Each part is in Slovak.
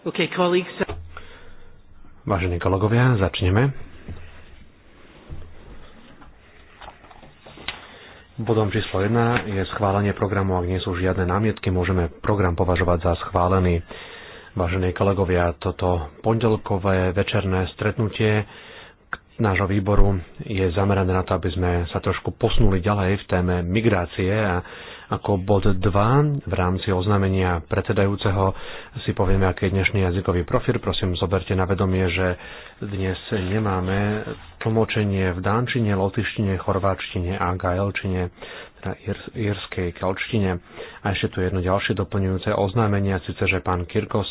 Okay, colleagues. Vážení kolegovia, začneme. Bodom číslo 1 je schválenie programu. Ak nie sú žiadne námietky, môžeme program považovať za schválený. Vážení kolegovia, toto pondelkové večerné stretnutie nášho výboru je zamerané na to, aby sme sa trošku posunuli ďalej v téme migrácie a ako bod 2 v rámci oznámenia predsedajúceho si povieme, aký je dnešný jazykový profil. Prosím, zoberte na vedomie, že dnes nemáme tlmočenie v dánčine, lotištine, chorváčtine a gaelčine teda írskej kalčtine. A ešte tu jedno ďalšie doplňujúce oznámenie, síce, že pán Kirkos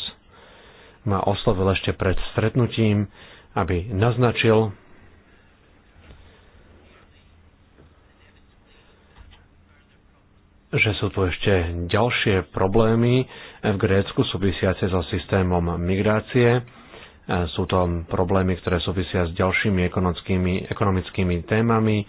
ma oslovil ešte pred stretnutím, aby naznačil, že sú tu ešte ďalšie problémy v Grécku súvisiace so systémom migrácie. E, sú to problémy, ktoré súvisia s ďalšími ekonomickými, ekonomickými témami,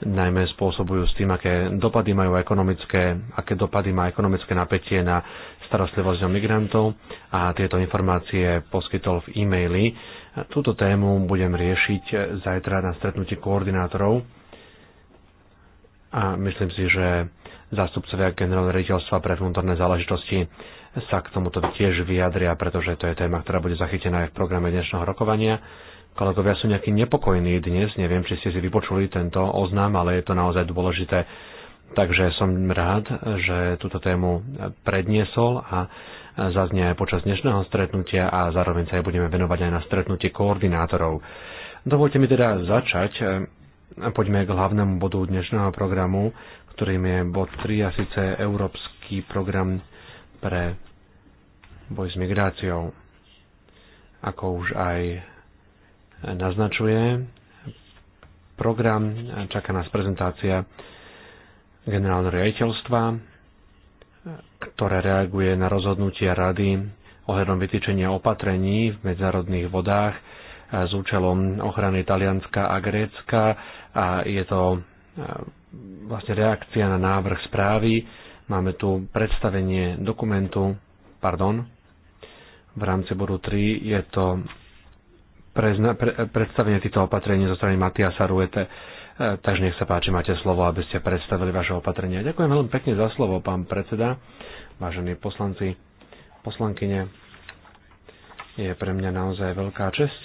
najmä spôsobujú s tým, aké dopady majú ekonomické, aké dopady má ekonomické napätie na starostlivosť o migrantov a tieto informácie poskytol v e-maili. Túto tému budem riešiť zajtra na stretnutí koordinátorov a myslím si, že zástupcovia generálneho riaditeľstva pre vnútorné záležitosti sa k tomuto tiež vyjadria, pretože to je téma, ktorá bude zachytená aj v programe dnešného rokovania. Kolegovia sú nejakí nepokojní dnes, neviem, či ste si vypočuli tento oznám, ale je to naozaj dôležité. Takže som rád, že túto tému predniesol a zaznie aj počas dnešného stretnutia a zároveň sa aj budeme venovať aj na stretnutie koordinátorov. Dovolte mi teda začať Poďme k hlavnému bodu dnešného programu, ktorým je bod 3 a síce Európsky program pre boj s migráciou. Ako už aj naznačuje, program čaká nás prezentácia generálneho riaditeľstva, ktoré reaguje na rozhodnutia rady ohľadom vytýčenia opatrení v medzárodných vodách s účelom ochrany Talianska a Grécka a je to vlastne reakcia na návrh správy. Máme tu predstavenie dokumentu, pardon, v rámci bodu 3 je to prezna, pre, predstavenie týchto opatrení zo strany Matiasa Ruete. E, takže nech sa páči, máte slovo, aby ste predstavili vaše opatrenia. Ďakujem veľmi pekne za slovo, pán predseda, vážení poslanci, poslankyne. Je pre mňa naozaj veľká česť,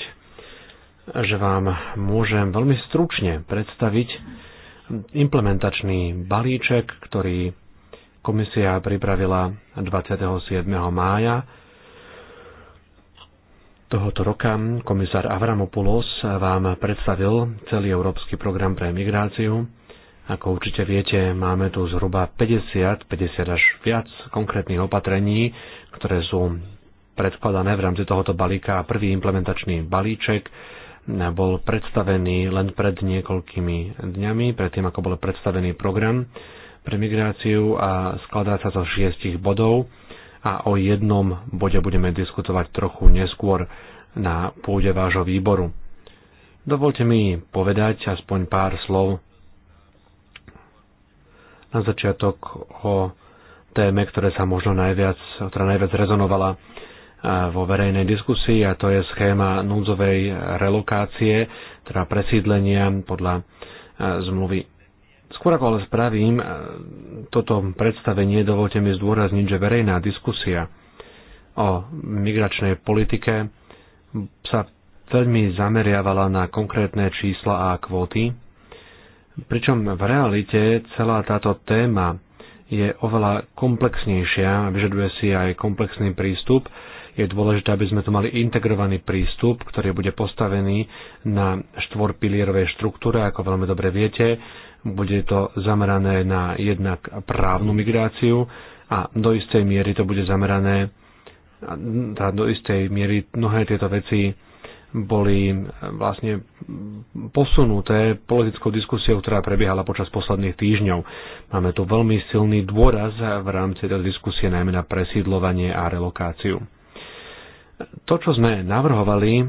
že vám môžem veľmi stručne predstaviť implementačný balíček, ktorý komisia pripravila 27. mája tohoto roka. Komisár Avramopoulos vám predstavil celý európsky program pre migráciu. Ako určite viete, máme tu zhruba 50, 50 až viac konkrétnych opatrení, ktoré sú predkladané v rámci tohoto balíka. a Prvý implementačný balíček bol predstavený len pred niekoľkými dňami, predtým ako bol predstavený program pre migráciu a skladá sa zo šiestich bodov a o jednom bode budeme diskutovať trochu neskôr na pôde vášho výboru. Dovolte mi povedať aspoň pár slov na začiatok o téme, ktoré sa možno najviac, ktorá najviac rezonovala vo verejnej diskusii a to je schéma núdzovej relokácie, teda presídlenia podľa e, zmluvy. Skôr ako ale spravím e, toto predstavenie, dovolte mi zdôrazniť, že verejná diskusia o migračnej politike sa veľmi zameriavala na konkrétne čísla a kvóty, pričom v realite celá táto téma je oveľa komplexnejšia, vyžaduje si aj komplexný prístup je dôležité, aby sme tu mali integrovaný prístup, ktorý bude postavený na štvorpilierovej štruktúre, ako veľmi dobre viete. Bude to zamerané na jednak právnu migráciu a do istej miery to bude zamerané a do istej miery mnohé tieto veci boli e, vlastne posunuté politickou diskusiou, ktorá prebiehala počas posledných týždňov. Máme tu veľmi silný dôraz v rámci tej diskusie najmä na presídlovanie a relokáciu. To, čo sme navrhovali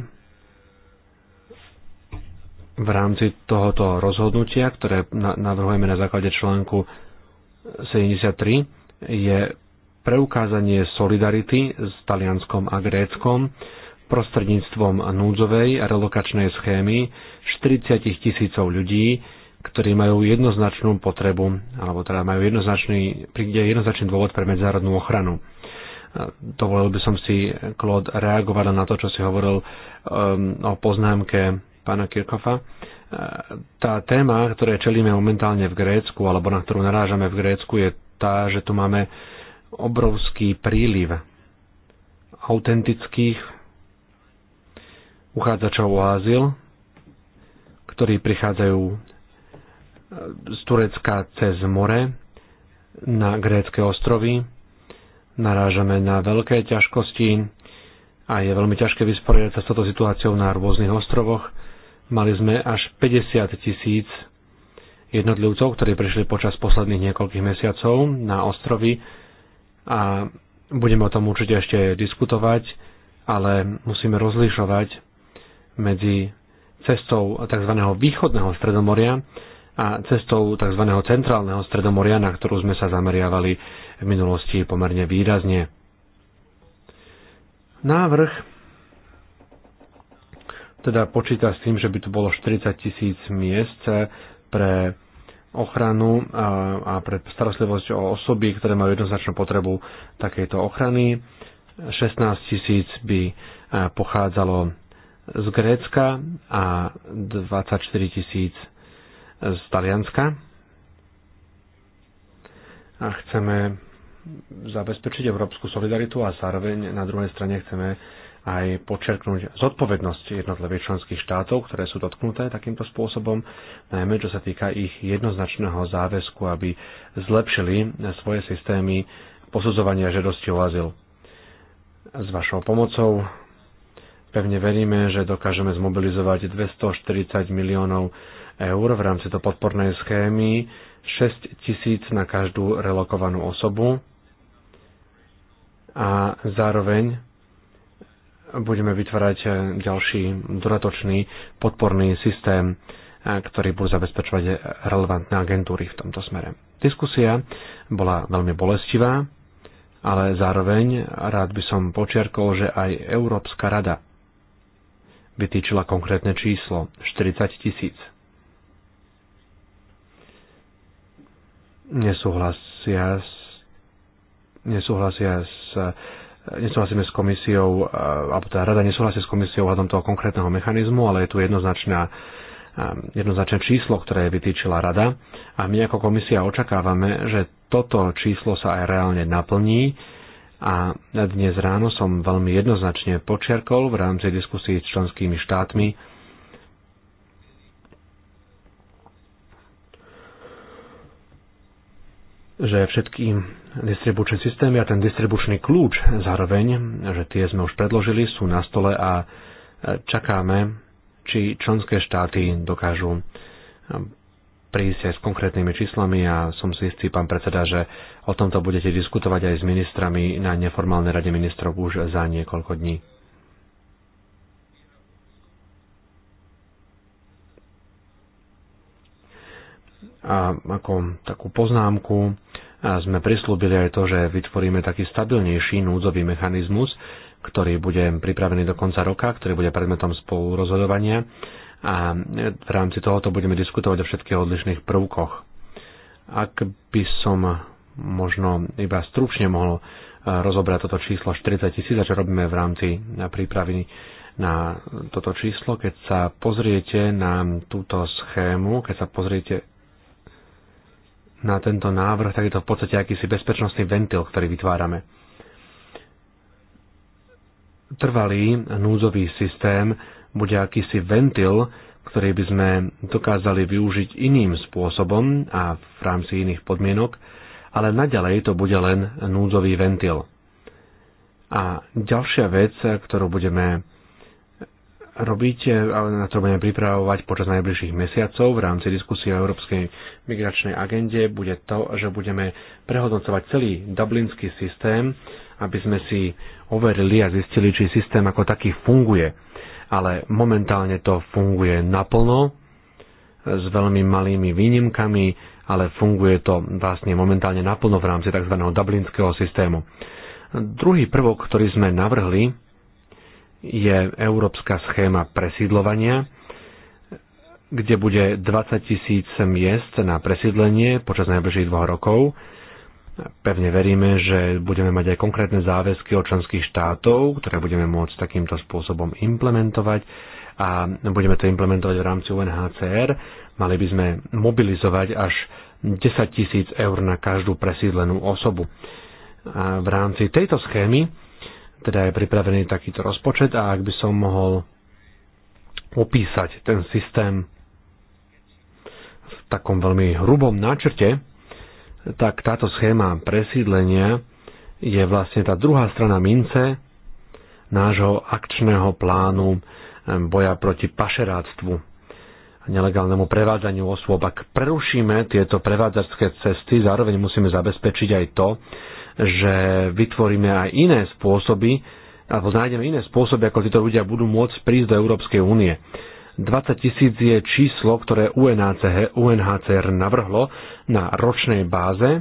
v rámci tohoto rozhodnutia, ktoré navrhujeme na základe článku 73, je preukázanie solidarity s Talianskom a Gréckom prostredníctvom núdzovej relokačnej schémy 40 tisícov ľudí, ktorí majú jednoznačnú potrebu, alebo teda majú jednoznačný, príde jednoznačný dôvod pre medzinárodnú ochranu dovolil by som si, Claude, reagovať na to, čo si hovoril um, o poznámke pána Kirchhoffa. Uh, tá téma, ktoré čelíme momentálne v Grécku, alebo na ktorú narážame v Grécku, je tá, že tu máme obrovský príliv autentických uchádzačov o azyl, ktorí prichádzajú uh, z Turecka cez more na grécké ostrovy, narážame na veľké ťažkosti a je veľmi ťažké vysporiadať sa s touto situáciou na rôznych ostrovoch. Mali sme až 50 tisíc jednotlivcov, ktorí prišli počas posledných niekoľkých mesiacov na ostrovy a budeme o tom určite ešte diskutovať, ale musíme rozlišovať medzi cestou tzv. východného stredomoria a cestou tzv. centrálneho stredomoria, na ktorú sme sa zameriavali v minulosti pomerne výrazne. Návrh teda počíta s tým, že by tu bolo 40 tisíc miest pre ochranu a, pre starostlivosť o osoby, ktoré majú jednoznačnú potrebu takejto ochrany. 16 tisíc by pochádzalo z Grécka a 24 tisíc z Talianska. A chceme zabezpečiť európsku solidaritu a zároveň na druhej strane chceme aj počerknúť zodpovednosť jednotlivých členských štátov, ktoré sú dotknuté takýmto spôsobom, najmä čo sa týka ich jednoznačného záväzku, aby zlepšili svoje systémy posudzovania žiadosti o azyl. S vašou pomocou pevne veríme, že dokážeme zmobilizovať 240 miliónov eur v rámci to podpornej schémy, 6 tisíc na každú relokovanú osobu, a zároveň budeme vytvárať eh, ďalší dodatočný podporný systém, eh, ktorý budú zabezpečovať relevantné agentúry v tomto smere. Diskusia bola veľmi bolestivá, ale zároveň rád by som počiarkol, že aj Európska rada vytýčila konkrétne číslo 40 tisíc. Nesúhlasia s nesúhlasia s e, nesúhlasíme s komisiou, e, alebo tá teda rada nesúhlasí s komisiou hľadom toho konkrétneho mechanizmu, ale je tu jednoznačná e, jednoznačné číslo, ktoré vytýčila rada a my ako komisia očakávame, že toto číslo sa aj reálne naplní a dnes ráno som veľmi jednoznačne počiarkol v rámci diskusí s členskými štátmi, že všetkým distribučný systémy a ten distribučný kľúč zároveň, že tie sme už predložili, sú na stole a e, čakáme, či členské štáty dokážu e, prísť aj s konkrétnymi číslami a som si istý, pán predseda, že o tomto budete diskutovať aj s ministrami na neformálnej rade ministrov už za niekoľko dní. A ako takú poznámku, a sme prislúbili aj to, že vytvoríme taký stabilnejší núdzový mechanizmus, ktorý bude pripravený do konca roka, ktorý bude predmetom spolurozhodovania a v rámci tohoto budeme diskutovať o všetkých odlišných prvkoch. Ak by som možno iba stručne mohol e, rozobrať toto číslo 40 tisíc a čo robíme v rámci prípravy na toto číslo, keď sa pozriete na túto schému, keď sa pozriete na tento návrh, tak je to v podstate akýsi bezpečnostný ventil, ktorý vytvárame. Trvalý núdzový systém bude akýsi ventil, ktorý by sme dokázali využiť iným spôsobom a v rámci iných podmienok, ale naďalej to bude len núdzový ventil. A ďalšia vec, ktorú budeme robiť a na to budeme pripravovať počas najbližších mesiacov v rámci diskusie o Európskej migračnej agende bude to, že budeme prehodnocovať celý dublinský systém, aby sme si overili a zistili, či systém ako taký funguje. Ale momentálne to funguje naplno, s veľmi malými výnimkami, ale funguje to vlastne momentálne naplno v rámci tzv. dublinského systému. Druhý prvok, ktorý sme navrhli, je európska schéma presídlovania, kde bude 20 tisíc miest na presídlenie počas najbližších dvoch rokov. Pevne veríme, že budeme mať aj konkrétne záväzky od členských štátov, ktoré budeme môcť takýmto spôsobom implementovať a budeme to implementovať v rámci UNHCR. Mali by sme mobilizovať až 10 tisíc eur na každú presídlenú osobu. A v rámci tejto schémy teda je pripravený takýto rozpočet a ak by som mohol opísať ten systém v takom veľmi hrubom náčrte, tak táto schéma presídlenia je vlastne tá druhá strana mince nášho akčného plánu boja proti pašeráctvu a nelegálnemu prevádzaniu osôb. Ak prerušíme tieto prevádzarské cesty, zároveň musíme zabezpečiť aj to, že vytvoríme aj iné spôsoby, alebo nájdeme iné spôsoby, ako títo ľudia budú môcť prísť do Európskej únie. 20 tisíc je číslo, ktoré UNHCR navrhlo na ročnej báze. E,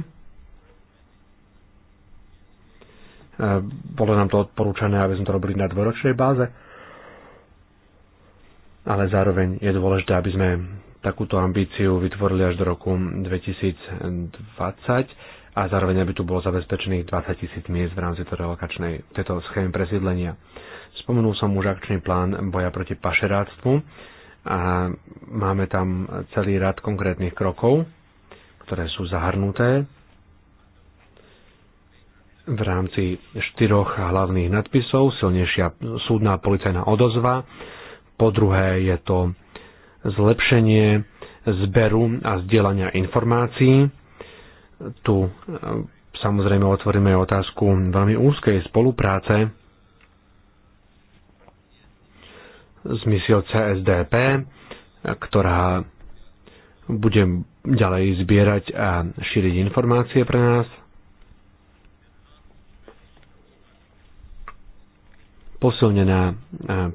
bolo nám to odporúčané, aby sme to robili na dvoročnej báze. Ale zároveň je dôležité, aby sme takúto ambíciu vytvorili až do roku 2020 a zároveň aby tu bolo zabezpečených 20 tisíc miest v rámci tejto relokačnej, tejto schémy presídlenia. Spomenul som už akčný plán boja proti pašeráctvu a máme tam celý rad konkrétnych krokov, ktoré sú zahrnuté v rámci štyroch hlavných nadpisov, silnejšia súdna policajná odozva, po druhé je to zlepšenie zberu a zdieľania informácií, tu e, samozrejme otvoríme otázku veľmi úzkej spolupráce s misiou CSDP, ktorá bude ďalej zbierať a šíriť informácie pre nás posilnená e,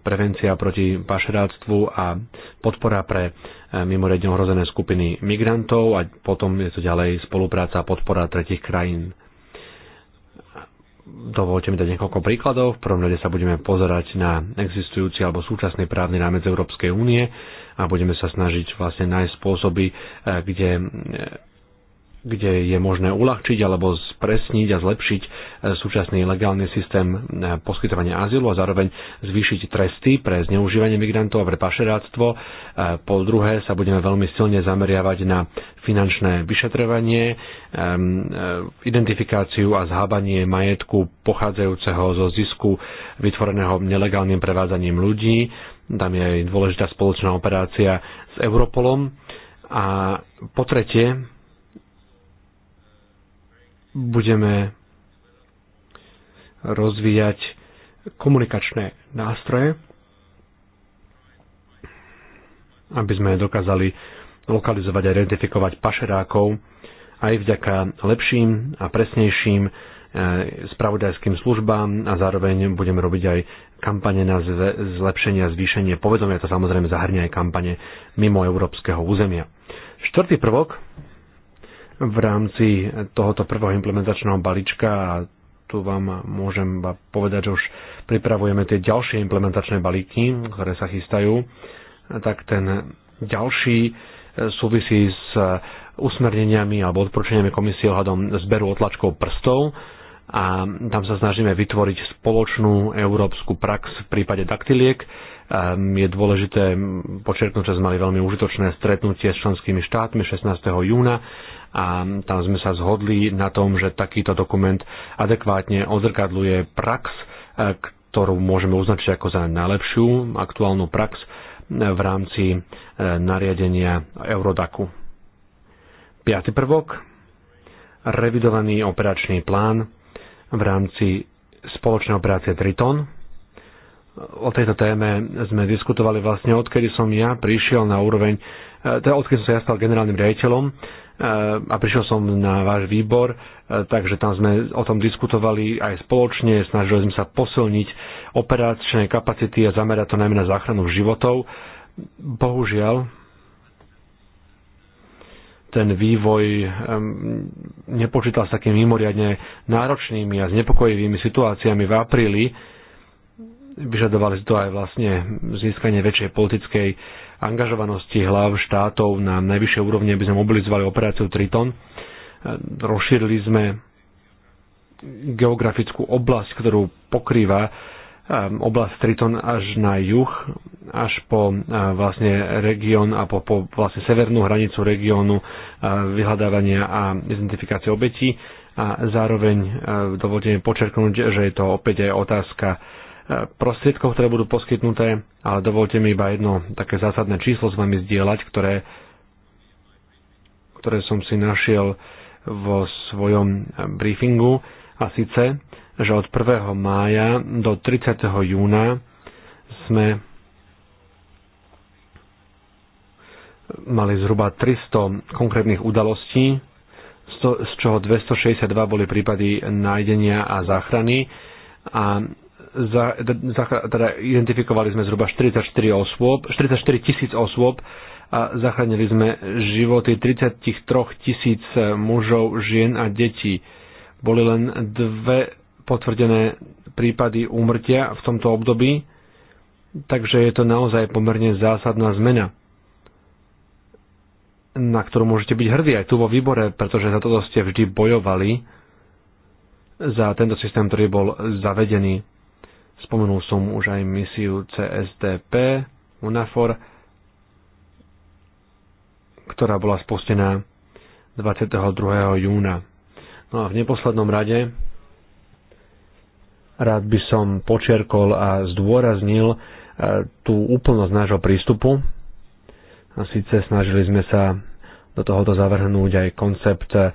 prevencia proti pašeráctvu a podpora pre e, mimoriadne ohrozené skupiny migrantov a potom je to ďalej spolupráca a podpora tretich krajín. Dovolte mi dať niekoľko príkladov. V prvom rade sa budeme pozerať na existujúci alebo súčasný právny rámec Európskej únie a budeme sa snažiť vlastne nájsť spôsoby, e, kde kde je možné uľahčiť alebo spresniť a zlepšiť e, súčasný legálny systém e, poskytovania azylu a zároveň zvýšiť tresty pre zneužívanie migrantov a pre pašeráctvo. E, po druhé sa budeme veľmi silne zameriavať na finančné vyšetrovanie, identifikáciu a zhábanie majetku pochádzajúceho zo zisku vytvoreného nelegálnym prevádzaním ľudí. Tam je aj dôležitá spoločná operácia s Europolom. A po tretie, budeme rozvíjať komunikačné nástroje, aby sme dokázali lokalizovať a identifikovať pašerákov aj vďaka lepším a presnejším e, spravodajským službám a zároveň budeme robiť aj kampane na zlepšenie a zvýšenie povedomia. To samozrejme zahrňa aj kampane mimo európskeho územia. Štvrtý prvok v rámci tohoto prvého implementačného balíčka a tu vám môžem povedať, že už pripravujeme tie ďalšie implementačné balíky, ktoré sa chystajú, tak ten ďalší e, súvisí s e, usmerneniami alebo odporúčaniami komisie ohľadom zberu otlačkov prstov a tam sa snažíme vytvoriť spoločnú európsku prax v prípade daktiliek. E, je dôležité počerknúť, že sme mali veľmi užitočné stretnutie s členskými štátmi 16. júna a tam sme sa zhodli na tom, že takýto dokument adekvátne odzrkadluje prax, e, ktorú môžeme označiť ako za najlepšiu aktuálnu prax e, v rámci e, nariadenia Eurodaku. Piatý prvok, revidovaný operačný plán v rámci spoločnej operácie Triton. O tejto téme sme diskutovali vlastne odkedy som ja prišiel na úroveň, teda odkedy som sa ja stal generálnym riaditeľom a prišiel som na váš výbor, e, takže tam sme o tom diskutovali aj spoločne, snažili sme sa posilniť operačné kapacity a zamerať to najmä na záchranu životov. Bohužiaľ, ten vývoj e, nepočítal s takými mimoriadne náročnými a znepokojivými situáciami v apríli. Vyžadovali to aj vlastne získanie väčšej politickej angažovanosti hlav štátov na najvyššej úrovni, aby sme mobilizovali operáciu Triton. E, rozšírili sme geografickú oblasť, ktorú pokrýva e, oblasť Triton až na juh, až po e, vlastne región a po, po vlastne severnú hranicu regiónu vyhľadávania a identifikácie obetí a zároveň dovolte mi počerknúť, že je to opäť aj otázka E, prostriedkov, ktoré budú poskytnuté, ale dovolte mi iba jedno také zásadné číslo s vami zdieľať, ktoré, ktoré som si našiel vo svojom e, briefingu a síce, že od 1. mája do 30. júna sme mali zhruba 300 konkrétnych udalostí, z čoho 262 boli prípady nájdenia a záchrany a za, teda identifikovali sme zhruba 44 osôb, 44 tisíc osôb a zachránili sme životy 33 tisíc mužov, žien a detí. Boli len dve potvrdené prípady úmrtia v tomto období, takže je to naozaj pomerne zásadná zmena na ktorú môžete byť hrdí aj tu vo výbore, pretože za toto ste vždy bojovali, za tento systém, ktorý bol zavedený. Spomenul som už aj misiu CSDP, UNAFOR, ktorá bola spustená 22. júna. No a v neposlednom rade rád by som počiarkol a zdôraznil e, tú úplnosť nášho prístupu. A síce snažili sme sa do tohoto zavrhnúť aj koncept e,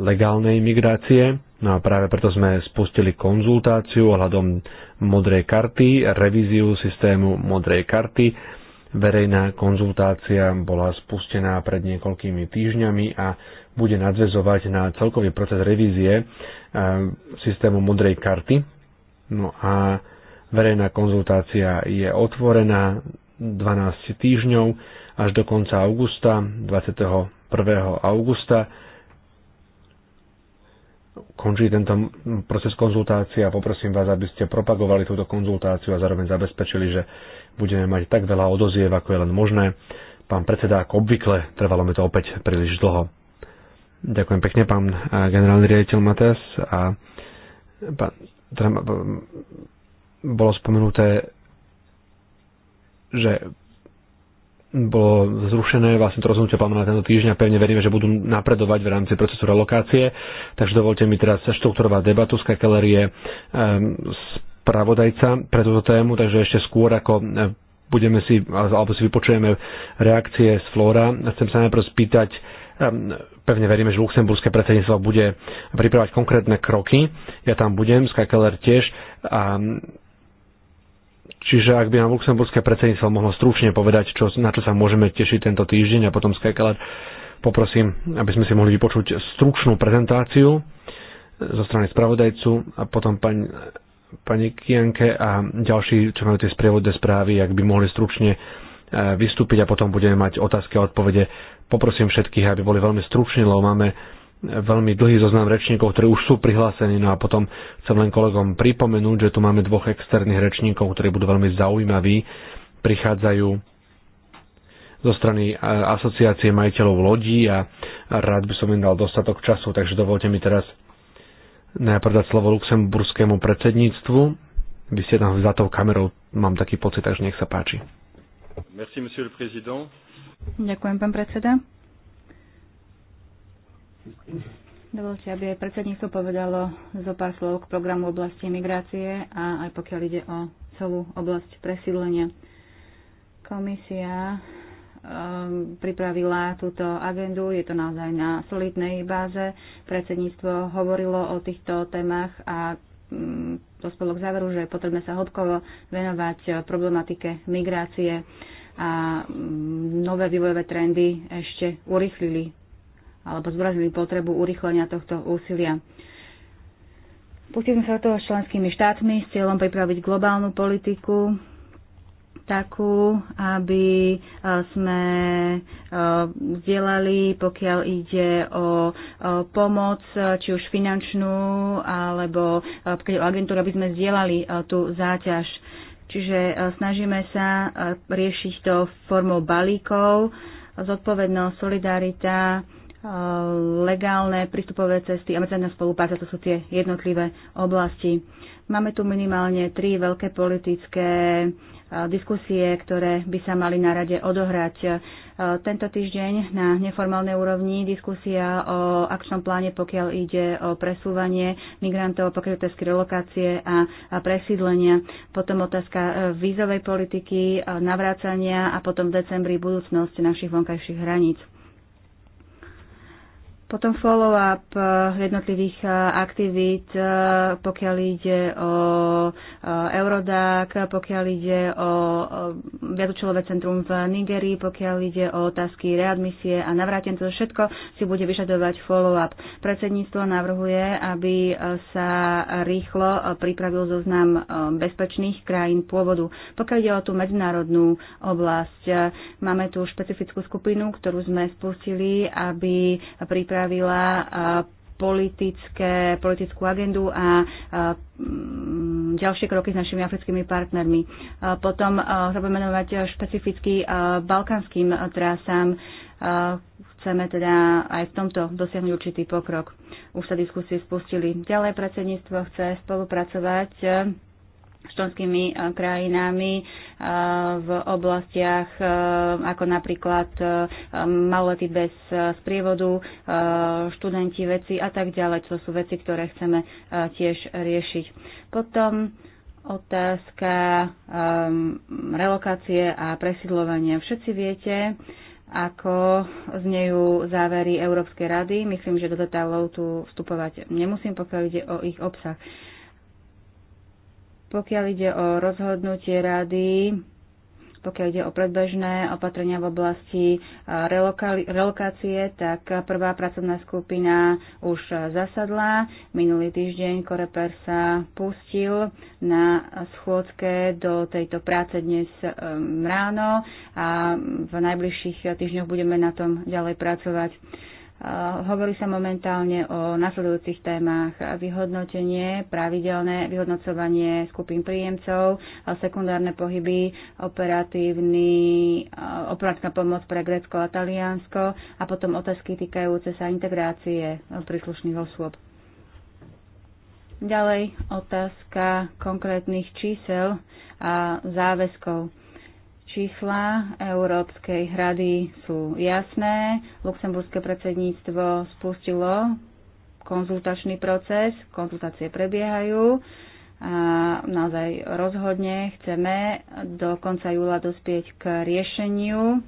legálnej migrácie, No a práve preto sme spustili konzultáciu ohľadom modrej karty, revíziu systému modrej karty. Verejná konzultácia bola spustená pred niekoľkými týždňami a bude nadvezovať na celkový proces revízie eh, systému modrej karty. No a verejná konzultácia je otvorená 12 týždňov až do konca augusta, 21. augusta končí tento proces konzultácie a poprosím vás, aby ste propagovali túto konzultáciu a zároveň zabezpečili, že budeme mať tak veľa odoziev, ako je len možné. Pán predseda, ako obvykle, trvalo mi to opäť príliš dlho. Ďakujem pekne, pán eh, generálny riaditeľ Mates. A pán, teda, bolo spomenuté, že bolo zrušené vlastne to rozhodnutie plánu na tento týždeň a pevne veríme, že budú napredovať v rámci procesu relokácie. Takže dovolte mi teraz štruktúrovať debatu. z kakelerie je eh, spravodajca pre túto tému, takže ešte skôr ako eh, budeme si, alebo si vypočujeme reakcie z Flóra. Chcem sa najprv spýtať, eh, pevne veríme, že luxemburské predsedníctvo bude pripravať konkrétne kroky. Ja tam budem, Skakeler tiež. A Čiže ak by nám luxemburské predsedníctvo mohlo stručne povedať, čo, na čo sa môžeme tešiť tento týždeň a potom Skykalad poprosím, aby sme si mohli vypočuť stručnú prezentáciu zo strany spravodajcu a potom pani, pani Kianke a ďalší, čo majú tie sprievodné správy, ak by mohli stručne e, vystúpiť a potom budeme mať otázky a odpovede. Poprosím všetkých, aby boli veľmi struční, lebo máme veľmi dlhý zoznam rečníkov, ktorí už sú prihlásení. No a potom chcem len kolegom pripomenúť, že tu máme dvoch externých rečníkov, ktorí budú veľmi zaujímaví. Prichádzajú zo strany e, asociácie majiteľov lodí a rád by som im dal dostatok času, takže dovolte mi teraz najprv dať slovo luxemburskému predsedníctvu. Vy ste tam za tou kamerou, mám taký pocit, takže nech sa páči. Merci, Ďakujem, pán predseda. Dovolte, aby aj predsedníctvo povedalo zo pár slov k programu oblasti migrácie a aj pokiaľ ide o celú oblasť presídlenia. Komisia um, pripravila túto agendu, je to naozaj na solidnej báze. Predsedníctvo hovorilo o týchto témach a um, mm, spolo k záveru, že je potrebné sa hodkovo venovať problematike migrácie a mm, nové vývojové trendy ešte urychlili alebo zdôraznili potrebu urychlenia tohto úsilia. Pustíme sa toho s členskými štátmi s cieľom pripraviť globálnu politiku, takú, aby e, sme e, vzdielali, pokiaľ ide o pomoc, e, či už finančnú, alebo pokiaľ o agentúru, aby sme vzdielali tú záťaž. Čiže snažíme sa riešiť to formou balíkov, zodpovednosť, solidarita, legálne prístupové cesty a medzinárodná spolupráca, to sú tie jednotlivé oblasti. Máme tu minimálne tri veľké politické diskusie, ktoré by sa mali na rade odohrať. Tento týždeň na neformálnej úrovni diskusia o akčnom pláne, pokiaľ ide o presúvanie migrantov, pokrytevské relokácie a presídlenia. Potom otázka e, vízovej politiky, navrácania a potom v decembri budúcnosť našich vonkajších hraníc. Potom follow-up eh, jednotlivých eh, aktivít, eh, pokiaľ ide o Eurodac, pokiaľ ide o viacočelové centrum v Nigerii, pokiaľ ide o otázky readmisie a navrátem, to všetko si bude vyžadovať follow-up. Predsedníctvo navrhuje, aby sa rýchlo pripravil zoznam bezpečných krajín pôvodu. Pokiaľ ide o tú medzinárodnú oblasť, máme tu špecifickú skupinu, ktorú sme spustili, aby pripravili pripravila politické, politickú agendu a, ďalšie kroky s našimi africkými partnermi. potom sa budeme venovať špecificky balkánskym trasám. chceme teda aj v tomto dosiahnuť určitý pokrok. Už sa diskusie spustili. Ďalej predsedníctvo chce spolupracovať s členskými e, krajinami e, v oblastiach e, ako napríklad malety bez sprievodu, študenti veci a tak ďalej. To sú veci, ktoré chceme tiež riešiť. Potom otázka relokácie a presidlovania. Všetci viete, ako znejú závery Európskej rady. Myslím, že do detailov tu vstupovať nemusím, pokiaľ ide o ich obsah. Pokiaľ ide o rozhodnutie rady, pokiaľ ide o predbežné opatrenia v oblasti relokácie, tak prvá pracovná skupina už zasadla. Minulý týždeň Koreper sa pustil na schôdke do tejto práce dnes e, ráno a v najbližších týždňoch budeme na tom ďalej pracovať. Eh, hovorí sa momentálne o nasledujúcich témach vyhodnotenie, pravidelné vyhodnocovanie skupín príjemcov, eh, sekundárne pohyby, operatívny, eh, operatívna pomoc pre Grécko a Taliansko a potom otázky týkajúce sa integrácie príslušných osôb. Ďalej otázka konkrétnych čísel a záväzkov. Čísla Európskej rady sú jasné. Luxemburské predsedníctvo spustilo konzultačný proces, konzultácie prebiehajú a naozaj rozhodne chceme do konca júla dospieť k riešeniu.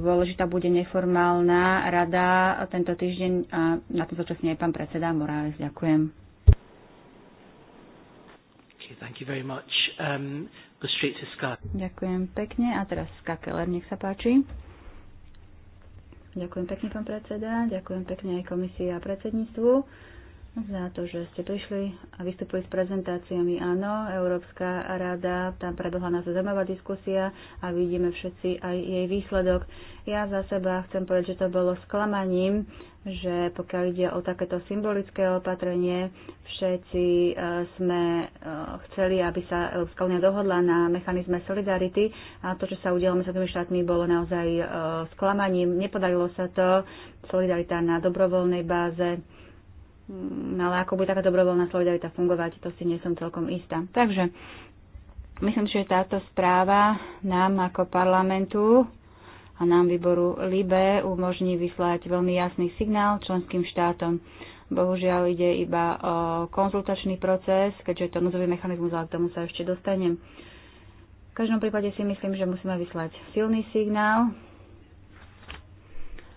Dôležitá bude neformálna rada tento týždeň a na to súčasne aj pán predseda Morales. Ďakujem. thank you very much. Um, to Ďakujem pekne. A teraz Skakeler, nech sa páči. Ďakujem pekne, pán predseda. Ďakujem pekne aj komisii a predsedníctvu za to, že ste prišli a vystúpili s prezentáciami. Áno, Európska rada, tam prebehla nás zaujímavá diskusia a vidíme všetci aj jej výsledok. Ja za seba chcem povedať, že to bolo sklamaním, že pokiaľ ide o takéto symbolické opatrenie, všetci e, sme e, chceli, aby sa Európska únia dohodla na mechanizme solidarity a to, čo sa udialo medzi tými štátmi, bolo naozaj e, sklamaním. Nepodarilo sa to. Solidarita na dobrovoľnej báze Mm, ale ako bude taká dobrovoľná solidarita fungovať, to si nie som celkom istá. Takže myslím, že táto správa nám ako parlamentu a nám výboru LIBE umožní vyslať veľmi jasný signál členským štátom. Bohužiaľ ide iba o konzultačný proces, keďže je to núdzový mechanizmus, ale k tomu sa ešte dostanem. V každom prípade si myslím, že musíme vyslať silný signál,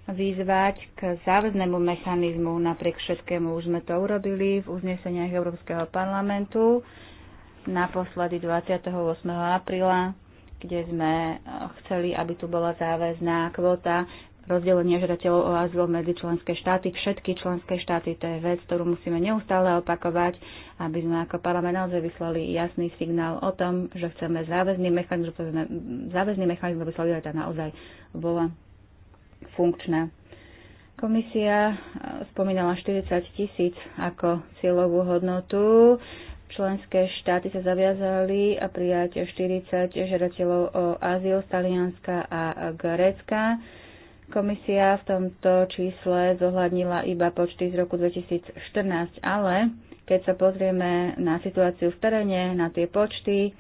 vyzvať k záväznému mechanizmu. Napriek všetkému už sme to urobili v uzneseniach Európskeho parlamentu naposledy 28. apríla, kde sme eh, chceli, aby tu bola záväzná kvota rozdelenie žiadateľov o azyl medzi členské štáty. Všetky členské štáty, to je vec, ktorú musíme neustále opakovať, aby sme ako parlament naozaj vyslali jasný signál o tom, že chceme záväzný mechanizmus, záväzný mechanizm, aby sa solidarita naozaj bola funkčná. Komisia e, spomínala 40 tisíc ako cieľovú hodnotu. Členské štáty sa zaviazali a prijať 40 žiadateľov o azyl z Talianska a Grécka. Komisia v tomto čísle zohľadnila iba počty z roku 2014, ale keď sa pozrieme na situáciu v teréne, na tie počty,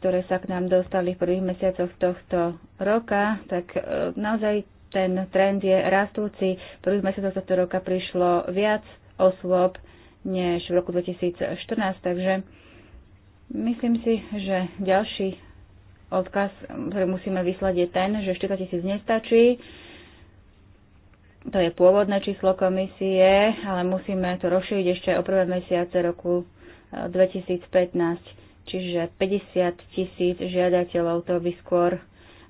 ktoré sa k nám dostali v prvých mesiacoch tohto roka, tak e, naozaj ten trend je rastúci. V prvých mesiacoch tohto roka prišlo viac osôb než v roku 2014, takže myslím si, že ďalší odkaz, ktorý musíme vyslať, je ten, že 40 tisíc nestačí. To je pôvodné číslo komisie, ale musíme to rozšíriť ešte o prvé mesiace roku 2015 e, Čiže 50 tisíc žiadateľov to by skôr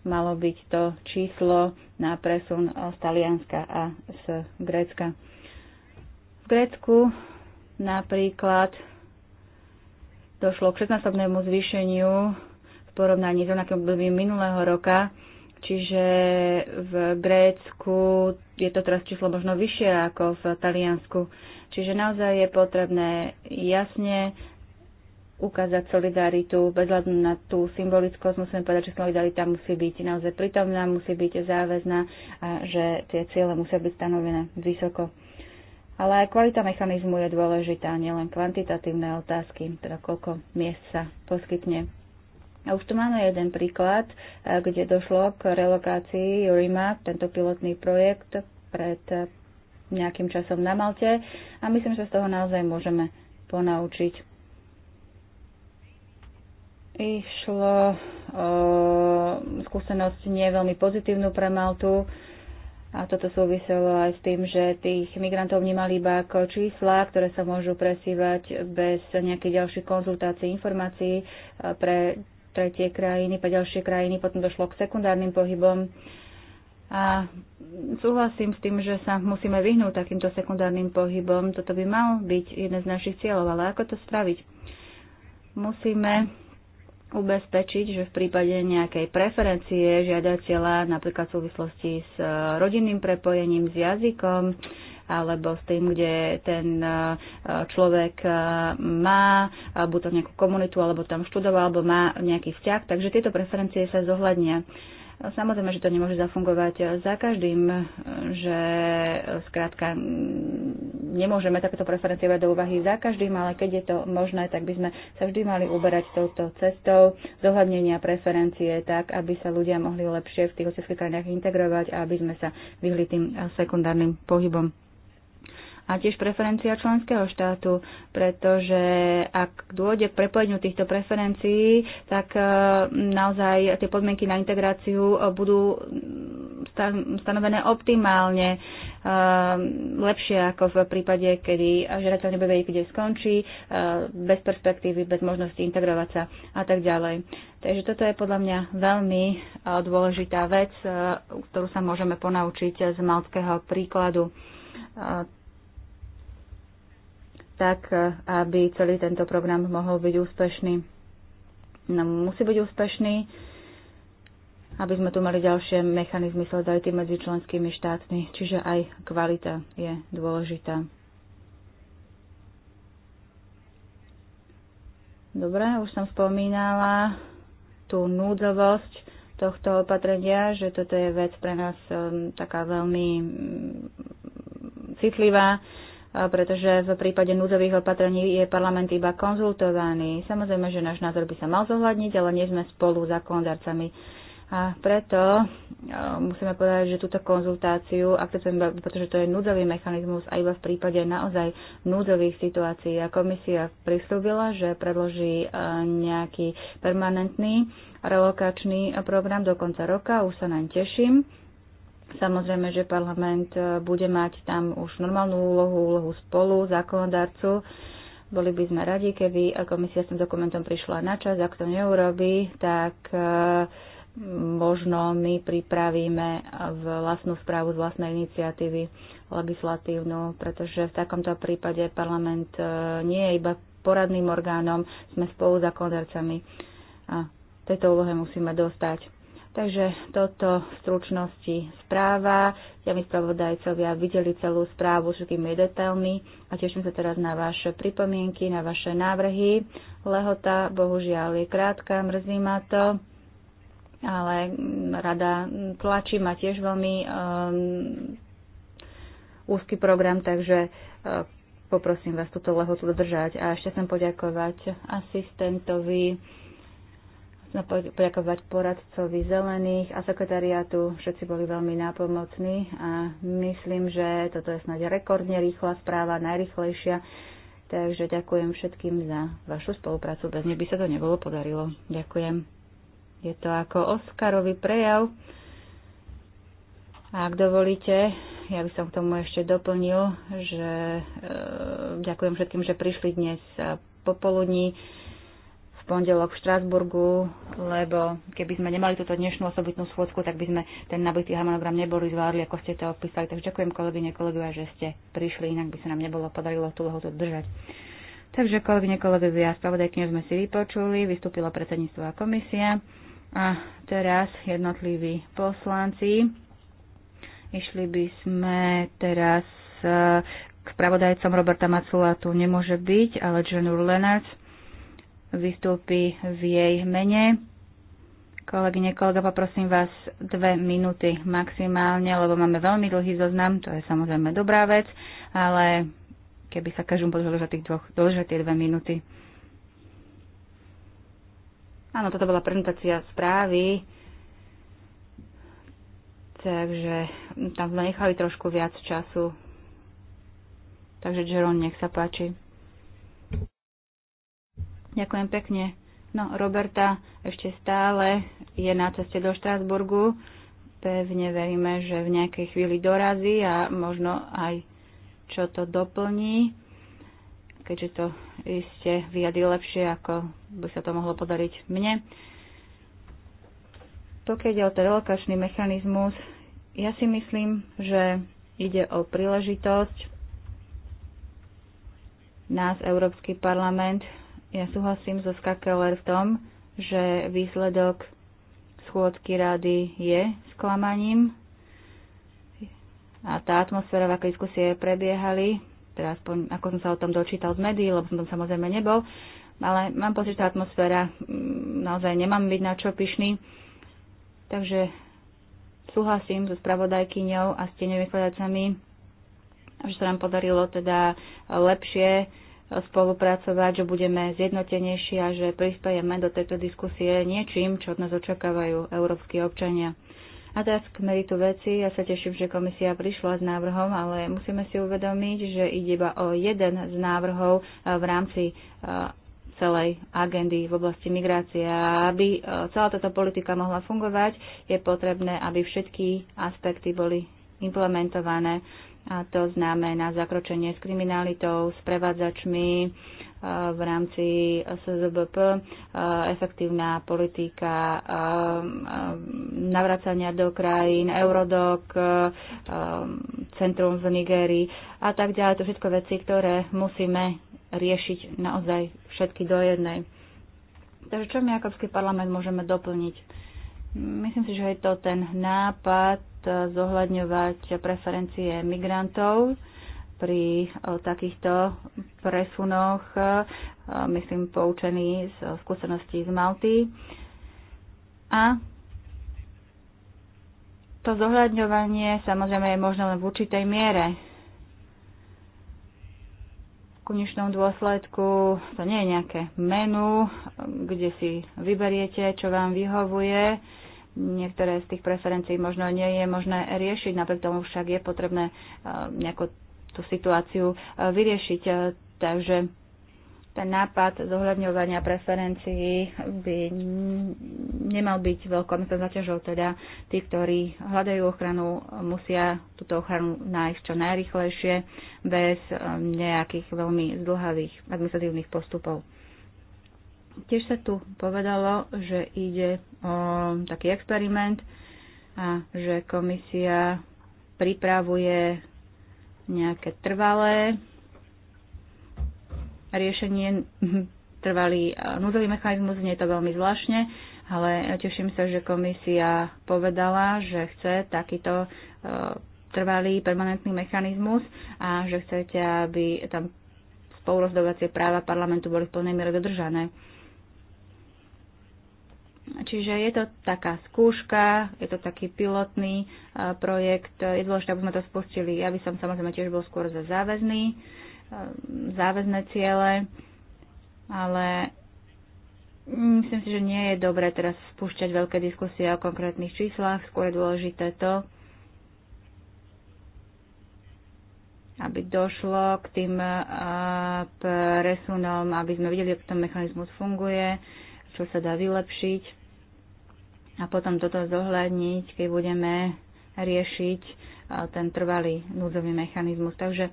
malo byť to číslo na presun z Talianska a z Grécka. V Grécku napríklad došlo k 16 zvýšeniu v porovnaní s rovnakým obdobím minulého roka, čiže v Grécku je to teraz číslo možno vyššie ako v Taliansku. Čiže naozaj je potrebné jasne ukázať solidaritu. Bez hľadu na tú symbolickosť musíme povedať, že solidarita musí byť naozaj prítomná, musí byť záväzná a že tie ciele musia byť stanovené vysoko. Ale aj kvalita mechanizmu je dôležitá, nielen kvantitatívne otázky, teda koľko miest sa poskytne. A už tu máme jeden príklad, e, kde došlo k relokácii RIMA, tento pilotný projekt pred e, nejakým časom na Malte a myslím, že z toho naozaj môžeme ponaučiť. Išlo o skúsenosť nie veľmi pozitívnu pre Maltu a toto súviselo aj s tým, že tých migrantov vnímali iba ako čísla, ktoré sa môžu presívať bez nejakých ďalších konzultácií, informácií e, pre tretie krajiny, pre ďalšie krajiny. Potom došlo k sekundárnym pohybom. A súhlasím s tým, že sa musíme vyhnúť takýmto sekundárnym pohybom. Toto by mal byť jeden z našich cieľov, ale ako to spraviť? Musíme ubezpečiť, že v prípade nejakej preferencie žiadateľa, napríklad v súvislosti s e, rodinným prepojením, s jazykom, alebo s tým, kde ten e, e, človek má buď to nejakú komunitu, alebo tam študoval, alebo má nejaký vzťah. Takže tieto preferencie sa zohľadnia. Samozrejme, že to nemôže zafungovať za každým, že skrátka nemôžeme takéto preferencie brať do úvahy za každým, ale keď je to možné, tak by sme sa vždy mali uberať touto cestou zohľadnenia preferencie tak, aby sa ľudia mohli lepšie v tých hostiteľských krajinách integrovať a aby sme sa vyhli tým sekundárnym pohybom a tiež preferencia členského štátu, pretože ak dôjde k prepojeniu týchto preferencií, tak e, naozaj tie podmienky na integráciu e, budú stanovené optimálne, e, lepšie ako v prípade, kedy žiadateľ nebude vedieť, kde skončí, bez perspektívy, bez možnosti integrovať sa a tak ďalej. Takže toto je podľa mňa veľmi dôležitá vec, ktorú sa môžeme ponaučiť z malského príkladu tak eh, aby celý tento program mohol byť úspešný. No, musí byť úspešný, aby sme tu mali ďalšie mechanizmy solidarity medzi členskými štátmi, čiže aj kvalita je dôležitá. Dobre, už som spomínala tú núdzovosť tohto opatrenia, že toto je vec pre nás um, taká veľmi um, citlivá pretože v prípade núzových opatrení je parlament iba konzultovaný. Samozrejme, že náš názor by sa mal zohľadniť, ale nie sme spolu zákonodarcami. A preto musíme povedať, že túto konzultáciu akceptujeme, pretože to je núdzový mechanizmus a iba v prípade naozaj núdzových situácií. A komisia prislúbila, že predloží e, nejaký permanentný relokačný program do konca roka. Už sa naň teším. Samozrejme, že parlament e, bude mať tam už normálnu úlohu, úlohu spolu, zákonodarcu. Boli by sme radi, keby e, komisia s tým dokumentom prišla na čas. Ak to neurobi, tak e, možno my pripravíme vlastnú správu z vlastnej iniciatívy legislatívnu, pretože v takomto prípade parlament nie je iba poradným orgánom, sme spolu zákonodarcami. A tejto úlohe musíme dostať. Takže toto v stručnosti správa. Ja mi spravodajcovia videli celú správu s všetkými detailmi a teším sa teraz na vaše pripomienky, na vaše návrhy. Lehota bohužiaľ je krátka, mrzí ma to, ale rada tlačí ma tiež veľmi um, úzky program, takže uh, poprosím vás túto lehotu dodržať. A ešte chcem poďakovať asistentovi, sme poďakovať poradcovi zelených a sekretariátu. Všetci boli veľmi nápomocní a myslím, že toto je snáď rekordne rýchla správa, najrychlejšia. Takže ďakujem všetkým za vašu spoluprácu. Bez nej by sa to nebolo podarilo. Ďakujem. Je to ako Oscarový prejav. A ak dovolíte, ja by som k tomu ešte doplnil, že e, ďakujem všetkým, že prišli dnes e, popoludní pondelok v Štrásburgu, lebo keby sme nemali túto dnešnú osobitnú schôdzku, tak by sme ten nabitý harmonogram neboli zvládli, ako ste to opísali. Takže ďakujem kolegyne, kolegovia, že ste prišli, inak by sa nám nebolo podarilo tú lehotu držať. Takže kolegyne, kolegovia, spravodajkyne sme si vypočuli, vystúpila predsedníctvo a komisia. A teraz jednotliví poslanci. Išli by sme teraz eh, k spravodajcom Roberta Macula tu nemôže byť, ale General Leonard vystúpi v jej mene. Kolegyne, kolega, poprosím vás dve minúty maximálne, lebo máme veľmi dlhý zoznam, to je samozrejme dobrá vec, ale keby sa každému podľa za tých dvoch, dodržať tie dve minúty. Áno, toto bola prezentácia správy, takže tam sme nechali trošku viac času. Takže Jerome, nech sa páči. Ďakujem pekne. No, Roberta ešte stále je na ceste do Štrásburgu. Pevne veríme, že v nejakej chvíli dorazí a možno aj čo to doplní, keďže to iste vyjadri lepšie, ako by sa to mohlo podariť mne. Pokiaľ ide o ten relokačný mechanizmus, ja si myslím, že ide o príležitosť nás, Európsky parlament, ja súhlasím so Skakeler v tom, že výsledok schôdky rady je sklamaním a tá atmosféra, v akej diskusie prebiehali, teda aspoň ako som sa o tom dočítal z médií, lebo som tam samozrejme nebol, ale mám pocit, že tá atmosféra mm, naozaj nemám byť na čo pyšný. Takže súhlasím so spravodajkyňou a s tenevykladacami, že sa nám podarilo teda lepšie spolupracovať, že budeme zjednotenejší a že prispajeme do tejto diskusie niečím, čo od nás očakávajú európsky občania. A teraz k meritu veci. Ja sa teším, že komisia prišla s návrhom, ale musíme si uvedomiť, že ide iba o jeden z návrhov e, v rámci e, celej agendy v oblasti migrácie. A aby e, celá táto politika mohla fungovať, je potrebné, aby všetky aspekty boli implementované a to znamená zakročenie s kriminalitou, s prevádzačmi e, v rámci SZBP, e, efektívna politika e, navracania do krajín, Eurodoc, Centrum v Nigérii a tak ďalej. To všetko veci, ktoré musíme riešiť naozaj všetky do jednej. Takže čo my ako parlament môžeme doplniť? Myslím si, že je to ten nápad zohľadňovať preferencie migrantov pri takýchto presunoch, e, myslím, poučený z skúseností z Malty. A to zohľadňovanie samozrejme je možno len v určitej miere. V konečnom dôsledku to nie je nejaké menu, e, kde si vyberiete, čo vám vyhovuje Niektoré z tých preferencií možno nie je možné riešiť, napriek tomu však je potrebné e, nejakú tú situáciu e, vyriešiť. E, takže ten nápad zohľadňovania preferencií by nemal byť veľkou zaťažou, teda tí, ktorí hľadajú ochranu, musia túto ochranu nájsť čo najrychlejšie, bez nejakých veľmi zdlhavých administratívnych postupov. Tiež sa tu povedalo, že ide o taký experiment a že komisia pripravuje nejaké trvalé riešenie, trvalý núzový mechanizmus, nie je to veľmi zvláštne, ale teším sa, že komisia povedala, že chce takýto e, trvalý permanentný mechanizmus a že chcete, aby tam spolurozhodovacie práva parlamentu boli v plnej miere dodržané. Čiže je to taká skúška, je to taký pilotný e, projekt, je dôležité, aby sme to spustili. Ja by som samozrejme tiež bol skôr za záväzný, e, záväzné ciele, ale myslím si, že nie je dobré teraz spúšťať veľké diskusie o konkrétnych číslach, skôr je dôležité to, aby došlo k tým e, presunom, aby sme videli, ako ten mechanizmus funguje, čo sa dá vylepšiť a potom toto zohľadniť, keď budeme riešiť e, ten trvalý núdzový mechanizmus. Takže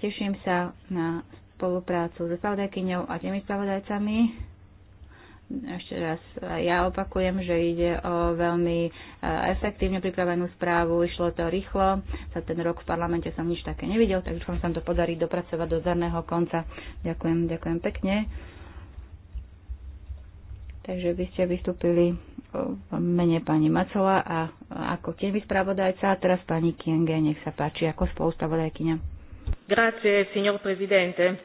teším sa na spoluprácu so spravodajkyňou a tými spravodajcami. Ešte raz e, ja opakujem, že ide o veľmi e, efektívne pripravenú správu, išlo to rýchlo, za ten rok v parlamente som nič také nevidel, takže dúfam sa to podarí dopracovať do zadného konca. Ďakujem, ďakujem pekne. Takže by ste vystúpili v mene pani Macola a ako tiež spravodajca a teraz pani Kienge, nech sa páči, ako spolustavodajkyňa. Grazie, signor presidente.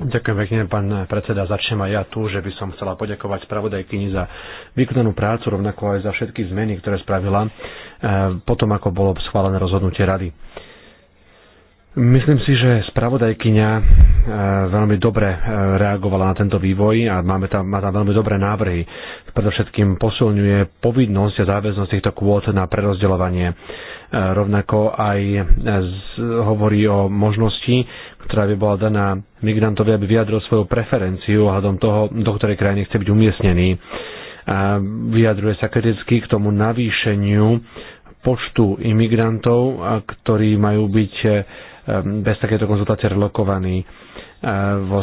Ďakujem pekne, pán predseda. Začnem aj ja tu, že by som chcela poďakovať spravodajkyni za vykonanú prácu, rovnako aj za všetky zmeny, ktoré spravila eh, potom, ako bolo schválené rozhodnutie rady. Myslím si, že spravodajkyňa e, veľmi dobre e, reagovala na tento vývoj a máme tam, má tam veľmi dobré návrhy. Predovšetkým posilňuje povinnosť a záväznosť týchto kvót na prerozdeľovanie. E, rovnako aj hovorí o možnosti, ktorá by bola daná migrantovi, aby vyjadril svoju preferenciu ohľadom toho, do ktorej krajiny chce byť umiestnený. Vyjadruje sa kriticky k tomu navýšeniu počtu imigrantov, ktorí majú byť Ehm, bez takéto konzultácie relokovaní. Ehm, vo,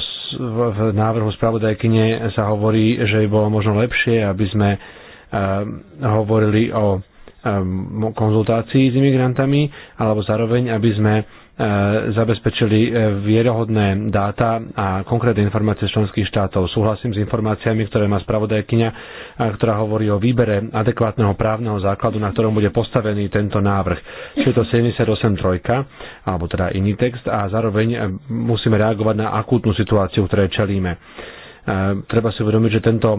v návrhu spravodajkyne sa hovorí, že by bolo možno lepšie, aby sme ehm, hovorili o konzultácii s imigrantami, alebo zároveň, aby sme E, zabezpečili e, vierohodné dáta a konkrétne informácie z členských štátov. Súhlasím s informáciami, ktoré má spravodajkyňa, e, ktorá hovorí o výbere adekvátneho právneho základu, na ktorom bude postavený tento návrh. Čiže to 78.3, alebo teda iný text a zároveň musíme reagovať na akútnu situáciu, ktorej čelíme treba si uvedomiť, že tento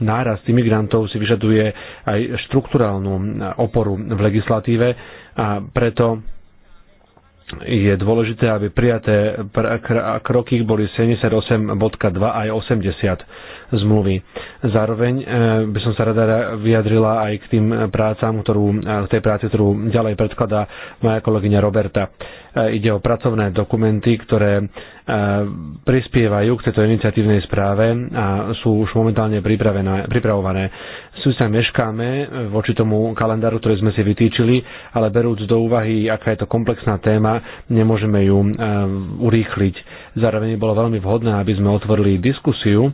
nárast imigrantov si vyžaduje aj štruktúrálnu oporu v legislatíve a preto je dôležité, aby prijaté kroky boli 78.2 aj 80 zmluvy. Zároveň e, by som sa rada vyjadrila aj k tým prácam, ktorú, k tej práci, ktorú ďalej predkladá moja kolegyňa Roberta. E, ide o pracovné dokumenty, ktoré e, prispievajú k tejto iniciatívnej správe a sú už momentálne pripravované. Sú sa meškáme voči tomu kalendáru, ktorý sme si vytýčili, ale berúc do úvahy, aká je to komplexná téma, nemôžeme ju e, urýchliť. Zároveň bolo veľmi vhodné, aby sme otvorili diskusiu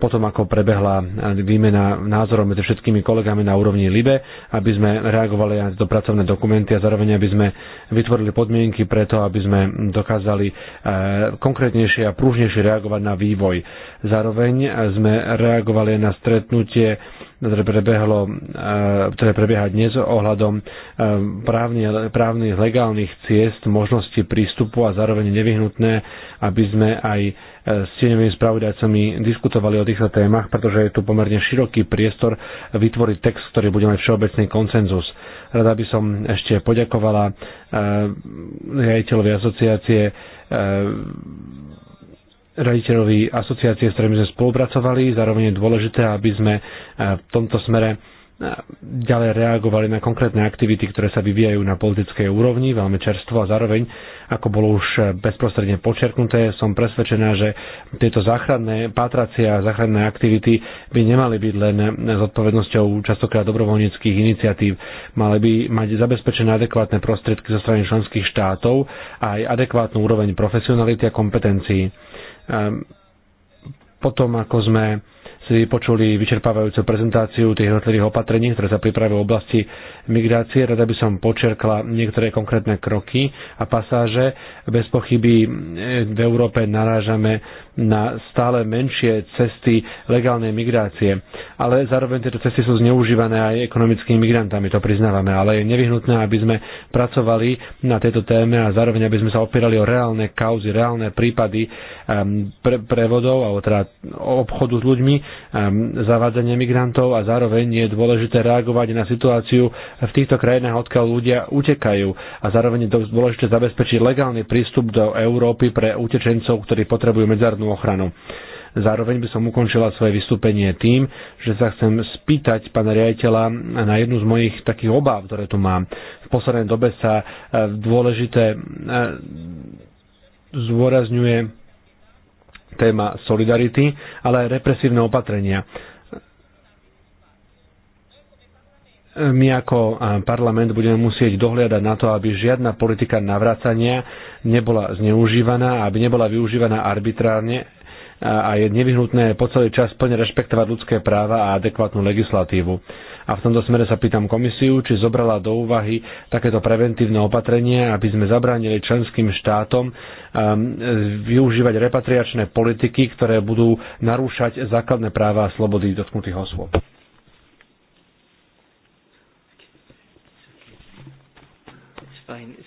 potom ako prebehla e, výmena názorov medzi všetkými kolegami na úrovni LIBE, aby sme reagovali na tieto pracovné dokumenty a zároveň aby sme vytvorili podmienky preto, aby sme dokázali e, konkrétnejšie a prúžnejšie reagovať na vývoj. Zároveň sme reagovali na stretnutie ktoré, prebehlo, e, ktoré prebieha dnes ohľadom e, právnych, právnych legálnych ciest, možnosti prístupu a zároveň nevyhnutné, aby sme aj e, s tieňovými spravodajcami diskutovali o týchto témach, pretože je tu pomerne široký priestor vytvoriť text, ktorý bude mať všeobecný koncenzus. Rada by som ešte poďakovala riaditeľovi asociácie raditeľovi asociácie, s ktorými sme spolupracovali. Zároveň je dôležité, aby sme e, v tomto smere e, ďalej reagovali na konkrétne aktivity, ktoré sa vyvíjajú na politickej úrovni, veľmi čerstvo a zároveň, ako bolo už e, bezprostredne počerknuté, som presvedčená, že tieto záchranné pátracie a záchranné aktivity by nemali byť len zodpovednosťou častokrát dobrovoľníckých iniciatív. Mali by mať zabezpečené adekvátne prostriedky zo strany členských štátov a aj adekvátnu úroveň profesionality a kompetencií. Ehm, potom, ako sme si vypočuli vyčerpávajúcu prezentáciu tých jednotlivých opatrení, ktoré sa pripravili v oblasti migrácie. Rada by som počerkla niektoré konkrétne kroky a pasáže. Bez pochyby e, v Európe narážame na stále menšie cesty legálnej migrácie, ale zároveň tieto cesty sú zneužívané aj ekonomickými migrantami, to priznávame, ale je nevyhnutné, aby sme pracovali na tejto téme a zároveň, aby sme sa opierali o reálne kauzy, reálne prípady ehm, pre, prevodov alebo teda obchodu s ľuďmi, ehm, zavádzanie migrantov a zároveň je dôležité reagovať na situáciu v týchto krajinách, odkiaľ ľudia utekajú a zároveň je dôležité zabezpečiť legálny prístup do Európy pre utečencov, ktorí potrebujú medzárodnú ochranu. Zároveň by som ukončila svoje vystúpenie tým, že sa chcem spýtať pána riaditeľa na jednu z mojich takých obáv, ktoré tu mám. V poslednej dobe sa e, dôležité e, zdôrazňuje téma solidarity, ale aj represívne opatrenia. my ako parlament budeme musieť dohliadať na to, aby žiadna politika navracania nebola zneužívaná, aby nebola využívaná arbitrárne a je nevyhnutné po celý čas plne rešpektovať ľudské práva a adekvátnu legislatívu. A v tomto smere sa pýtam komisiu, či zobrala do úvahy takéto preventívne opatrenie, aby sme zabránili členským štátom um, využívať repatriačné politiky, ktoré budú narúšať základné práva a slobody dotknutých osôb.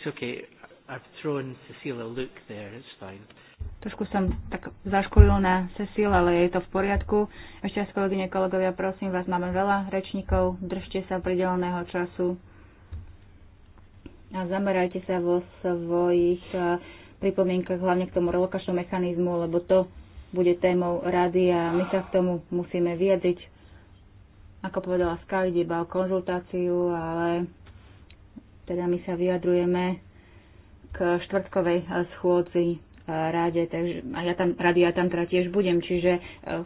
It's okay. I've thrown Cecile a look there. It's fine. Trošku som tak zaškolil na Cecil, ale je to v poriadku. Ešte raz, kolegyne, kolegovia, prosím vás, máme veľa rečníkov, držte sa prideleného času a zamerajte sa vo svojich eh, pripomienkach hlavne k tomu relokačnom mechanizmu, lebo to bude témou rady a my sa k tomu musíme vyjadriť. Ako povedala Sky, iba o konzultáciu, ale teda my sa vyjadrujeme k štvrtkovej e, schôdzi e, ráde, takže a ja tam, rady ja tam teda tiež budem, čiže e,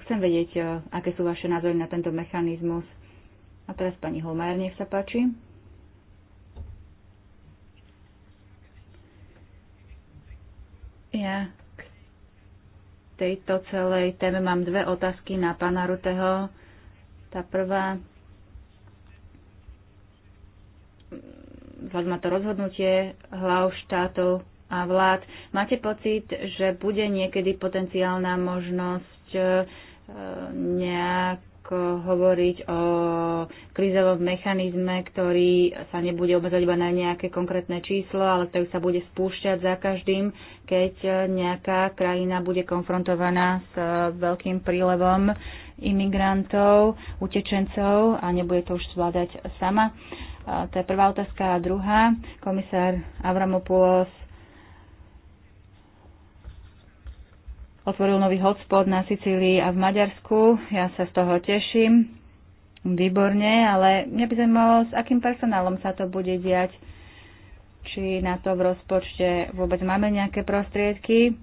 chcem vedieť, aké sú vaše názory na tento mechanizmus. A teraz pani Holmajer, nech sa páči. Ja k tejto celej téme mám dve otázky na pána Ruteho. Tá prvá vzhľadom na to rozhodnutie hlav štátov a vlád. Máte pocit, že bude niekedy potenciálna možnosť e, nejak hovoriť o krízovom mechanizme, ktorý sa nebude obmedzať iba na nejaké konkrétne číslo, ale ktorý sa bude spúšťať za každým, keď e, nejaká krajina bude konfrontovaná s e, veľkým prílevom imigrantov, utečencov a nebude to už zvládať sama. To je prvá otázka. A druhá, komisár Avramopoulos otvoril nový hotspot na Sicílii a v Maďarsku. Ja sa z toho teším. Výborne, ale mňa by zaujímalo, s akým personálom sa to bude diať. Či na to v rozpočte vôbec máme nejaké prostriedky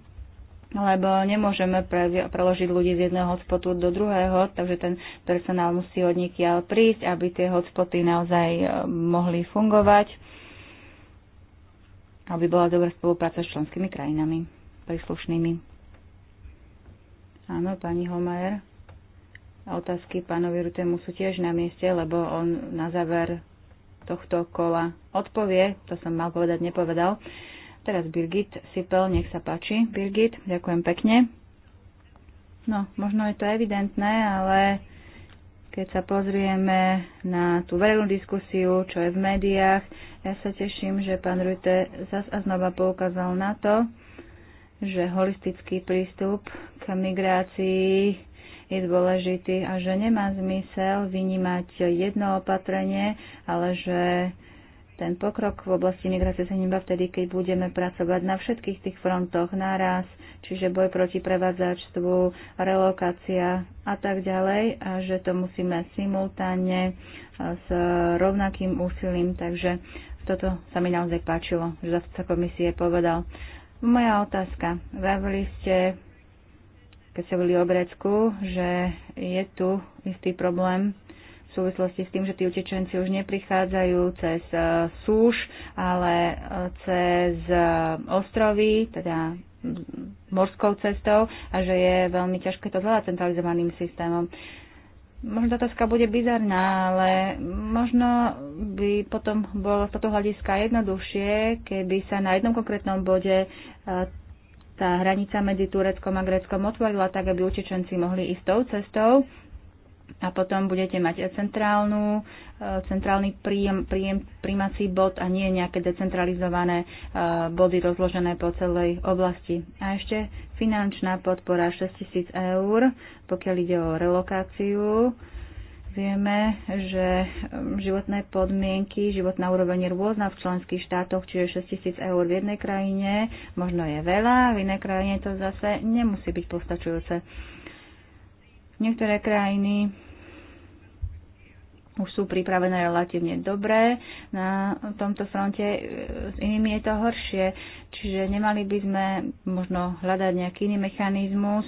lebo nemôžeme pre, preložiť ľudí z jedného hotspotu do druhého, takže ten personál musí od nikiaľ prísť, aby tie hotspoty naozaj e, mohli fungovať, aby bola dobrá spolupráca s členskými krajinami príslušnými. Áno, pani Homer. Otázky pánovi Rutemu sú tiež na mieste, lebo on na záver tohto kola odpovie, to som mal povedať, nepovedal. Uh, Teraz Birgit Sipel, nech sa páči. Birgit, ďakujem pekne. No, možno je to evidentné, ale keď sa pozrieme na tú verejnú diskusiu, čo je v médiách, ja sa teším, že pán Rujte zas a znova poukázal na to, že holistický prístup k migrácii je dôležitý a že nemá zmysel vynímať jedno opatrenie, ale že ten pokrok v oblasti migrácie sa nemá vtedy, keď budeme pracovať na všetkých tých frontoch naraz, čiže boj proti prevádzačstvu, relokácia a tak ďalej, a že to musíme simultánne s rovnakým úsilím, takže toto sa mi naozaj páčilo, že zase komisie povedal. Moja otázka. Vravili ste, keď ste boli o Grécku, že je tu istý problém súvislosti s tým, že tí utečenci už neprichádzajú cez e, súž, ale e, cez e, ostrovy, teda morskou cestou a že je veľmi ťažké to zvládať centralizovaným systémom. Možno tá otázka bude bizarná, ale možno by potom bolo z tohto hľadiska jednoduchšie, keby sa na jednom konkrétnom bode tá hranica medzi Tureckom a Gréckom otvorila tak, aby utečenci mohli ísť tou cestou, a potom budete mať centrálnu, eh, centrálny príjem, príjem, príjmací bod a nie nejaké decentralizované eh, body rozložené po celej oblasti. A ešte finančná podpora 6000 eur, pokiaľ ide o relokáciu. Vieme, že eh, životné podmienky, životná úroveň je rôzna v členských štátoch, čiže 6000 eur v jednej krajine možno je veľa, v inej krajine to zase nemusí byť postačujúce. Niektoré krajiny už sú pripravené relatívne dobré. Na tomto fronte s inými je to horšie. Čiže nemali by sme možno hľadať nejaký iný mechanizmus,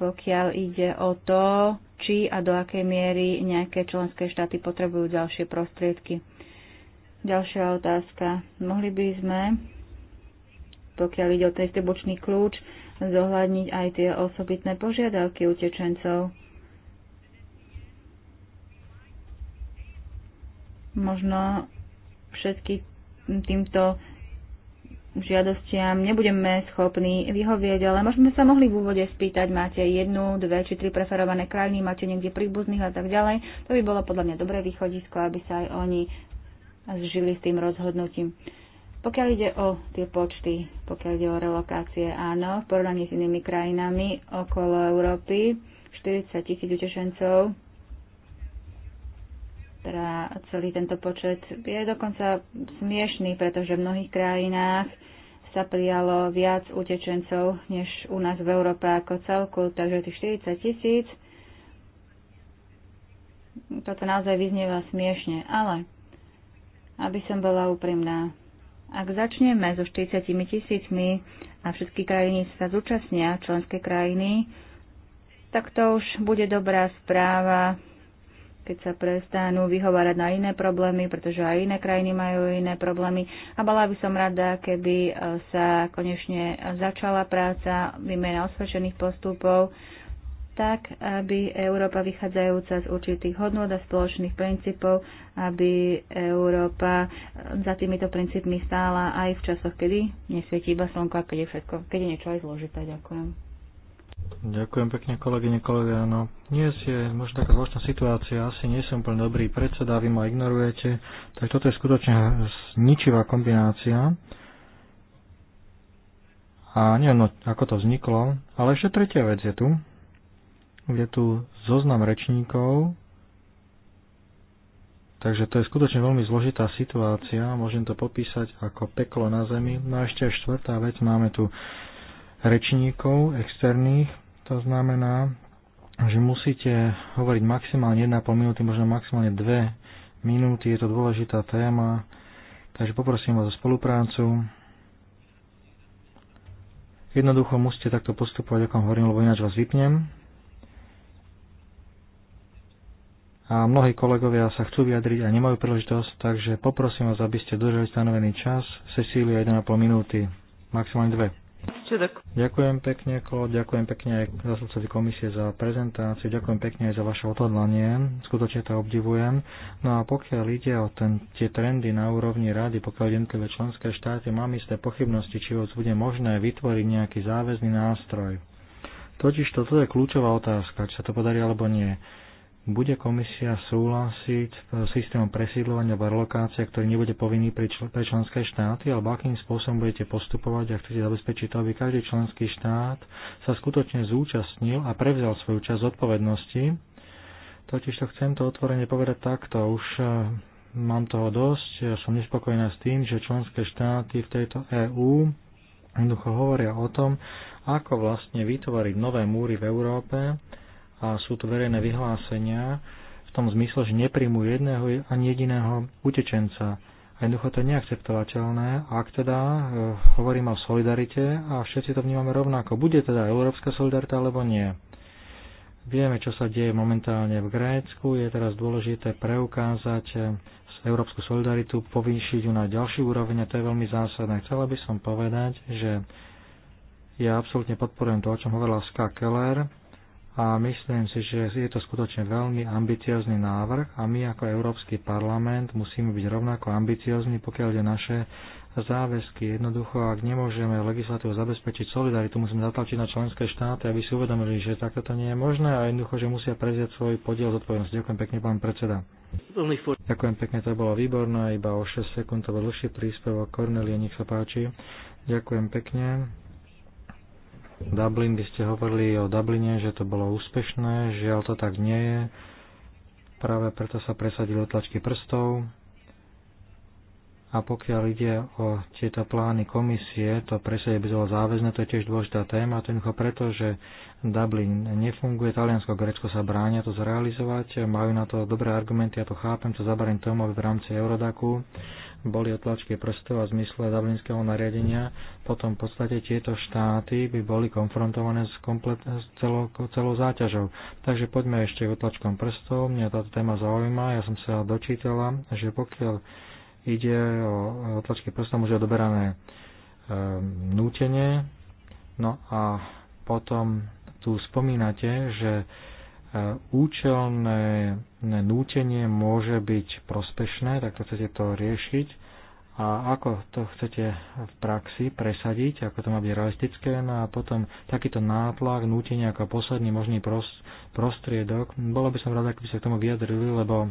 pokiaľ ide o to, či a do akej miery nejaké členské štáty potrebujú ďalšie prostriedky. Ďalšia otázka. Mohli by sme, pokiaľ ide o ten distribučný kľúč, zohľadniť aj tie osobitné požiadavky utečencov. Možno všetky týmto žiadostiam nebudeme schopní vyhovieť, ale možno sme sa mohli v úvode spýtať, máte jednu, dve či tri preferované krajiny, máte niekde príbuzných a tak ďalej. To by bolo podľa mňa dobré východisko, aby sa aj oni zžili s tým rozhodnutím. Pokiaľ ide o tie počty, pokiaľ ide o relokácie, áno, v porovnaní s inými krajinami okolo Európy 40 tisíc utečencov, teda celý tento počet je dokonca smiešný, pretože v mnohých krajinách sa prijalo viac utečencov než u nás v Európe ako celku, takže tých 40 tisíc toto naozaj vyznieva smiešne, ale aby som bola úprimná, ak začneme so 40 tisícmi a všetky krajiny sa zúčastnia, členské krajiny, tak to už bude dobrá správa, keď sa prestanú vyhovárať na iné problémy, pretože aj iné krajiny majú iné problémy. A bola by som rada, keby e, sa konečne začala práca, výmena osvedčených postupov, tak, aby Európa vychádzajúca z určitých hodnot a spoločných princípov, aby Európa eh, za týmito princípmi stála aj v časoch, kedy nesvietí iba slnko a keď je všetko, keď je niečo aj zložité. Ďakujem. Ďakujem pekne, kolegyne, kolega. No, dnes je možno taká zvláštna situácia, asi nie som úplne dobrý predseda, vy ma ignorujete, tak toto je skutočne ničivá kombinácia. A neviem, no, ako to vzniklo, ale ešte tretia vec je tu, je tu zoznam rečníkov, takže to je skutočne veľmi zložitá situácia, môžem to popísať ako peklo na zemi. No a ešte štvrtá vec, máme tu rečníkov externých, to znamená, že musíte hovoriť maximálne 1,5 minúty, možno maximálne 2 minúty, je to dôležitá téma, takže poprosím vás o spoluprácu. Jednoducho musíte takto postupovať, ako hovorím, lebo ináč vás vypnem. a mnohí kolegovia sa chcú vyjadriť a nemajú príležitosť, takže poprosím vás, aby ste držali stanovený čas. Cecília 1,5 minúty, maximálne 2. Ďakujem pekne, ko, ďakujem pekne aj zastupcovi komisie za prezentáciu, ďakujem pekne aj za vaše odhodlanie, skutočne to obdivujem. No a pokiaľ ide o ten, tie trendy na úrovni rady, pokiaľ jednotlivé členské štáty, mám isté pochybnosti, či vôbec bude možné vytvoriť nejaký záväzný nástroj. Totiž toto je kľúčová otázka, či sa to podarí alebo nie bude komisia súhlasiť s systémom presídľovania a relokácia, ktorý nebude povinný pre, čl- pre členské štáty, alebo akým spôsobom budete postupovať a chcete zabezpečiť to, aby každý členský štát sa skutočne zúčastnil a prevzal svoju časť zodpovednosti. Totiž to chcem to otvorene povedať takto. Už e, mám toho dosť, ja som nespokojná s tým, že členské štáty v tejto EÚ jednoducho hovoria o tom, ako vlastne vytvoriť nové múry v Európe, a sú to verejné vyhlásenia v tom zmysle, že nepríjmu jedného ani jediného utečenca. A jednoducho to je neakceptovateľné, ak teda e, hovoríme o solidarite a všetci to vnímame rovnako. Bude teda európska solidarita alebo nie. Vieme, čo sa deje momentálne v Grécku. Je teraz dôležité preukázať e, európsku solidaritu, povýšiť ju na ďalší úroveň a to je veľmi zásadné. Chcela by som povedať, že ja absolútne podporujem to, o čom hovorila Ska Keller, a myslím si, že je to skutočne veľmi ambiciózny návrh a my ako Európsky parlament musíme byť rovnako ambiciózni, pokiaľ ide naše záväzky. Jednoducho, ak nemôžeme legislatívu zabezpečiť solidaritu, musíme zatlačiť na členské štáty, aby si uvedomili, že takto to nie je možné a jednoducho, že musia prezieť svoj podiel zodpovednosti. Ďakujem pekne, pán predseda. Ďakujem pekne, to bolo výborné, iba o 6 sekúnd to bol dlhší príspevok. Kornelie, nech sa páči. Ďakujem pekne. Dublin, by ste hovorili o Dubline, že to bolo úspešné, žiaľ to tak nie je. Práve preto sa presadili tlačky prstov. A pokiaľ ide o tieto plány komisie, to presadie by bolo záväzné, to je tiež dôležitá téma, to je preto, že Dublin nefunguje, Taliansko a Grécko sa bránia to zrealizovať, majú na to dobré argumenty, ja to chápem, čo zabarím tomu, aby v rámci Eurodaku boli otlačky prstov a zmysle dublinského nariadenia, potom v podstate tieto štáty by boli konfrontované s, komplet, s celou, celou záťažou. Takže poďme ešte k otlačkom prstov, mňa táto téma zaujíma, ja som sa dočítala, že pokiaľ ide o otlačky prstov, môže odoberané e, nútenie, no a potom tu spomínate, že e, účelné nútenie môže byť prospešné, tak to chcete to riešiť. A ako to chcete v praxi presadiť, ako to má byť realistické, no a potom takýto nátlak, nútenie ako posledný možný prostriedok. Bolo by som rada, ak by sa k tomu vyjadrili, lebo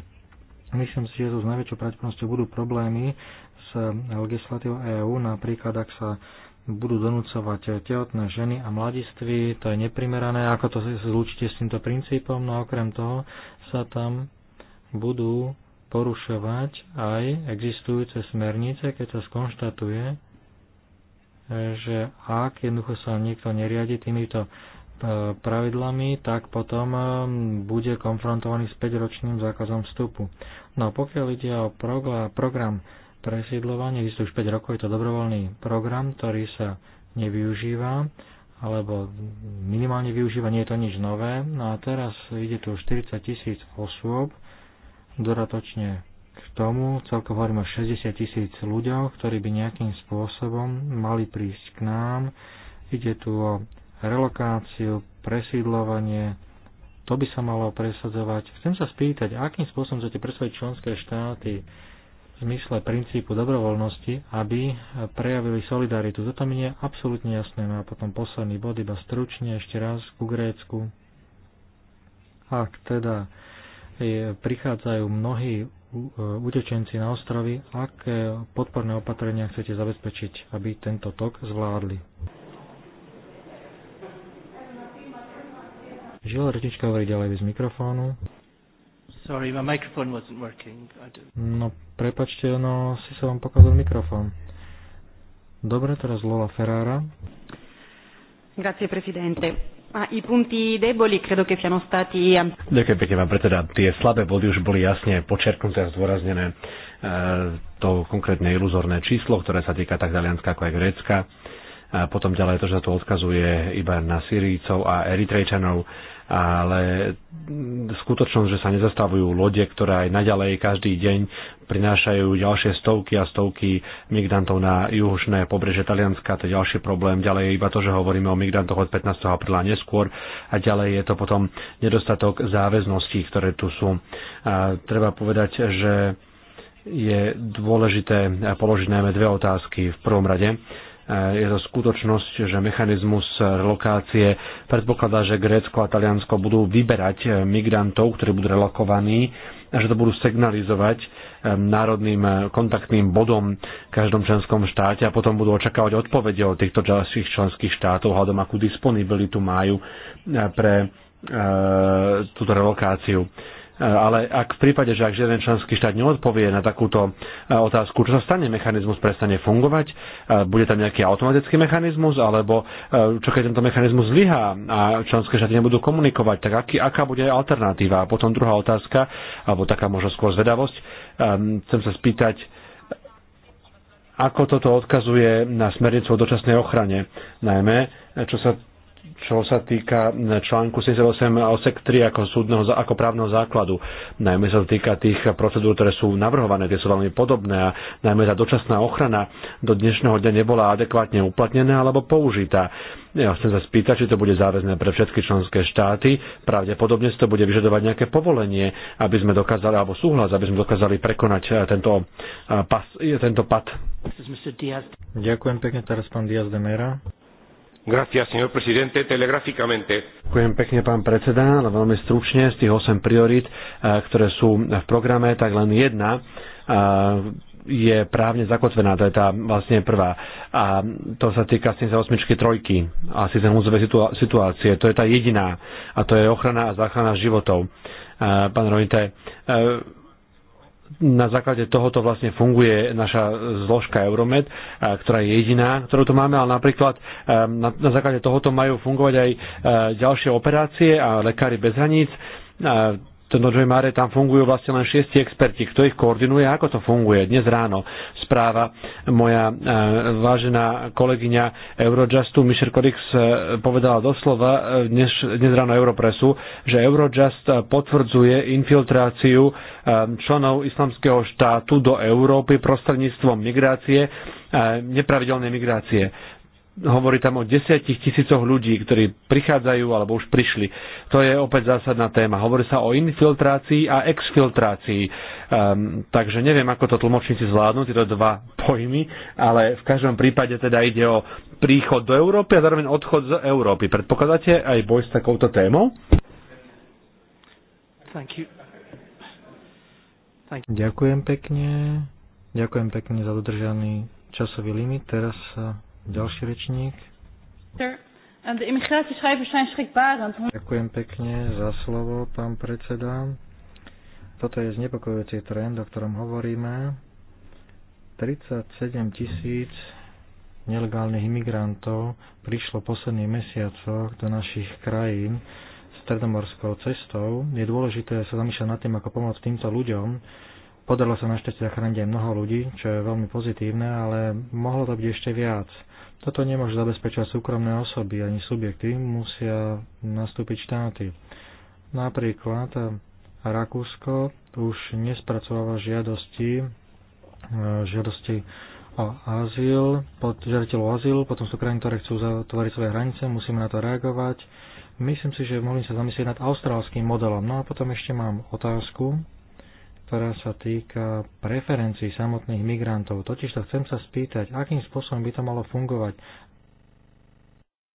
myslím si, že tu s najväčšou pravdepodobnosťou budú problémy s e, legislatívou EÚ, napríklad ak sa budú donúcovať tehotné ženy a mladiství, to je neprimerané, ako to zlúčite s týmto princípom, no okrem toho sa tam budú porušovať aj existujúce smernice, keď sa skonštatuje, že ak jednoducho sa niekto neriadi týmito e, pravidlami, tak potom e, bude konfrontovaný s 5-ročným zákazom vstupu. No a pokiaľ ide o program presídlovanie. Existuje už 5 rokov, je to dobrovoľný program, ktorý sa nevyužíva alebo minimálne využíva, nie je to nič nové. No a teraz ide tu 40 tisíc osôb, doratočne k tomu, celkom hovorím o 60 tisíc ľuďoch, ktorí by nejakým spôsobom mali prísť k nám. Ide tu o relokáciu, presídlovanie, to by sa malo presadzovať. Chcem sa spýtať, akým spôsobom chcete presvedčiť členské štáty, zmysle princípu dobrovoľnosti, aby prejavili solidaritu. Toto mi je absolútne jasné. No a potom posledný bod, iba stručne ešte raz ku Grécku. Ak teda prichádzajú mnohí e, utečenci na ostrovy, aké podporné opatrenia chcete zabezpečiť, aby tento tok zvládli. Žil Rečička hovorí ďalej bez mikrofónu. Sorry, my microphone wasn't working. I No, prepačte, no, si sa vám pokazal mikrofón. Dobre, teraz Lola Ferrara. Grazie, Presidente. A i punti deboli credo che siano stati... Ďakujem pekne vám, predseda. Tie slabé body už boli jasne počerknuté a zdôraznené. E, to konkrétne iluzorné číslo, ktoré sa týka tak Talianska ako aj Grécka. A potom ďalej to, že sa tu odkazuje iba na Syrícov a Eritrejčanov ale skutočnosť, že sa nezastavujú lode, ktoré aj naďalej každý deň prinášajú ďalšie stovky a stovky migrantov na južné pobreže Talianska, to je ďalší problém. Ďalej je iba to, že hovoríme o migrantoch od 15. apríla neskôr a ďalej je to potom nedostatok záväzností, ktoré tu sú. A treba povedať, že je dôležité položiť najmä dve otázky v prvom rade je to skutočnosť, že mechanizmus relokácie predpokladá, že Grécko a Taliansko budú vyberať eh, migrantov, ktorí budú relokovaní a že to budú signalizovať eh, národným eh, kontaktným bodom v každom členskom štáte a potom budú očakávať odpovede od týchto ďalších členských štátov hľadom, akú disponibilitu majú pre túto relokáciu ale ak v prípade, že ak žiaden členský štát neodpovie na takúto e, otázku, čo sa stane, mechanizmus prestane fungovať, e, bude tam nejaký automatický mechanizmus, alebo e, čo keď tento mechanizmus zlyhá a členské štáty nebudú komunikovať, tak aký, aká bude alternatíva? A potom druhá otázka, alebo taká možno skôr zvedavosť, chcem sa spýtať, ako toto odkazuje na smernicu o dočasnej ochrane, najmä čo sa čo sa týka článku 78 osek 3 ako, súdneho, ako právneho základu. Najmä sa týka tých procedúr, ktoré sú navrhované, tie sú veľmi podobné a najmä tá dočasná ochrana do dnešného dňa nebola adekvátne uplatnená alebo použitá. Ja chcem sa spýtať, či to bude záväzné pre všetky členské štáty. Pravdepodobne si to bude vyžadovať nejaké povolenie, aby sme dokázali, alebo súhlas, aby sme dokázali prekonať e, tento, e, pas, e, tento pad. Ďakujem pekne, teraz pán Diaz de Mera señor presidente, Ďakujem pekne, pán predseda, ale veľmi stručne z tých 8 priorit, eh, ktoré sú v programe, tak len jedna eh, je právne zakotvená, to je tá vlastne prvá. A to sa týka 78 trojky a síce núzovej situácie. To je tá jediná a to je ochrana a záchrana životov. Eh, pán Rojte, na základe tohoto vlastne funguje naša zložka Euromed, ktorá je jediná, ktorú tu máme, ale napríklad na základe tohoto majú fungovať aj e, ďalšie operácie a lekári bez hraníc tomto Džojmáre no, tam fungujú vlastne len šiesti experti. Kto ich koordinuje ako to funguje? Dnes ráno správa moja e, vážená kolegyňa Eurojustu Michel Kodix e, povedala doslova e, dnes, dnes ráno Europresu, že Eurojust potvrdzuje infiltráciu e, členov islamského štátu do Európy prostredníctvom migrácie, e, nepravidelnej migrácie hovorí tam o desiatich tisícoch ľudí, ktorí prichádzajú alebo už prišli. To je opäť zásadná téma. Hovorí sa o infiltrácii a exfiltrácii. Um, takže neviem, ako to tlmočníci zvládnu, tieto dva pojmy, ale v každom prípade teda ide o príchod do Európy a zároveň odchod z Európy. Predpokladáte aj boj s takouto témou? Thank you. Thank you. Ďakujem pekne. Ďakujem pekne za dodržaný časový limit. Teraz sa ďalší rečník. Ďakujem pekne za slovo, pán predseda. Toto je znepokojujúci trend, o ktorom hovoríme. 37 tisíc nelegálnych imigrantov prišlo v posledných mesiacoch do našich krajín stredomorskou cestou. Je dôležité sa zamýšľať nad tým, ako pomôcť týmto ľuďom, Podarilo sa našťastie zachrániť aj mnoho ľudí, čo je veľmi pozitívne, ale mohlo to byť ešte viac. Toto nemôže zabezpečovať súkromné osoby ani subjekty, musia nastúpiť štáty. Napríklad eh, Rakúsko už nespracováva žiadosti, eh, žiadosti o azyl, pod žiadateľov azylu, azyl, potom sú krajiny, ktoré chcú zatvoriť svoje hranice, musíme na to reagovať. Myslím si, že mohli sa zamyslieť nad austrálským modelom. No a potom ešte mám otázku, ktorá sa týka preferencií samotných migrantov. Totiž to chcem sa spýtať, akým spôsobom by to malo fungovať.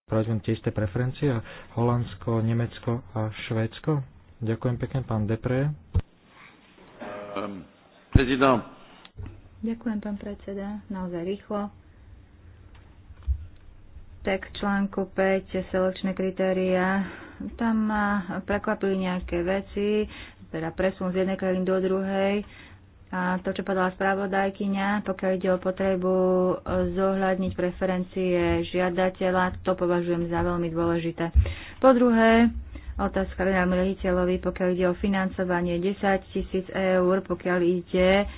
Pravdepodobne tie isté preferencie Holandsko, Nemecko a Švédsko? Ďakujem pekne, pán Depré. Um, prezident. Ďakujem, pán predseda, naozaj rýchlo. Tak článku 5, selekčné kritéria tam ma prekvapili nejaké veci teda presun z jednej krajiny do druhej. A to, čo padala spravodajkyňa, pokiaľ ide o potrebu e, zohľadniť preferencie žiadateľa, to považujem za veľmi dôležité. Po druhé, otázka generálnemu riaditeľovi, pokiaľ ide o financovanie 10 tisíc eur, pokiaľ ide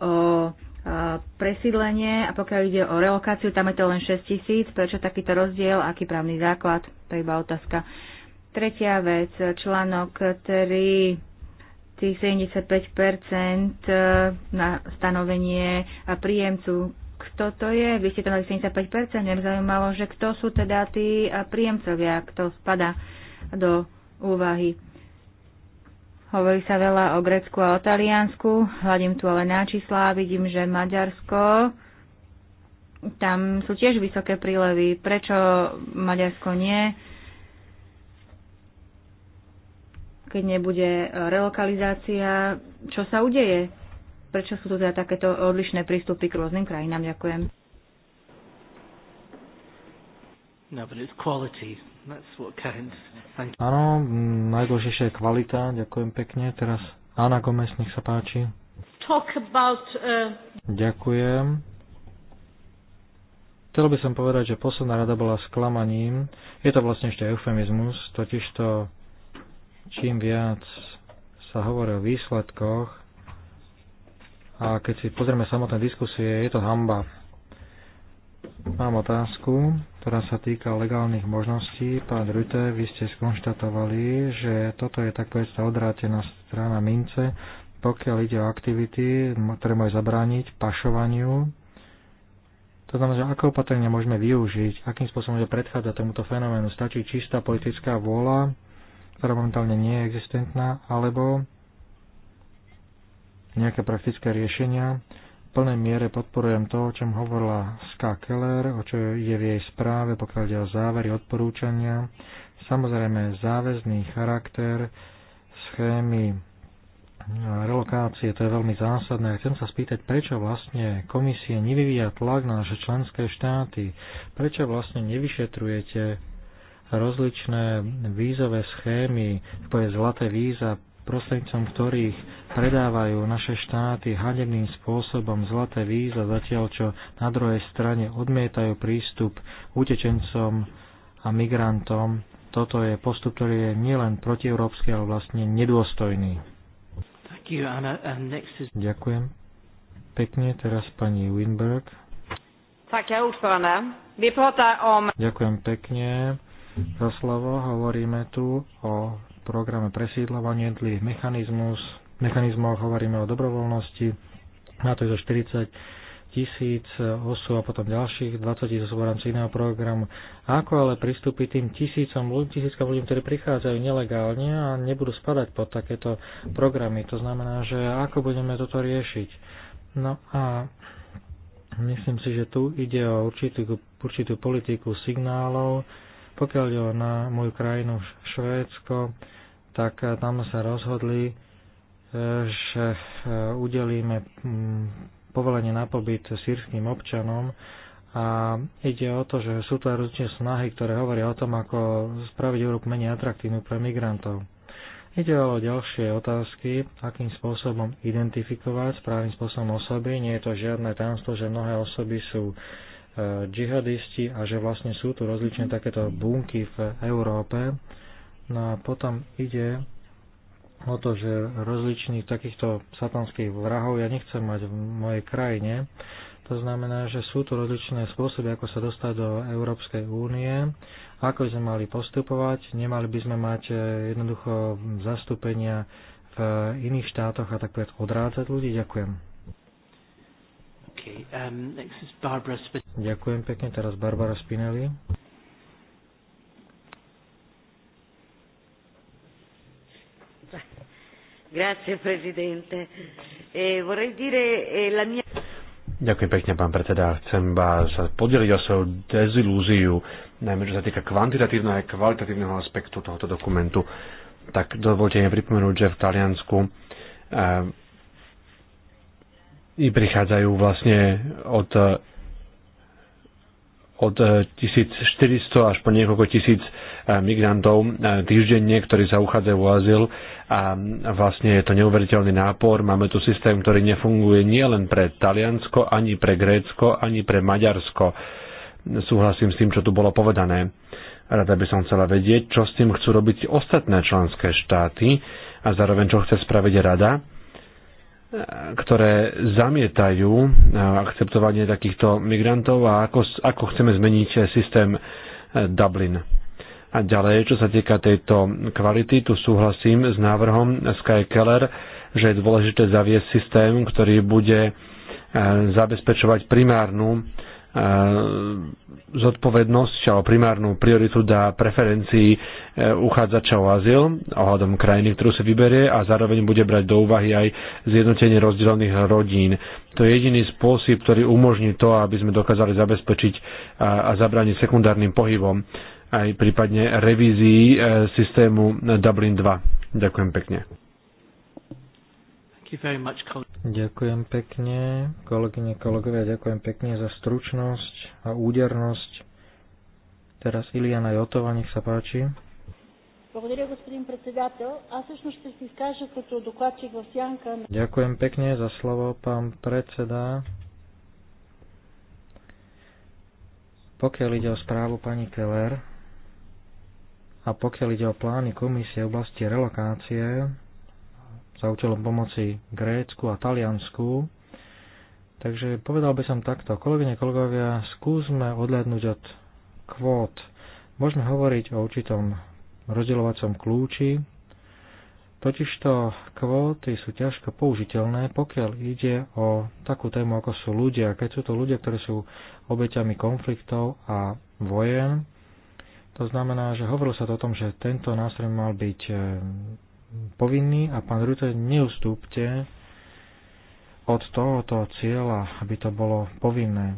o e, presídlenie a pokiaľ ide o relokáciu, tam je to len 6 tisíc. Prečo takýto rozdiel? Aký právny základ? To je iba otázka. Tretia vec, článok 3 tých 75 e, na stanovenie príjemcu. Kto to je? Vy ste tam mali 75 Mňa zaujímalo, že kto sú teda tí e, príjemcovia, kto spada do úvahy. Hovorí sa veľa o Grécku a o Taliansku. Hľadím tu ale na čísla. Vidím, že Maďarsko, tam sú tiež vysoké prílevy. Prečo Maďarsko nie? keď nebude e, relokalizácia, čo sa udeje? Prečo sú tu teda takéto odlišné prístupy k rôznym krajinám? Ďakujem. No, but it's quality. That's what counts. Thank you. Áno, najdôležitejšia je kvalita. Ďakujem pekne. Teraz Anna Gomez, nech sa páči. Talk about, uh... Ďakujem. Chcel by som povedať, že posledná rada bola sklamaním. Je to vlastne ešte eufemizmus, totižto čím viac sa hovorí o výsledkoch a keď si pozrieme samotné diskusie, je to hamba. Mám otázku, ktorá sa týka legálnych možností. Pán Rute, vy ste skonštatovali, že toto je tak povedať odrátená strana mince, pokiaľ ide o aktivity, ktoré môže zabrániť pašovaniu. To znamená, že ako opatrenia môžeme využiť, akým spôsobom môže predchádzať tomuto fenoménu. Stačí čistá politická vôľa, ktorá momentálne nie je existentná, alebo nejaké praktické riešenia. V plnej miere podporujem to, o čom hovorila Ska Keller, o čo je v jej správe, pokiaľ ide o závery odporúčania. Samozrejme, záväzný charakter schémy e, relokácie, to je veľmi zásadné. Chcem sa spýtať, prečo vlastne komisie nevyvíja tlak na naše členské štáty? Prečo vlastne nevyšetrujete rozličné vízové schémy, ako je zlaté víza, prostrednícom ktorých predávajú naše štáty hanebným spôsobom zlaté víza, zatiaľ čo na druhej strane odmietajú prístup utečencom a migrantom. Toto je postup, ktorý je nielen protieurópsky, ale vlastne nedôstojný. Ďakujem. Pekne teraz pani Winberg. Ďakujem pekne za slovo. Hovoríme tu o programe presídľovania jednotlivých mechanizmus, mechanizmoch, hovoríme o dobrovoľnosti, na to je zo 40 tisíc osôb a potom ďalších 20 tisíc osôb rámci iného programu. Ako ale pristúpiť tým tisícom ľudí, tisíckom ľudí, ktorí prichádzajú nelegálne a nebudú spadať pod takéto programy? To znamená, že ako budeme toto riešiť? No a myslím si, že tu ide o určitú, určitú politiku signálov, pokiaľ ide na moju krajinu Švédsko, tak eh, tam sa rozhodli, eh, že eh, udelíme mm, povolenie na pobyt sírským občanom a ide o to, že sú to aj rozličné snahy, ktoré hovoria o tom, ako spraviť Európu menej atraktívnu pre migrantov. Ide o ďalšie otázky, akým spôsobom identifikovať správnym spôsobom osoby. Nie je to žiadne tajomstvo, že mnohé osoby sú džihadisti a že vlastne sú tu rozličné takéto bunky v Európe. No a potom ide o to, že rozličných takýchto satanských vrahov ja nechcem mať v mojej krajine. To znamená, že sú tu rozličné spôsoby, ako sa dostať do Európskej únie, ako by sme mali postupovať, nemali by sme mať e, jednoducho zastúpenia v iných štátoch a tak odrádzať ľudí. Ďakujem. Okay. Um, Ďakujem pekne. Teraz Barbara Spinelli. Grazie, Presidente. E, vorrei dire e la mia... Ďakujem pekne, pán predseda. Chcem sa podeliť o svoju dezilúziu, najmä čo sa týka kvantitatívneho a kvalitatívneho aspektu tohoto dokumentu. Tak dovolte mi pripomenúť, že v Taliansku e, i prichádzajú vlastne od od 1400 až po niekoľko tisíc eh, migrantov eh, týždenne, ktorí sa uchádzajú o azyl a vlastne je to neuveriteľný nápor. Máme tu systém, ktorý nefunguje nielen pre Taliansko, ani pre Grécko, ani pre Maďarsko. Súhlasím s tým, čo tu bolo povedané. Rada by som chcela vedieť, čo s tým chcú robiť ostatné členské štáty a zároveň čo chce spraviť rada ktoré zamietajú eh, akceptovanie takýchto migrantov a ako, ako chceme zmeniť eh, systém eh, Dublin. A ďalej, čo sa týka tejto kvality, tu súhlasím s návrhom Sky Keller, že je dôležité zaviesť systém, ktorý bude zabezpečovať primárnu E, zodpovednosť alebo primárnu prioritu dá preferencii e, uchádzača o azyl ohľadom krajiny, ktorú si vyberie a zároveň bude brať do úvahy aj zjednotenie rozdelených rodín. To je jediný spôsob, ktorý umožní to, aby sme dokázali zabezpečiť a, a zabrániť sekundárnym pohybom aj prípadne revízii e, systému Dublin 2. Ďakujem pekne. Thank you very much, Ďakujem pekne, kolegyne, kolegovia, ďakujem pekne za stručnosť a údernosť. Teraz Iliana Jotova, nech sa páči. Ďakujem pekne za slovo, pán predseda. Pokiaľ ide o správu pani Keller a pokiaľ ide o plány komisie v oblasti relokácie, za účelom pomoci Grécku a Taliansku. Takže povedal by som takto, kolegyne, kolegovia, skúsme odhľadnúť od kvót. Môžeme hovoriť o určitom rozdeľovacom kľúči, Totižto kvóty sú ťažko použiteľné, pokiaľ ide o takú tému, ako sú ľudia. Keď sú to ľudia, ktorí sú obeťami konfliktov a vojen, to znamená, že hovorilo sa to o tom, že tento nástroj mal byť povinní a pán Rute, neustúpte od tohoto cieľa, aby to bolo povinné.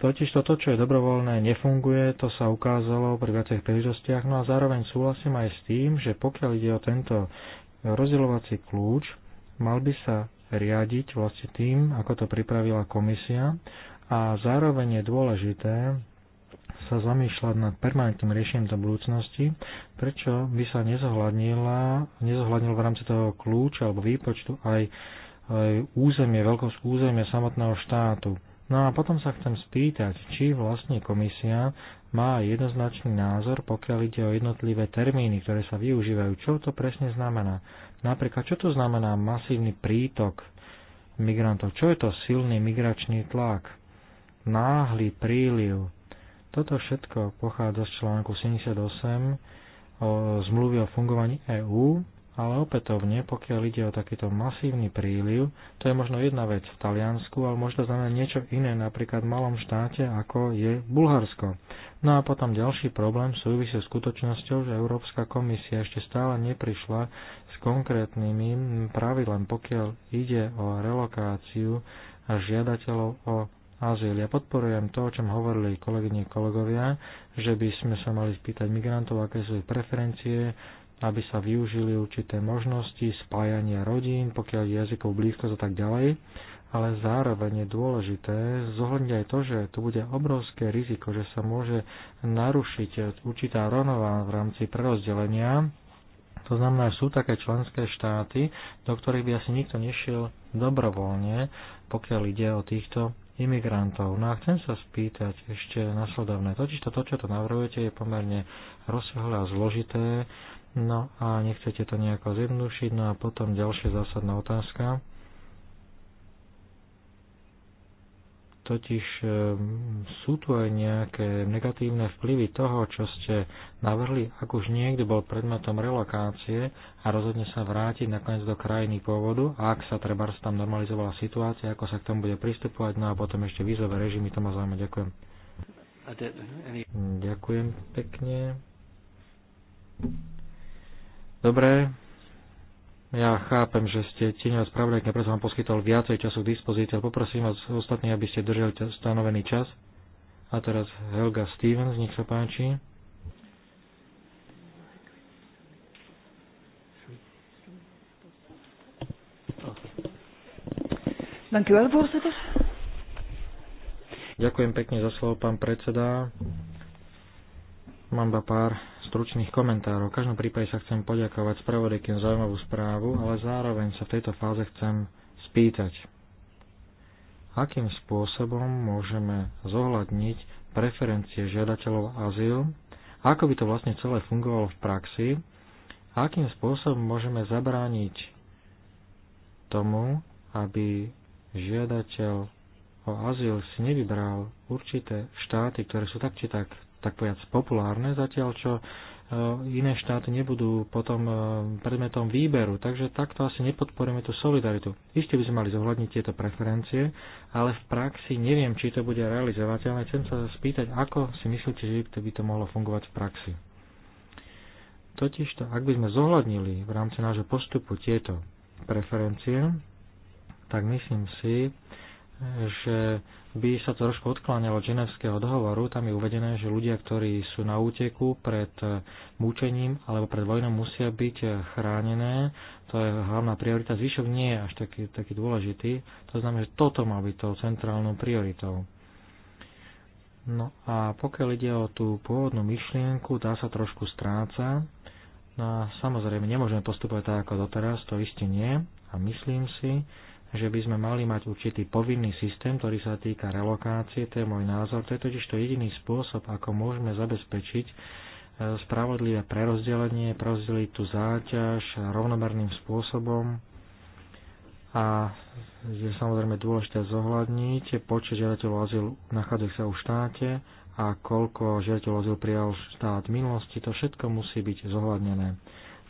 Totiž toto, čo je dobrovoľné, nefunguje, to sa ukázalo pri viacerých príležitostiach, no a zároveň súhlasím aj s tým, že pokiaľ ide o tento rozdielovací kľúč, mal by sa riadiť vlastne tým, ako to pripravila komisia a zároveň je dôležité, sa zamýšľať nad permanentným riešením do budúcnosti, prečo by sa nezohľadnil v rámci toho kľúča alebo výpočtu aj, aj územie, veľkosť územia samotného štátu. No a potom sa chcem spýtať, či vlastne komisia má jednoznačný názor, pokiaľ ide o jednotlivé termíny, ktoré sa využívajú. Čo to presne znamená? Napríklad, čo to znamená masívny prítok migrantov? Čo je to silný migračný tlak? Náhly príliv? Toto všetko pochádza z článku 78 o zmluvy o fungovaní EÚ, ale opätovne, pokiaľ ide o takýto masívny príliv, to je možno jedna vec v Taliansku, ale možno znamená niečo iné napríklad v malom štáte, ako je Bulharsko. No a potom ďalší problém súvisí s skutočnosťou, že Európska komisia ešte stále neprišla s konkrétnymi pravidlami, pokiaľ ide o relokáciu a žiadateľov o azyl. Ja podporujem to, o čom hovorili kolegyne kolegovia, že by sme sa mali spýtať migrantov, aké sú ich preferencie, aby sa využili určité možnosti spájania rodín, pokiaľ je jazykov blízkosť a tak ďalej, ale zároveň je dôležité zohľadniť aj to, že tu bude obrovské riziko, že sa môže narušiť určitá rovnováha v rámci prerozdelenia. To znamená, že sú také členské štáty, do ktorých by asi nikto nešiel dobrovoľne, pokiaľ ide o týchto imigrantov. No a chcem sa spýtať ešte nasledovné. Totiž to, čo to navrhujete, je pomerne rozsiahle a zložité, no a nechcete to nejako zjednodušiť. No a potom ďalšia zásadná otázka. Totiž ehm, sú tu aj nejaké negatívne vplyvy toho, čo ste navrhli, ak už niekto bol predmetom relokácie a rozhodne sa vrátiť nakoniec do krajiny pôvodu a ak sa treba tam normalizovala situácia, ako sa k tomu bude pristupovať, no a potom ešte vízové režimy, to ma zaujíma. Ďakujem. Ďakujem pekne. Dobre, ja chápem, že ste tieňa spravodajka, preto vám poskytol viacej času k dispozícii, ale poprosím vás ostatní, aby ste držali stanovený čas. A teraz Helga Stevens, nech sa páči. Ďakujem pekne za slovo, pán predseda. Mám iba pár stručných komentárov. V každom prípade sa chcem poďakovať spravodajkým zaujímavú správu, ale zároveň sa v tejto fáze chcem spýtať, akým spôsobom môžeme zohľadniť preferencie žiadateľov azyl, ako by to vlastne celé fungovalo v praxi, akým spôsobom môžeme zabrániť tomu, aby žiadateľ o azyl si nevybral určité štáty, ktoré sú tak či tak tak povedať, populárne, zatiaľ čo e, iné štáty nebudú potom e, predmetom výberu. Takže takto asi nepodporujeme tú solidaritu. Isté by sme mali zohľadniť tieto preferencie, ale v praxi neviem, či to bude realizovateľné. Chcem sa spýtať, ako si myslíte, že by to mohlo fungovať v praxi. Totižto, ak by sme zohľadnili v rámci nášho postupu tieto preferencie, tak myslím si, že by sa to trošku odkláňalo od ženevského dohovoru. Tam je uvedené, že ľudia, ktorí sú na úteku pred eh, mučením alebo pred vojnou, musia byť eh, chránené. To je hlavná priorita. Zvyšok nie je až taký, taký dôležitý. To znamená, že toto má byť tou centrálnou prioritou. No a pokiaľ ide o tú pôvodnú myšlienku, tá sa trošku stráca. No a samozrejme, nemôžeme postupovať tak ako doteraz, to isté nie. A myslím si, že by sme mali mať určitý povinný systém, ktorý sa týka relokácie, to je môj názor. To je totiž to jediný spôsob, ako môžeme zabezpečiť e, spravodlivé prerozdelenie, prerozdeliť tú záťaž rovnomerným spôsobom a je samozrejme dôležité zohľadniť počet žiadateľov azylu nachádzajúcich sa v štáte a koľko žiadateľov azylu prijal štát v minulosti, to všetko musí byť zohľadnené.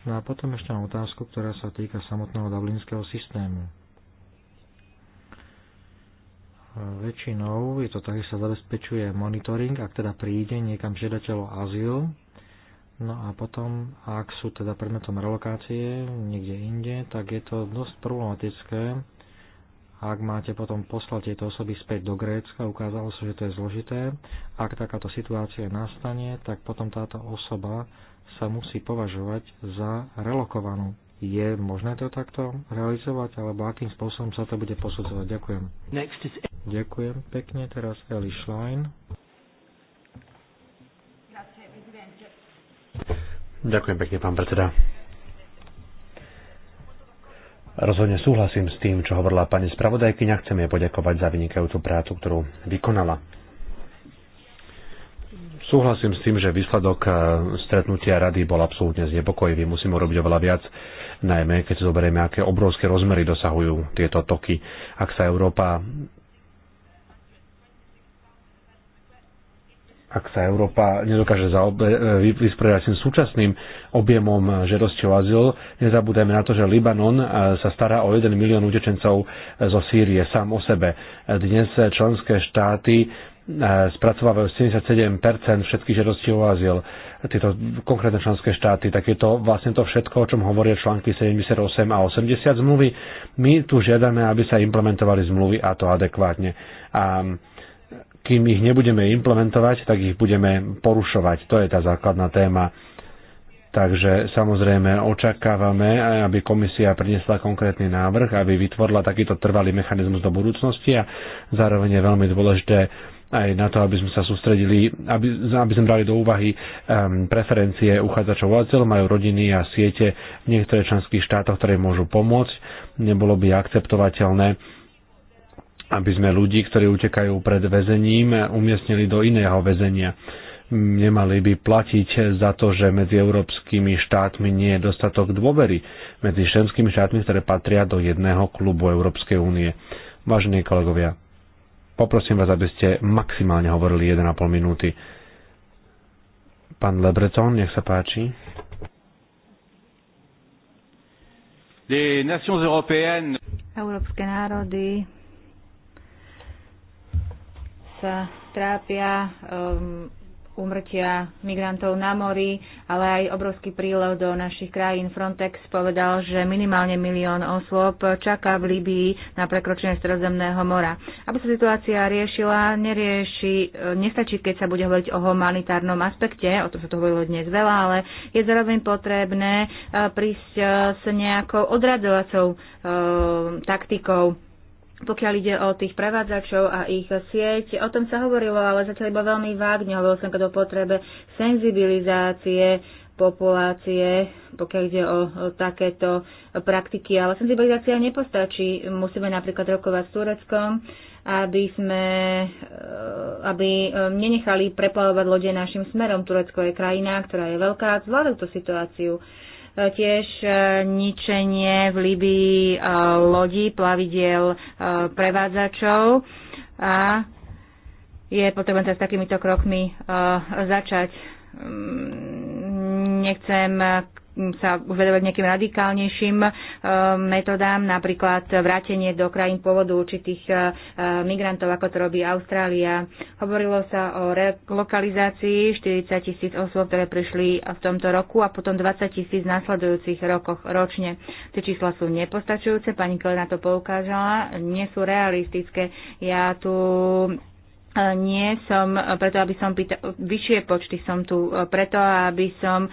No a potom ešte mám otázku, ktorá sa týka samotného dublinského systému väčšinou je to tak, že sa zabezpečuje monitoring, ak teda príde niekam žiadateľ o azyl, no a potom, ak sú teda predmetom relokácie niekde inde, tak je to dosť problematické, ak máte potom poslať tieto osoby späť do Grécka, ukázalo sa, so, že to je zložité. Ak takáto situácia nastane, tak potom táto osoba sa musí považovať za relokovanú. Je možné to takto realizovať, alebo akým spôsobom sa to bude posudzovať? Ďakujem. Ďakujem pekne, teraz Eli Schlein. Ďakujem pekne, pán predseda. Rozhodne súhlasím s tým, čo hovorila pani spravodajkyňa. Chcem jej poďakovať za vynikajúcu prácu, ktorú vykonala. Súhlasím s tým, že výsledok e, stretnutia rady bol absolútne znepokojivý. Musíme urobiť oveľa viac, najmä keď si zoberieme, aké obrovské rozmery dosahujú tieto toky. Ak sa Európa ak sa Európa nedokáže e, vysporiadať tým súčasným objemom žiadosti o azyl, nezabúdajme na to, že Libanon e, sa stará o 1 milión utečencov e, zo Sýrie sám o sebe. Dnes členské štáty spracovávajú 77% všetkých žiadostí o azyl. Tieto konkrétne členské štáty, tak je to vlastne to všetko, o čom hovoria články 78 a 80 zmluvy. My tu žiadame, aby sa implementovali zmluvy a to adekvátne. A kým ich nebudeme implementovať, tak ich budeme porušovať. To je tá základná téma. Takže samozrejme očakávame, aby komisia priniesla konkrétny návrh, aby vytvorila takýto trvalý mechanizmus do budúcnosti a zároveň je veľmi dôležité aj na to, aby sme sa sústredili, aby, aby sme brali do úvahy um, preferencie uchádzačov o azyl, majú rodiny a siete v niektorých členských štátoch, ktoré môžu pomôcť. Nebolo by akceptovateľné, aby sme ľudí, ktorí utekajú pred väzením, umiestnili do iného väzenia. Nemali by platiť za to, že medzi európskymi štátmi nie je dostatok dôvery medzi členskými štátmi, ktoré patria do jedného klubu Európskej únie. Vážení kolegovia, poprosím vás, aby ste maximálne hovorili 1,5 minúty. Pán Lebreton, nech sa páči. Európske národy sa trápia um, migrantov na mori, ale aj obrovský prílev do našich krajín. Frontex povedal, že minimálne milión osôb čaká v Líbii na prekročenie Stredozemného mora. Aby sa situácia riešila, nerieši, e, nestačí, keď sa bude hovoriť o humanitárnom aspekte, o tom sa to hovorilo dnes veľa, ale je zároveň potrebné e, prísť e, s nejakou odradovacou e, taktikou pokiaľ ide o tých prevádzačov a ich sieť, o tom sa hovorilo, ale zatiaľ iba veľmi vágne. Hovoril som o potrebe senzibilizácie populácie, pokiaľ ide o, o takéto praktiky. Ale senzibilizácia nepostačí. Musíme napríklad rokovať s Tureckom, aby sme e, aby e, nenechali preplavovať lode našim smerom. Turecko je krajina, ktorá je veľká, zvláda tú situáciu tiež e, ničenie v Libii e, lodí, plavidiel e, prevádzačov a je potrebné sa s takýmito krokmi začať. Mm, nechcem sa už vedovať nejakým radikálnejším e, metodám, napríklad vrátenie do krajín pôvodu určitých e, migrantov, ako to robí Austrália. Hovorilo sa o relokalizácii 40 tisíc osôb, ktoré prišli v tomto roku a potom 20 tisíc v nasledujúcich rokoch ročne. Tie čísla sú nepostačujúce, pani Kelena to poukázala, nie sú realistické. Ja tu nie som preto, aby som pýtal, vyššie počty som tu preto, aby som e,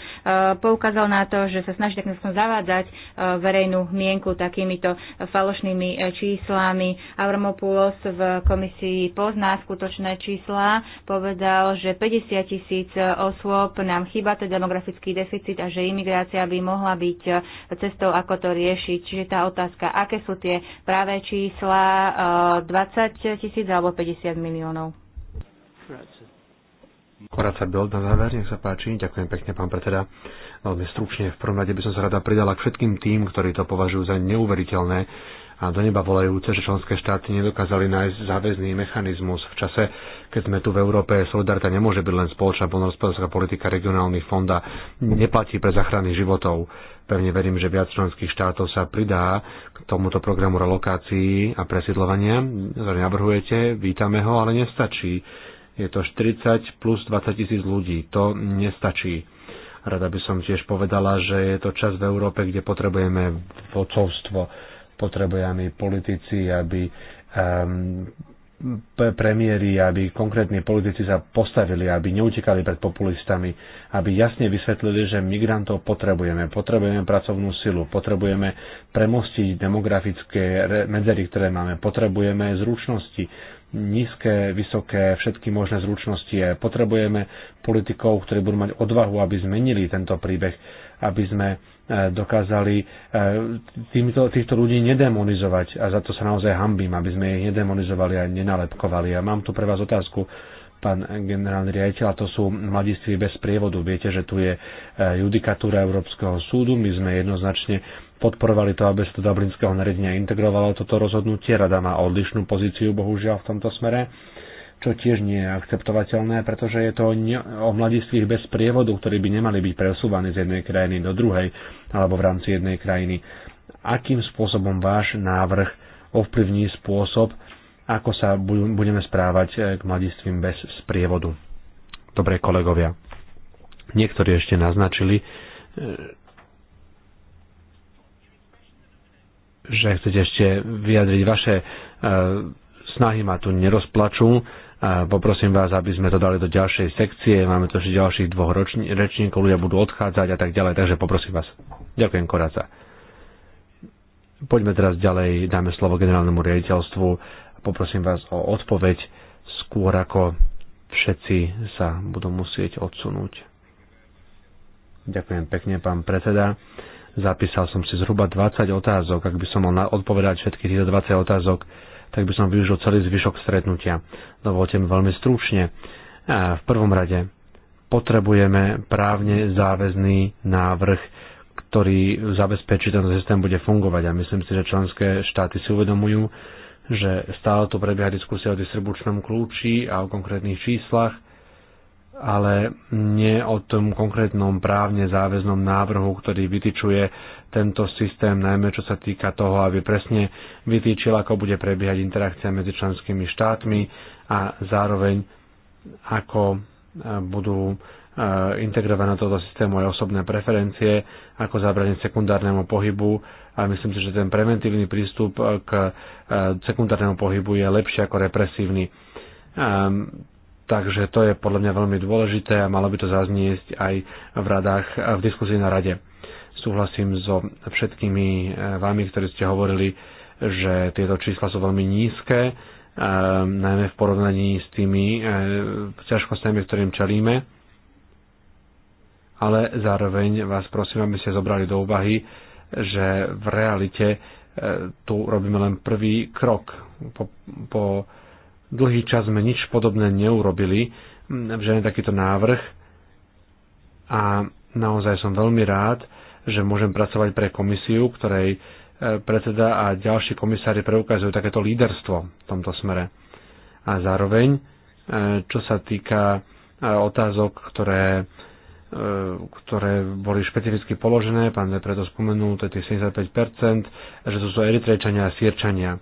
poukázal na to, že sa snaží takým som zavádzať e, verejnú mienku takýmito falošnými e, číslami. Avramopoulos v komisii pozná skutočné čísla, povedal, že 50 tisíc osôb nám chýba, to je demografický deficit a že imigrácia by mohla byť cestou, ako to riešiť. Čiže tá otázka, aké sú tie práve čísla 20 tisíc alebo 50 miliónov. Koráca Bild na záver, nech sa páči. Ďakujem pekne, pán predseda. Veľmi stručne, v prvom rade by som sa rada pridala k všetkým tým, ktorí to považujú za neuveriteľné a do neba volajúce, že členské štáty nedokázali nájsť záväzný mechanizmus v čase, keď sme tu v Európe. Solidarita nemôže byť len spoločná poľnohospodárska politika regionálnych fonda neplatí pre zachrany životov. Pevne verím, že viac členských štátov sa pridá k tomuto programu relokácií a presídlovania, ktorý navrhujete. Vítame ho, ale nestačí je to 40 plus 20 tisíc ľudí. To nestačí. Rada by som tiež povedala, že je to čas v Európe, kde potrebujeme vocovstvo, potrebujeme politici, aby um, ehm, premiéry, aby konkrétni politici sa postavili, aby neutekali pred populistami, aby jasne vysvetlili, že migrantov potrebujeme, potrebujeme pracovnú silu, potrebujeme premostiť demografické medzery, ktoré máme, potrebujeme zručnosti, nízke, vysoké, všetky možné zručnosti. Potrebujeme politikov, ktorí budú mať odvahu, aby zmenili tento príbeh, aby sme e, dokázali e, týmto, týchto ľudí nedemonizovať a za to sa naozaj hambím, aby sme ich nedemonizovali a nenalepkovali. A mám tu pre vás otázku, pán generálny riaditeľ, a to sú mladiství bez prievodu. Viete, že tu je e, judikatúra Európskeho súdu, my sme jednoznačne podporovali to, aby sa do Dublinského nariadenia integrovalo toto rozhodnutie. Rada má odlišnú pozíciu, bohužiaľ, v tomto smere čo tiež nie je akceptovateľné, pretože je to o mladistvých bez prievodu, ktorí by nemali byť presúvaní z jednej krajiny do druhej alebo v rámci jednej krajiny. Akým spôsobom váš návrh ovplyvní spôsob, ako sa budeme správať eh, k mladistvím bez sprievodu? Dobre, kolegovia, niektorí ešte naznačili, eh, že chcete ešte vyjadriť vaše e, snahy ma tu nerozplačú. E, poprosím vás, aby sme to dali do ďalšej sekcie. Máme tu ešte ďalších dvoch rečníkov, ľudia budú odchádzať a tak ďalej. Takže poprosím vás. Ďakujem, Koraca. Poďme teraz ďalej, dáme slovo generálnemu riaditeľstvu. Poprosím vás o odpoveď skôr ako všetci sa budú musieť odsunúť. Ďakujem pekne, pán predseda. Zapísal som si zhruba 20 otázok. Ak by som mal odpovedať všetky týchto 20 otázok, tak by som využil celý zvyšok stretnutia. Dovolte mi veľmi stručne. V prvom rade potrebujeme právne záväzný návrh, ktorý zabezpečí, že ten systém bude fungovať. A myslím si, že členské štáty si uvedomujú, že stále tu prebieha diskusia o distribučnom kľúči a o konkrétnych číslach ale nie o tom konkrétnom právne záväznom návrhu, ktorý vytyčuje tento systém, najmä čo sa týka toho, aby presne vytýčil, ako bude prebiehať interakcia medzi členskými štátmi a zároveň ako e, budú e, integrované toto systému aj osobné preferencie, ako zabranie sekundárnemu pohybu a myslím si, že ten preventívny prístup k e, sekundárnemu pohybu je lepší ako represívny ehm, Takže to je podľa mňa veľmi dôležité a malo by to zazniesť aj v radách, v diskusii na rade. Súhlasím so všetkými eh, vami, ktorí ste hovorili, že tieto čísla sú veľmi nízke, eh, najmä v porovnaní s tými eh, ťažkosťami, ktorým čelíme. Ale zároveň vás prosím, aby ste zobrali do úvahy, že v realite tu robíme len prvý krok po, po Dlhý čas sme nič podobné neurobili, je takýto návrh a naozaj som veľmi rád, že môžem pracovať pre komisiu, ktorej e, predseda a ďalší komisári preukazujú takéto líderstvo v tomto smere. A zároveň, e, čo sa týka e, otázok, ktoré, ktoré boli špecificky položené, pán preto spomenul, to je tých 75%, že sú to Eritrejčania a Sýrčania.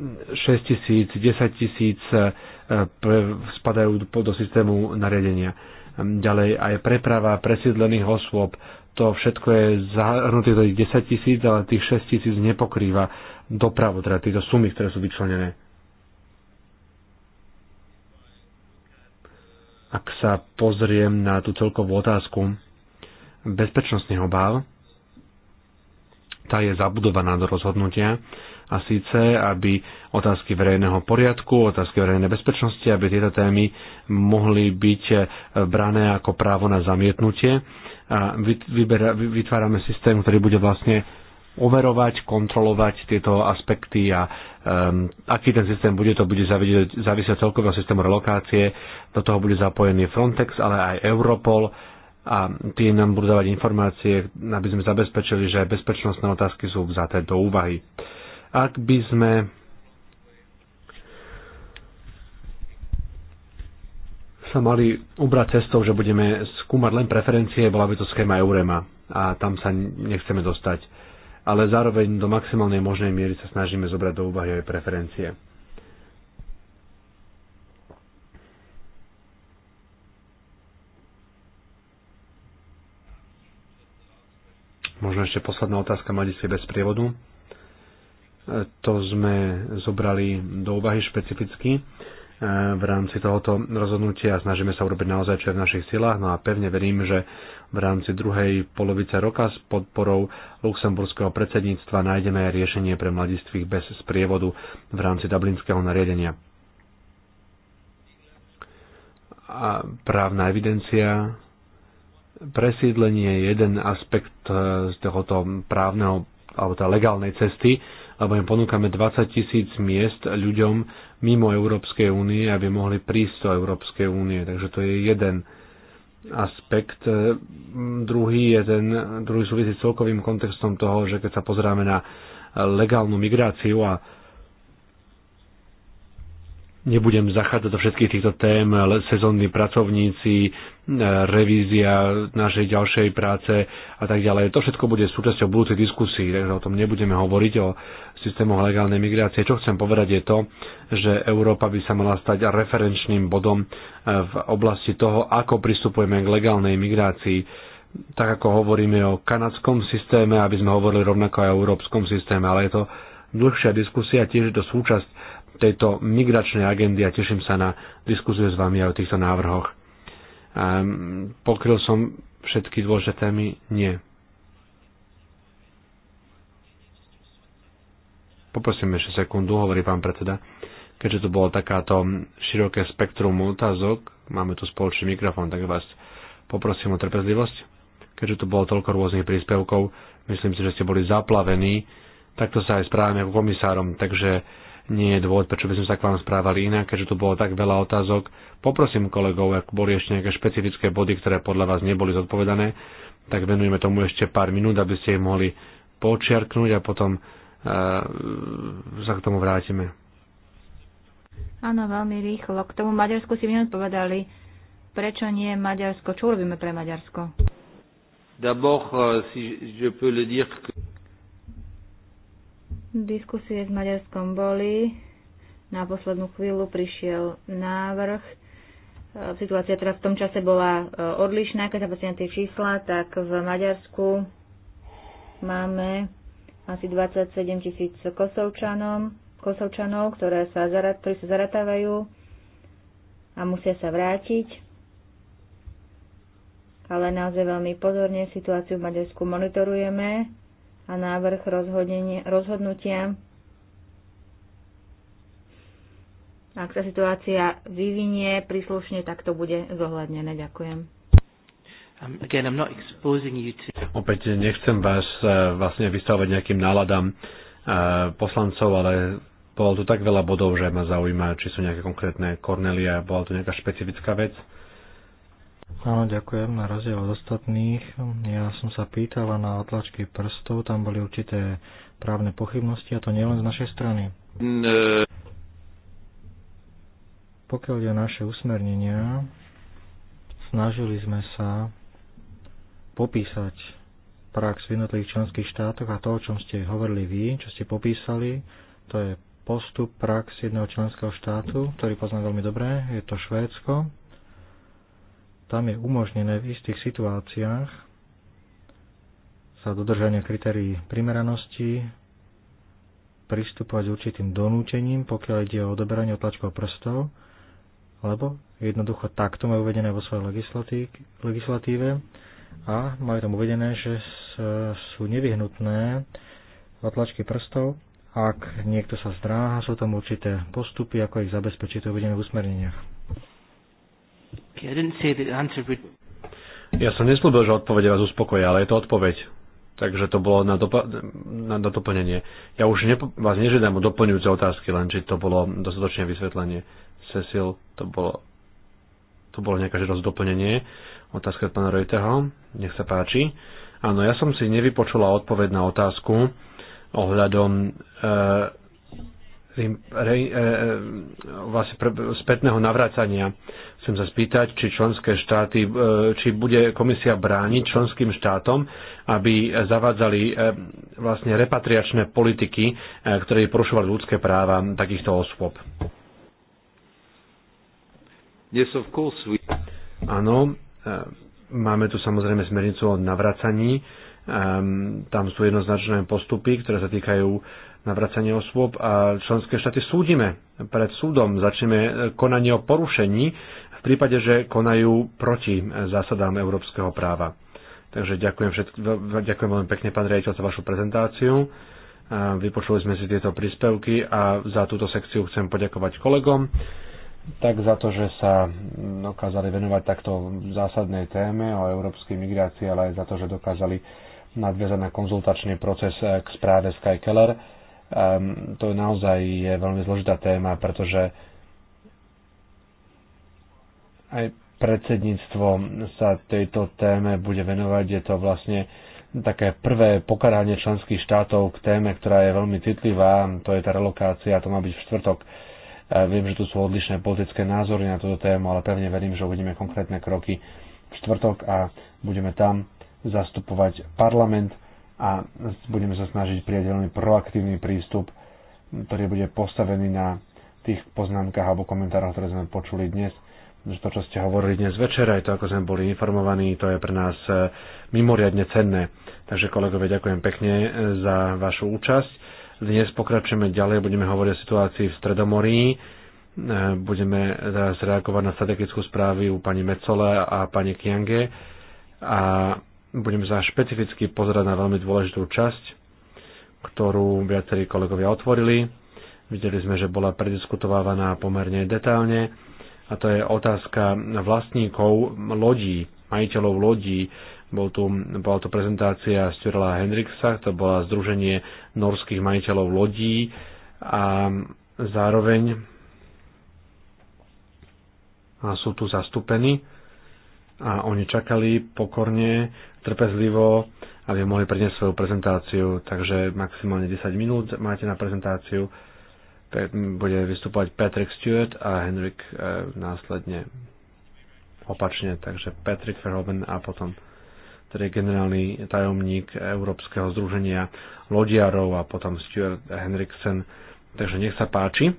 6 tisíc, 10 tisíc e, spadajú do systému nariadenia. Hm, ďalej aj preprava presídlených osôb, to všetko je zahrnuté do tých 10 tisíc, ale tých 6 tisíc nepokrýva dopravu, teda tieto sumy, ktoré sú vyčlenené. Ak sa pozriem na tú celkovú otázku bezpečnostných obáv, tá je zabudovaná do rozhodnutia a síce, aby otázky verejného poriadku, otázky verejnej bezpečnosti, aby tieto témy mohli byť eh, brané ako právo na zamietnutie. A vytvárame systém, ktorý bude vlastne overovať, kontrolovať tieto aspekty a um, aký ten systém bude, to bude závisieť celkového systému relokácie. Do toho bude zapojený Frontex, ale aj Europol a tie nám budú dávať informácie, aby sme zabezpečili, že bezpečnostné otázky sú vzaté do úvahy. Uh, ak by sme sa mali ubrať cestou, že budeme skúmať len preferencie, bola by to schéma Eurema a tam sa nechceme dostať. Ale zároveň do maximálnej možnej miery sa snažíme zobrať do úvahy aj preferencie. Možno ešte posledná otázka, mali ste bez prievodu? To sme zobrali do úvahy špecificky e, v rámci tohoto rozhodnutia a snažíme sa urobiť naozaj, čo je v našich silách. No a pevne verím, že v rámci druhej polovice roka s podporou luxemburského predsedníctva nájdeme aj riešenie pre mladistvých bez sprievodu v rámci dublinského nariadenia. A právna evidencia presídlenie je jeden aspekt e, z tohoto právneho alebo tá teda legálnej cesty, alebo im ponúkame 20 tisíc miest ľuďom mimo Európskej únie, aby mohli prísť do Európskej únie. Takže to je jeden aspekt. E, druhý, je ten, druhý súvisí s celkovým kontextom toho, že keď sa pozeráme na legálnu migráciu a Nebudem zachádzať do všetkých týchto tém, sezónni pracovníci, e, revízia našej ďalšej práce a tak ďalej. To všetko bude súčasťou budúcej diskusii, takže o tom nebudeme hovoriť, o systémoch legálnej migrácie. Čo chcem povedať je to, že Európa by sa mala stať referenčným bodom e, v oblasti toho, ako pristupujeme k legálnej migrácii tak ako hovoríme o kanadskom systéme, aby sme hovorili rovnako aj o európskom systéme, ale je to dlhšia diskusia, tiež je to súčasť tejto migračnej agendy a teším sa na diskusiu s vami aj o týchto návrhoch. Um, pokryl som všetky dôležité témy? Nie. Poprosím ešte sekundu, hovorí pán predseda. Keďže tu bolo takáto široké spektrum otázok, máme tu spoločný mikrofón, tak vás poprosím o trpezlivosť. Keďže tu bolo toľko rôznych príspevkov, myslím si, že ste boli zaplavení, takto sa aj správame ako komisárom, takže nie je dôvod, prečo by sme sa k vám správali inak, keďže tu bolo tak veľa otázok. Poprosím kolegov, ak boli ešte nejaké špecifické body, ktoré podľa vás neboli zodpovedané, tak venujeme tomu ešte pár minút, aby ste ich mohli počiarknúť a potom uh, sa k tomu vrátime. Áno, veľmi rýchlo. K tomu Maďarsku si mi odpovedali, prečo nie Maďarsko, čo urobíme pre Maďarsko? D'abord, euh, si je peux le dire que Diskusie s Maďarskom boli. Na poslednú chvíľu prišiel návrh. E, situácia teda v tom čase bola e, odlišná, keď sa pozrite na tie čísla, tak v Maďarsku máme asi 27 tisíc kosovčanov, kosovčanov ktoré sa, ktorí sa zaratávajú a musia sa vrátiť ale naozaj veľmi pozorne situáciu v Maďarsku monitorujeme a návrh rozhodnutia. Ak sa situácia vyvinie príslušne, tak to bude zohľadnené. Ďakujem. Um, again, I'm not exposing you to... Opäť nechcem vás uh, vlastne vystavovať nejakým náladám uh, poslancov, ale bolo tu tak veľa bodov, že ma zaujíma, či sú nejaké konkrétne Cornelia, bola tu nejaká špecifická vec. Áno, ďakujem. Na rozdiel od ostatných, ja som sa pýtala na otlačky prstov, tam boli určité právne pochybnosti a to nielen z našej strany. Ne. Pokiaľ je naše usmernenia, snažili sme sa popísať prax v jednotlivých členských štátoch a to, o čom ste hovorili vy, čo ste popísali, to je postup prax jedného členského štátu, ktorý poznám veľmi dobre, je to Švédsko, tam je umožnené v istých situáciách sa dodržania kritérií primeranosti pristupovať s určitým donúčením, pokiaľ ide o odoberanie otlačkov prstov, alebo jednoducho takto majú uvedené vo svojej legislatíve a majú tam uvedené, že sú nevyhnutné otlačky prstov, ak niekto sa zdráha, sú tam určité postupy, ako ich zabezpečiť, to uvedené v usmerneniach. Okay, I didn't say the answer would... Ja som neslúbil, že odpovede vás uspokoja, ale je to odpoveď. Takže to bolo na, dopa- na, na doplnenie. Ja už nepo- vás nežiadam o doplňujúce otázky, len či to bolo dostatočné vysvetlenie. Cecil, to bolo, to bolo nejaké doplnenie. Otázka od pána Reuterho. Nech sa páči. Áno, ja som si nevypočula odpoveď na otázku ohľadom e, re, e, e, vlastne pre, spätného navracania. Chcem sa spýtať, či členské štáty, e, či bude komisia brániť členským štátom, aby zavádzali e, vlastne repatriačné politiky, e, ktoré porušovali ľudské práva takýchto osôb. Yes, of course we... Áno, e, máme tu samozrejme smernicu o navracaní. E, tam sú jednoznačné postupy, ktoré sa týkajú na vracanie osôb a členské štáty súdime pred súdom, začneme e, konanie o porušení v prípade, že konajú proti e, zásadám európskeho práva. Takže ďakujem, všetk- ďakujem veľmi pekne, pán riaditeľ, za vašu prezentáciu. E, vypočuli sme si tieto príspevky a za túto sekciu chcem poďakovať kolegom tak za to, že sa mm, dokázali venovať takto zásadnej téme o európskej migrácii, ale aj za to, že dokázali nadviazať na konzultačný proces k správe Sky Keller Ehm, to je naozaj je veľmi zložitá téma, pretože aj predsedníctvo sa tejto téme bude venovať. Je to vlastne také prvé pokaranie členských štátov k téme, ktorá je veľmi citlivá, to je tá relokácia, to má byť v štvrtok. Ehm, viem, že tu sú odlišné politické názory na túto tému, ale pevne verím, že uvidíme konkrétne kroky v štvrtok a budeme tam zastupovať parlament a budeme sa snažiť prijať veľmi proaktívny prístup, ktorý bude postavený na tých poznámkach alebo komentároch, ktoré sme počuli dnes. To, čo ste hovorili dnes večer, aj to, ako sme boli informovaní, to je pre nás e, mimoriadne cenné. Takže kolegovia, ďakujem pekne e, za vašu účasť. Dnes pokračujeme ďalej, budeme hovoriť o situácii v Stredomorí. E, budeme teraz reagovať na strategickú správy u pani Mecole a pani Kiange. A budem sa špecificky pozerať na veľmi dôležitú časť, ktorú viacerí kolegovia otvorili. Videli sme, že bola prediskutovávaná pomerne detálne a to je otázka vlastníkov lodí, majiteľov lodí. Bol tu, bola tu prezentácia Styrla Hendrixa, to bola Združenie norských majiteľov lodí a zároveň a sú tu zastúpení a oni čakali pokorne trpezlivo, aby mohli priniesť svoju prezentáciu, takže maximálne 10 minút máte na prezentáciu. Bude vystupovať Patrick Stewart a Henrik e, následne opačne, takže Patrick Verhoeven a potom ktorý je generálny tajomník Európskeho združenia lodiarov a potom Stuart Henriksen. Takže nech sa páči.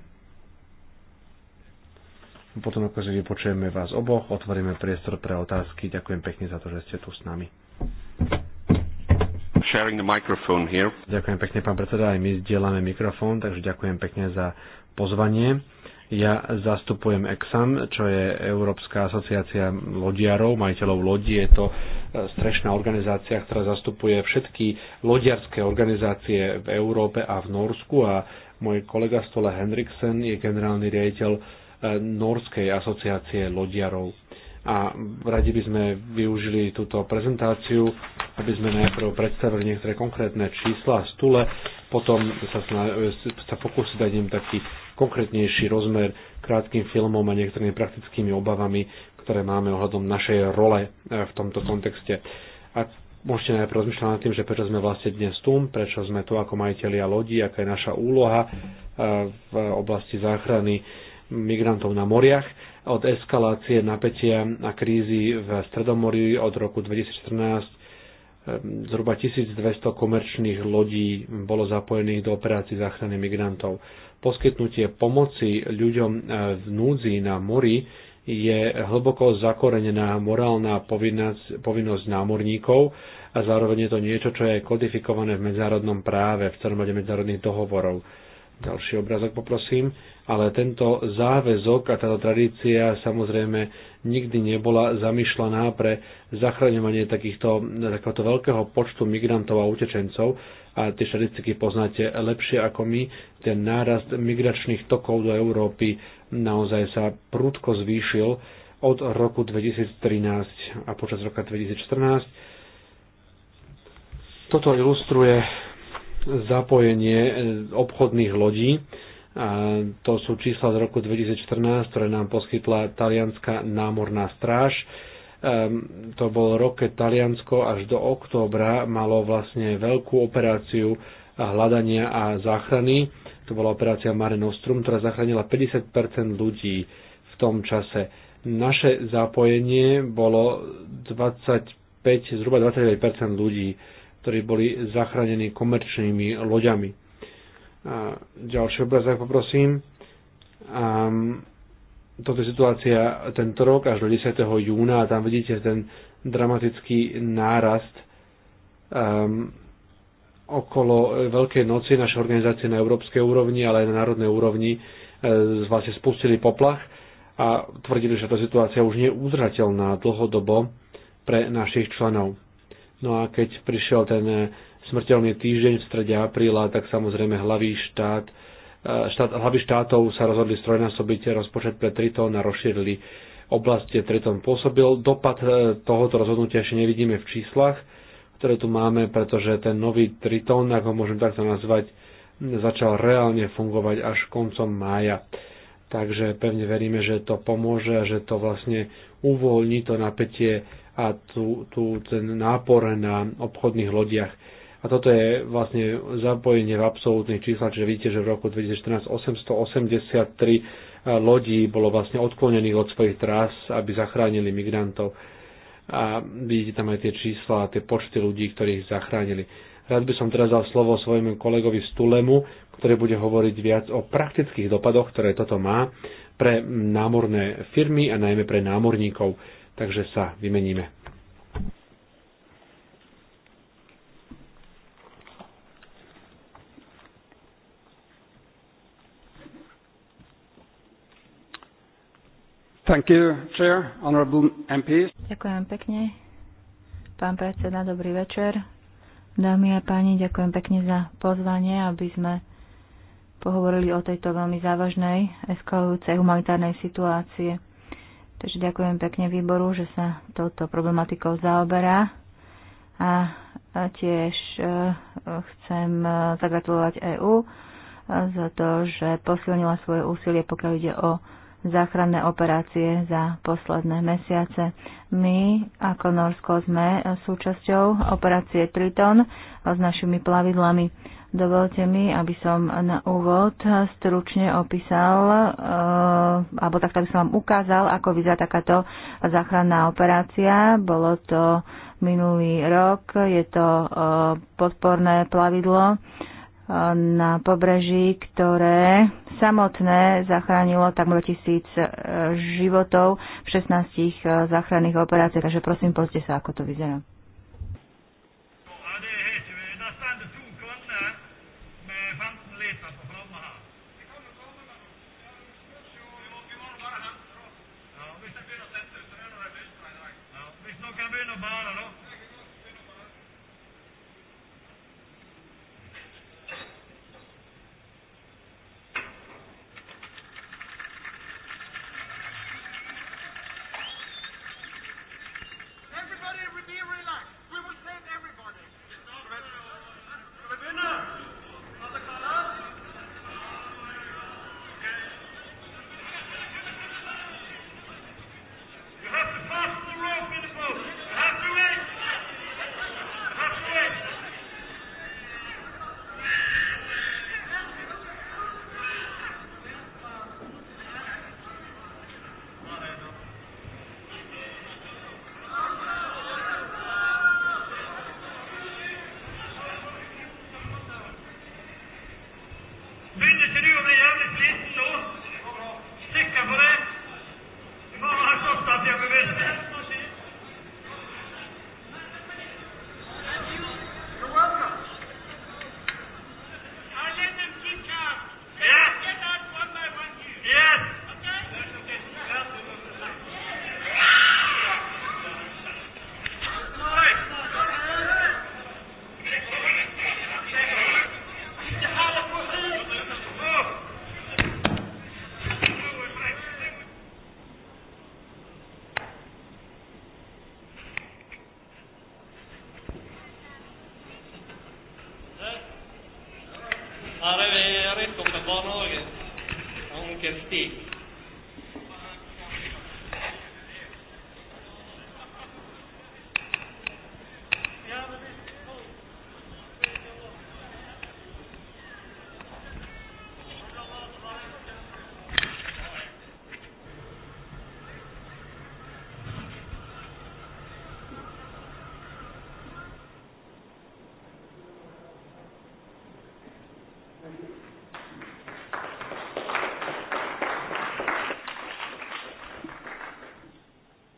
Potom ako si vypočujeme vás oboch, otvoríme priestor pre otázky. Ďakujem pekne za to, že ste tu s nami. Sharing the microphone here. Ďakujem pekne, pán predseda, aj my zdieľame mikrofón, takže ďakujem pekne za pozvanie. Ja zastupujem EXAM, čo je Európska asociácia lodiarov, majiteľov lodí. Je to e, strešná organizácia, ktorá zastupuje všetky lodiarské organizácie v Európe a v Norsku a môj kolega Stole Henriksen je generálny riaditeľ e, Norskej asociácie lodiarov a radi by sme využili túto prezentáciu, aby sme najprv predstavili niektoré konkrétne čísla z tule, potom sa, sa pokúsiť dať im taký konkrétnejší rozmer krátkým filmom a niektorými praktickými obavami, ktoré máme ohľadom našej role eh, v tomto kontexte. Ak môžete najprv rozmýšľať nad tým, že prečo sme vlastne dnes tu, prečo sme tu ako majiteľia lodí, aká je naša úloha eh, v oblasti záchrany migrantov na moriach od eskalácie napätia a krízy v Stredomorí od roku 2014 ehm, zhruba 1200 komerčných lodí bolo zapojených do operácií záchrany migrantov. Poskytnutie pomoci ľuďom e, v núdzi na mori je hlboko zakorenená morálna povinnosť, povinnosť námorníkov a zároveň je to niečo, čo je kodifikované v medzinárodnom práve, v celom rade dohovorov. Ďalší obrázok poprosím ale tento záväzok a táto tradícia samozrejme nikdy nebola zamýšľaná pre zachraňovanie takýchto, takéhoto veľkého počtu migrantov a utečencov a tie štatistiky poznáte lepšie ako my. Ten nárast migračných tokov do Európy naozaj sa prudko zvýšil od roku 2013 a počas roka 2014 toto ilustruje zapojenie obchodných lodí to sú čísla z roku 2014, ktoré nám poskytla talianská námorná stráž. Ehm, to bol rok, keď Taliansko až do októbra malo vlastne veľkú operáciu hľadania a záchrany. To bola operácia Mare Nostrum, ktorá zachránila 50 ľudí v tom čase. Naše zapojenie bolo 25, zhruba 25 ľudí, ktorí boli zachránení komerčnými loďami ďalší obrazok poprosím. Um, toto je situácia tento rok až do 10. júna a tam vidíte ten dramatický nárast um, okolo Veľkej noci naše organizácie na európskej úrovni, ale aj na národnej úrovni e, vlastne spustili poplach a tvrdili, že tá situácia už nie je udržateľná dlhodobo pre našich členov. No a keď prišiel ten e, smrteľný týždeň v strede apríla, tak samozrejme hlavy štát eh, štát, hlavy štátov sa rozhodli strojnásobiť rozpočet pre Triton a rozšírili oblasti, kde Triton pôsobil. Dopad eh, tohoto rozhodnutia ešte nevidíme v číslach, ktoré tu máme, pretože ten nový Triton, ako ho môžem takto nazvať, hm, začal reálne fungovať až koncom mája. Takže pevne veríme, že to pomôže a že to vlastne uvoľní to napätie a tu, tu ten nápor na obchodných lodiach a toto je vlastne zapojenie v absolútnych číslach, čiže vidíte, že v roku 2014 883 lodí bolo vlastne odklonených od svojich trás, aby zachránili migrantov. A vidíte tam aj tie čísla, tie počty ľudí, ktorých zachránili. Rád by som teraz dal slovo svojmu kolegovi Stulemu, ktorý bude hovoriť viac o praktických dopadoch, ktoré toto má pre námorné firmy a najmä pre námorníkov. Takže sa vymeníme. Thank you, Chair, Honorable MPs. Ďakujem pekne. Pán predseda, dobrý večer. Dámy a páni, ďakujem pekne za pozvanie, aby sme pohovorili o tejto veľmi závažnej eskalujúcej humanitárnej situácie. Takže ďakujem pekne výboru, že sa touto problematikou zaoberá a tiež e, chcem e, zagratulovať EÚ e, za to, že posilnila svoje úsilie, pokiaľ ide o záchranné operácie za posledné mesiace. My ako Norsko sme súčasťou operácie Triton s našimi plavidlami. Dovolte mi, aby som na úvod stručne opísal, eh, alebo takto by som vám ukázal, ako vyzerá takáto záchranná operácia. Bolo to minulý rok, je to eh, podporné plavidlo, na pobreží, ktoré samotné zachránilo takmer tisíc e, životov v 16 e, záchranných operáciách. Takže prosím, pozrite sa, ako to vyzerá.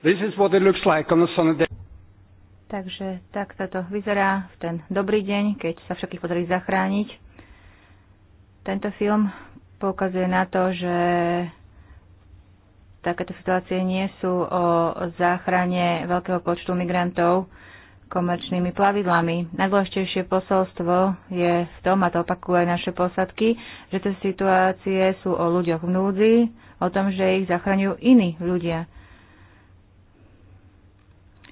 This is what it looks like on a sunny day. Takže tak toto vyzerá v ten dobrý deň, keď sa všetkých podarí zachrániť. Tento film poukazuje na to, že takéto situácie nie sú o záchrane veľkého počtu migrantov komerčnými plavidlami. Najdôležitejšie posolstvo je v tom, a to opakujú aj naše posadky, že tie situácie sú o ľuďoch v núdzi, o tom, že ich zachraňujú iní ľudia.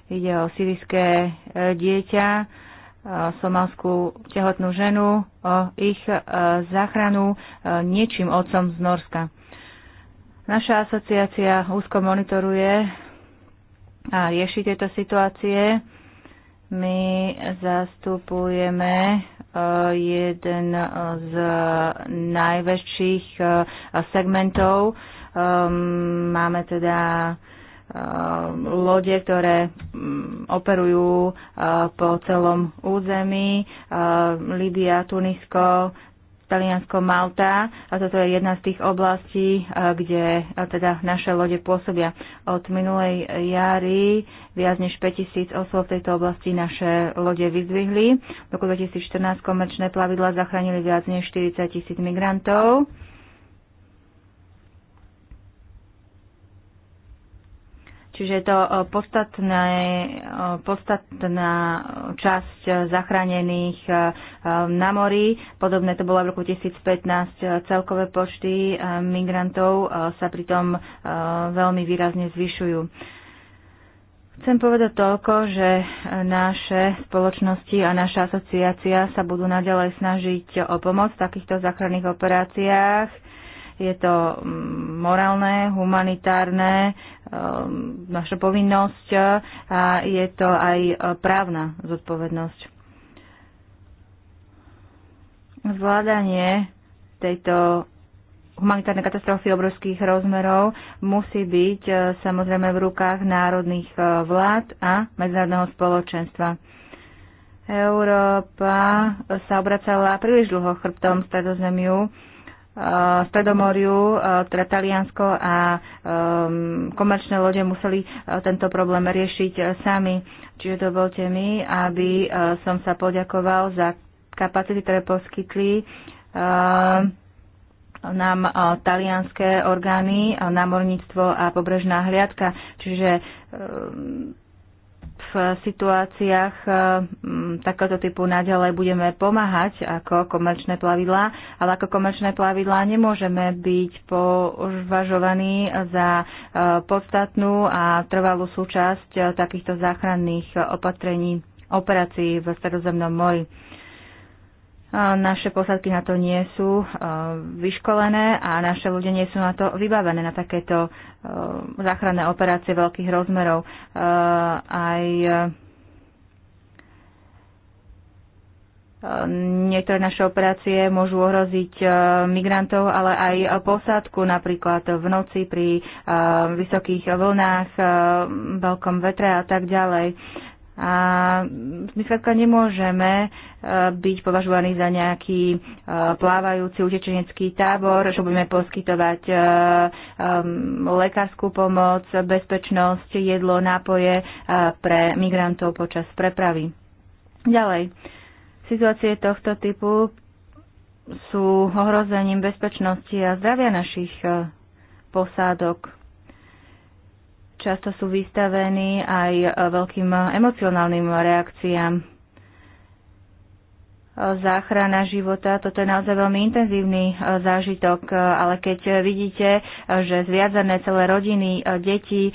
Ide o syrijské e, dieťa, e, somalskú tehotnú ženu, o ich e, záchranu niečím otcom z Norska. Naša asociácia úzko monitoruje a rieši tieto situácie. My zastupujeme jeden z najväčších segmentov. Máme teda Ehm, lode, ktoré mm, operujú eh, po celom území, ehm, Líbia, Tunisko, Taliansko, Malta. A toto je jedna z tých oblastí, eh, kde eh, teda naše lode pôsobia. Od minulej jary viac než 5000 osôb v tejto oblasti naše lode vyzdvihli. V roku 2014 komerčné plavidla zachránili viac než 40 tisíc migrantov. Čiže je to e, podstatné, e, podstatná časť e, zachránených na mori. Podobné to bolo v roku 2015. Celkové počty migrantov sa pritom veľmi výrazne zvyšujú. Chcem povedať toľko, že naše spoločnosti a naša asociácia sa budú naďalej snažiť o pomoc v takýchto záchranných operáciách je to mm, morálne, humanitárne, ehm, naša povinnosť a je to aj e, právna zodpovednosť. Zvládanie tejto humanitárnej katastrofy obrovských rozmerov musí byť e, samozrejme v rukách národných e, vlád a medzinárodného spoločenstva. Európa sa obracala príliš dlho chrbtom stredozemiu Stredomoriu, e, teda Taliansko a um, komerčné lode museli e, tento problém riešiť e, sami. Čiže dovolte mi, aby som sa poďakoval za kapacity, ktoré poskytli uh, nám talianské orgány, námorníctvo a pobrežná hliadka. Čiže uh, v situáciách eh, takéto typu naďalej budeme pomáhať ako komerčné plavidlá, ale ako komerčné plavidlá nemôžeme byť považovaní za eh, podstatnú a trvalú súčasť eh, takýchto záchranných opatrení operácií v Stredozemnom mori. Naše posádky na to nie sú e, vyškolené a naše ľudia nie sú na to vybavené na takéto e, záchranné operácie veľkých rozmerov. E, aj Niektoré naše operácie môžu ohroziť migrantov, ale aj posádku napríklad v noci pri vysokých vlnách, veľkom vetre a tak ďalej. A my skrátka nemôžeme e, byť považovaní za nejaký e, plávajúci utečenecký tábor, že budeme poskytovať e, lekárskú pomoc, bezpečnosť, jedlo, nápoje pre migrantov počas prepravy. Ďalej, situácie tohto typu sú ohrozením bezpečnosti a zdravia našich posádok Často sú vystavení aj e, veľkým e, emocionálnym reakciám. E, záchrana života, toto je naozaj veľmi intenzívny zážitok, ale keď vidíte, že zviazané celé rodiny, deti,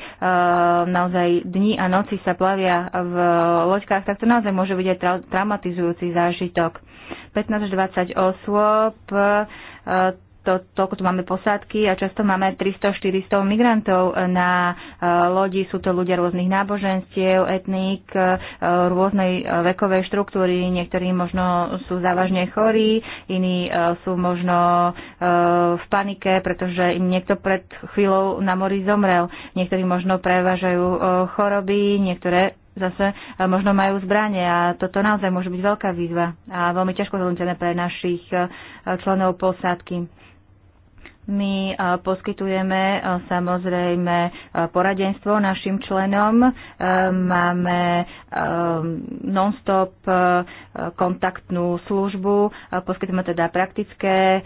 naozaj dni a noci sa plavia v loďkách, tak to naozaj môže byť aj traumatizujúci zážitok. 15 až 20 osôb, to, toľko tu máme posádky a často máme 300-400 migrantov na e, lodi. Sú to ľudia rôznych náboženstiev, etník, e, rôznej e, vekovej štruktúry. Niektorí možno sú závažne chorí, iní sú možno v panike, pretože im niekto pred chvíľou na mori zomrel. Niektorí možno prevážajú choroby, niektoré zase možno majú zbranie a toto naozaj môže byť veľká výzva a veľmi ťažko zhodnotené pre našich členov posádky. My poskytujeme samozrejme poradenstvo našim členom. Máme non-stop kontaktnú službu. Poskytujeme teda praktické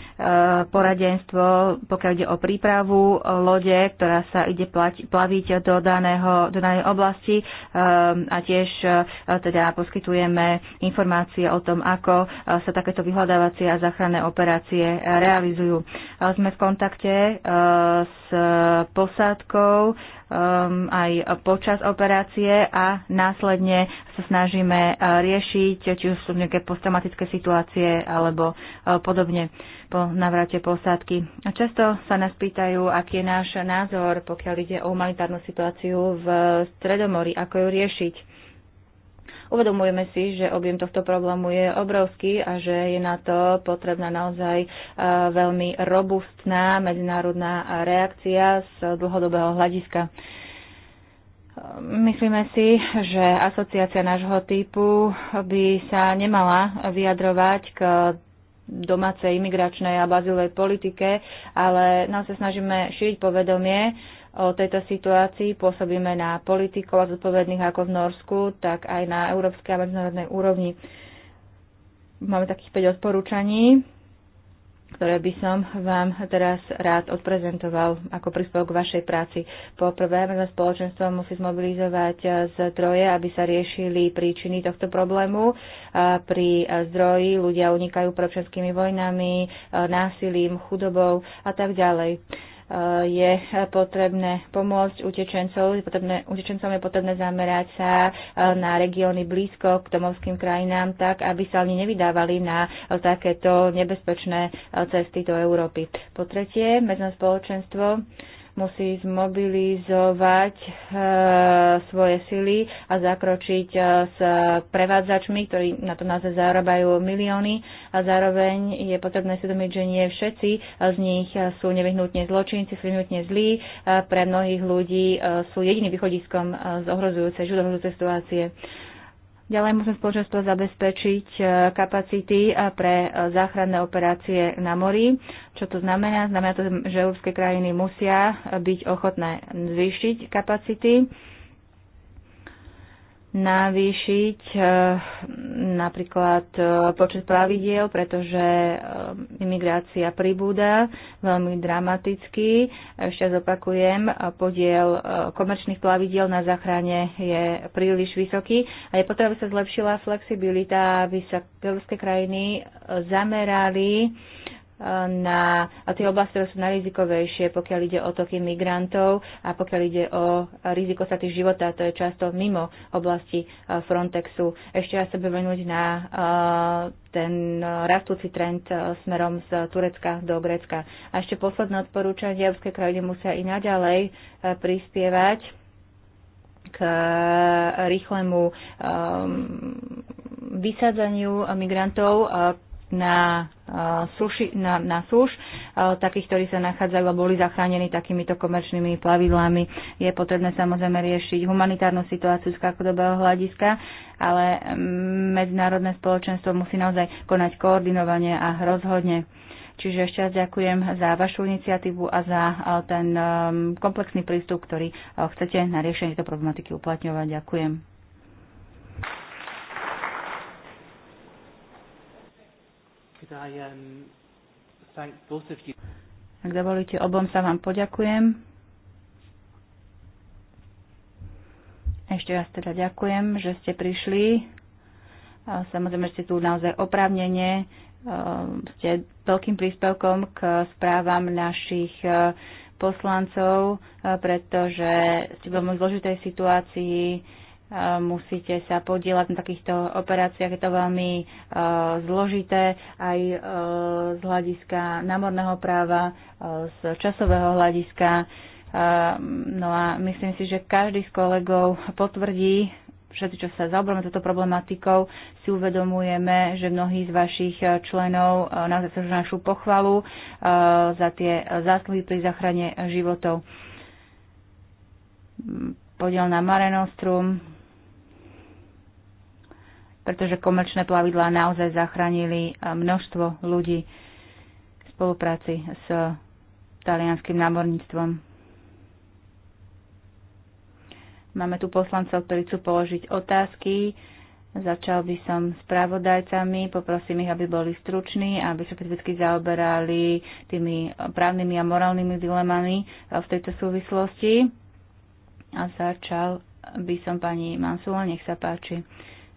poradenstvo, pokiaľ ide o prípravu lode, ktorá sa ide plaviť do, daného, do danej oblasti. A tiež teda poskytujeme informácie o tom, ako sa takéto vyhľadávacie a záchranné operácie realizujú. Sme v kontakte eh, s posádkou ehm, aj počas operácie a následne sa snažíme eh, riešiť, či už sú nejaké posttraumatické situácie alebo eh, podobne po navrate posádky. Často sa nás pýtajú, aký je náš názor, pokiaľ ide o humanitárnu situáciu v Stredomori, ako ju riešiť. Uvedomujeme si, že objem tohto problému je obrovský a že je na to potrebná naozaj e, veľmi robustná medzinárodná reakcia z dlhodobého hľadiska. Myslíme si, že asociácia nášho typu by sa nemala vyjadrovať k domácej imigračnej a bazilovej politike, ale nám sa snažíme šíriť povedomie o tejto situácii, pôsobíme na politikov a zodpovedných ako v Norsku, tak aj na európskej a medzinárodnej úrovni. Máme takých 5 odporúčaní, ktoré by som vám teraz rád odprezentoval ako príspevok k vašej práci. Po prvé, medzinárodné spoločenstvo musí zmobilizovať zdroje, aby sa riešili príčiny tohto problému. Pri zdroji ľudia unikajú pred všetkými vojnami, násilím, chudobou a tak ďalej je potrebné pomôcť utečencov, je potrebné, utečencom je potrebné zamerať sa e, na regióny blízko k domovským krajinám, tak aby sa oni nevydávali na takéto nebezpečné e, cesty do Európy. Po tretie, medzinárodné spoločenstvo musí zmobilizovať e, svoje sily a zakročiť e, s prevádzačmi, ktorí na to naozaj zarábajú milióny a zároveň je potrebné si že nie všetci z nich sú nevyhnutne zločinci, sú nevyhnutne zlí. Pre mnohých ľudí sú jediným východiskom z ohrozujúcej, život ohrozujúcej situácie. Ďalej musím spoločenstvo zabezpečiť e, kapacity e, pre e, záchranné operácie na mori. Čo to znamená? Znamená to, že európske krajiny musia byť ochotné zvýšiť kapacity navýšiť eh, napríklad eh, počet plavidiel, pretože eh, imigrácia pribúda veľmi dramaticky. Ešte zopakujem, podiel komerčných plavidiel na záchrane je príliš vysoký a je potreba, aby sa zlepšila flexibilita, aby sa európske krajiny zamerali na tie oblasti, ktoré sú najrizikovejšie, pokiaľ ide o toky migrantov a pokiaľ ide o riziko straty života, to je často mimo oblasti e, Frontexu. Ešte raz ja sa venúť na e, ten rastúci trend e, smerom z Turecka do Grécka. A ešte posledné odporúčanie, európske krajiny musia i naďalej prispievať k rýchlemu um, vysádzaniu migrantov na, uh, suši, na, na súž, uh, eh, takých, ktorí sa nachádzajú a boli zachránení takýmito komerčnými plavidlami. Je potrebné samozrejme riešiť humanitárnu situáciu z krátkodobého hľadiska, ale mm, medzinárodné spoločenstvo musí naozaj konať koordinovanie a rozhodne. Čiže ešte raz ďakujem za vašu iniciatívu a za eh, ten komplexný prístup, ktorý chcete na riešenie tejto problematiky uplatňovať. Ďakujem. Um, Ak dovolíte, obom sa vám poďakujem. Ešte raz teda ďakujem, že ste prišli. Samozrejme, že ste tu naozaj oprávnene. Ste veľkým príspevkom k správam našich poslancov, pretože ste veľmi zložitej situácii musíte sa podielať na takýchto operáciách. Je to veľmi uh, zložité aj uh, z hľadiska námorného práva, uh, z časového hľadiska. No a myslím si, že každý z kolegov potvrdí, všetci, čo sa zaoberáme touto problematikou, si uvedomujeme, že mnohí z vašich členov naozaj sa našu pochvalu za tie zásluhy pri záchrane životov. Podiel na Marenostrum pretože komerčné plavidlá naozaj zachránili eh, množstvo ľudí v spolupráci s talianským námorníctvom. Máme tu poslancov, ktorí chcú položiť otázky. Začal by som s právodajcami, poprosím ich, aby boli struční, aby sa kriticky zaoberali tými právnymi a morálnymi dilemami eh, v tejto súvislosti. A začal by som pani Mansula, nech sa páči.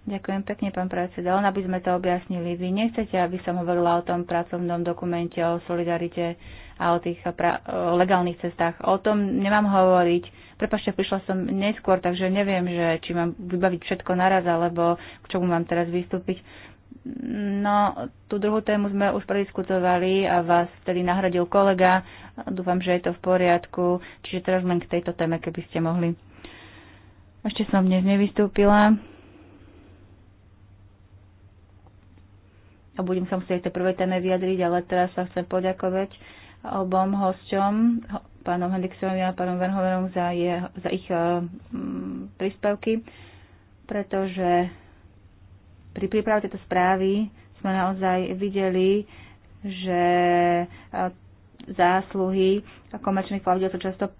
Ďakujem pekne, pán predseda. Len aby sme to objasnili, vy nechcete, aby som hovorila o tom pracovnom dokumente, o solidarite a o tých pra- o legálnych cestách. O tom nemám hovoriť. Prepašte, prišla som neskôr, takže neviem, že či mám vybaviť všetko naraz, alebo k čomu mám teraz vystúpiť. No, tú druhú tému sme už prediskutovali a vás vtedy nahradil kolega. Dúfam, že je to v poriadku. Čiže teraz len k tejto téme, keby ste mohli. Ešte som dnes nevystúpila. a budem sa musieť tej prvej téme vyjadriť, ale teraz sa chcem poďakovať obom hosťom, pánom Hendriksovi a pánom Verhoverom za, je, za ich uh, príspevky, pretože pri príprave tejto správy sme naozaj videli, že uh, zásluhy komerčných plavidel sú často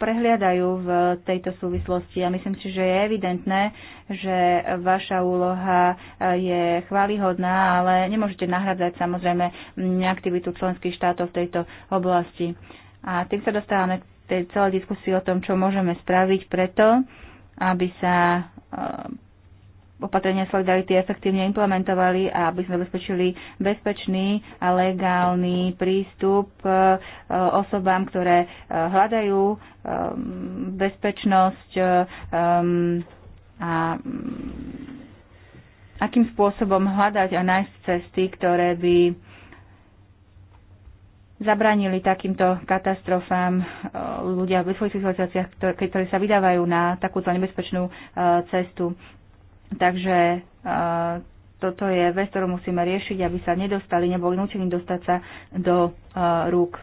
prehliadajú v tejto súvislosti. A myslím si, že je evidentné, že vaša úloha eh, je chválihodná, ale nemôžete nahradzať samozrejme neaktivitu členských štátov v tejto oblasti. A tým sa dostávame k tej celej diskusii o tom, čo môžeme spraviť preto, aby sa eh, opatrenia solidarity efektívne implementovali a aby sme zabezpečili bezpečný a legálny prístup e, osobám, ktoré e, hľadajú e, bezpečnosť a mm, akým spôsobom hľadať a nájsť cesty, ktoré by zabranili takýmto katastrofám ľudia v svojich situáciách, ktorí sa vydávajú na takúto nebezpečnú cestu. Takže e, toto je vec, ktorú musíme riešiť, aby sa nedostali, neboli nutení dostať sa do e, rúk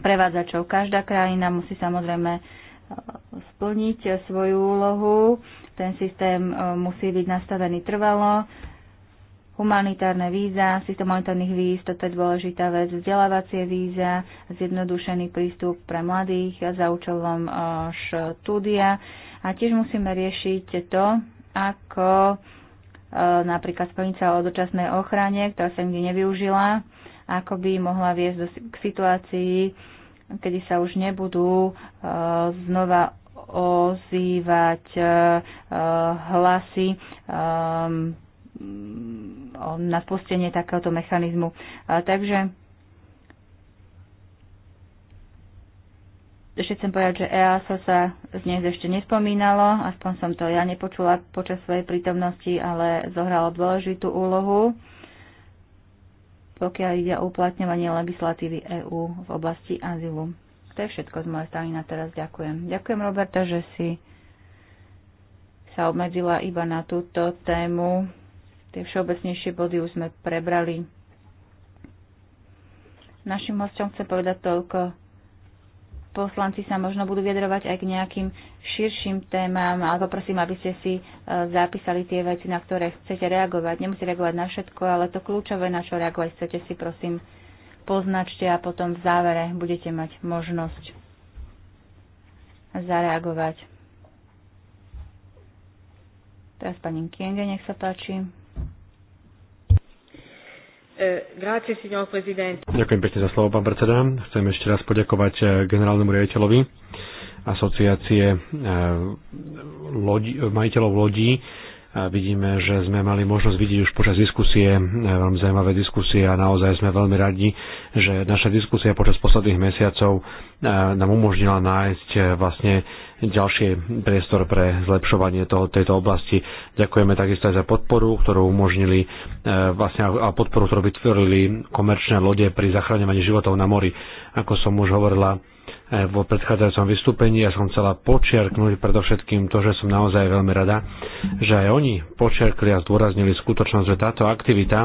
prevádzačov. Každá krajina musí samozrejme e, splniť svoju úlohu. Ten systém musí byť nastavený trvalo. Humanitárne víza, systém humanitárnych víz, toto je dôležitá vec, vzdelávacie víza, zjednodušený prístup pre mladých za účelom štúdia. A tiež musíme riešiť to, ako e, napríklad splnica o dočasnej ochrane, ktorá sa nikdy nevyužila, ako by mohla viesť do, k situácii, kedy sa už nebudú e, znova ozývať e, hlasy na spustenie takéhoto mechanizmu. Takže ešte chcem povedať, že EASO sa dnes ešte nespomínalo, aspoň som to ja nepočula počas svojej prítomnosti, ale zohralo dôležitú úlohu, pokiaľ ide o uplatňovanie legislatívy EÚ v oblasti azylu. To je všetko z mojej strany na teraz. Ďakujem. Ďakujem, Roberta, že si sa obmedzila iba na túto tému. Tie všeobecnejšie body už sme prebrali. Našim hostom chcem povedať toľko, poslanci sa možno budú vyjadrovať aj k nejakým širším témam, alebo prosím, aby ste si e, zapísali tie veci, na ktoré chcete reagovať. Nemusíte reagovať na všetko, ale to kľúčové, na čo reagovať chcete, si prosím poznačte a potom v závere budete mať možnosť zareagovať. Teraz pani Kienge, nech sa páči. Eh, Ďakujem pekne za slovo, pán predseda. Chcem ešte raz poďakovať eh, generálnemu riaditeľovi asociácie eh, lodi, majiteľov lodí a vidíme, že sme mali možnosť vidieť už počas diskusie, e, veľmi zaujímavé diskusie a naozaj sme veľmi radi, že naša diskusia počas posledných mesiacov e, nám umožnila nájsť e, vlastne ďalší priestor pre zlepšovanie toho, tejto oblasti. Ďakujeme takisto aj za podporu, ktorú umožnili vlastne, a podporu, ktorú vytvorili komerčné lode pri zachraňovaní životov na mori. Ako som už hovorila, E, vo predchádzajúcom vystúpení. Ja som chcela počiarknúť predovšetkým to, že som naozaj veľmi rada, že aj oni počiarkli a zdôraznili skutočnosť, že táto aktivita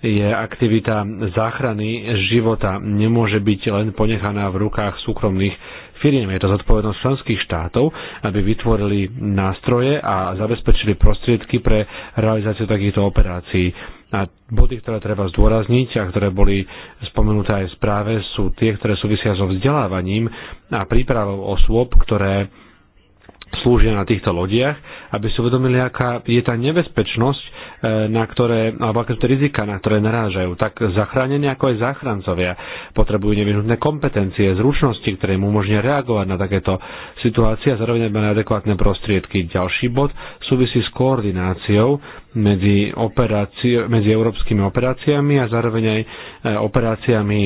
je aktivita záchrany života. Nemôže byť len ponechaná v rukách súkromných firiem. Je to zodpovednosť členských štátov, aby vytvorili nástroje a zabezpečili prostriedky pre realizáciu takýchto operácií a body, ktoré treba zdôrazniť a ktoré boli spomenuté aj v správe, sú tie, ktoré súvisia so vzdelávaním a prípravou osôb, ktoré slúžia na týchto lodiach, aby si uvedomili, aká je tá nebezpečnosť, e, na ktoré, alebo aké sú rizika, na ktoré narážajú. Tak zachránení ako aj záchrancovia potrebujú nevyhnutné kompetencie, zručnosti, ktoré mu umožnia reagovať na takéto situácie a zároveň aj adekvátne prostriedky. Ďalší bod súvisí s koordináciou medzi, medzi európskymi operáciami a zároveň aj e, operáciami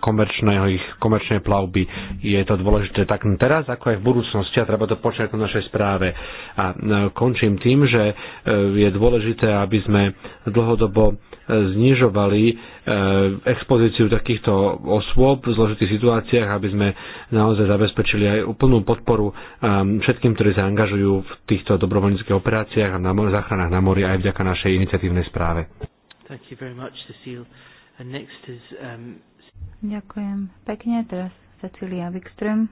komerčného, ich, komerčnej plavby. Je to dôležité tak teraz, ako aj v budúcnosti a treba to počať v našej správe. A e, končím tým, že e, je dôležité, aby sme dlhodobo znižovali e, expozíciu takýchto osôb v zložitých situáciách, aby sme naozaj zabezpečili aj úplnú podporu e, všetkým, ktorí sa angažujú v týchto dobrovoľníckých operáciách a na záchranách na mori aj vďaka našej iniciatívnej správe. Thank you very much, next is, um... Ďakujem pekne. Teraz Cecilia Wikström.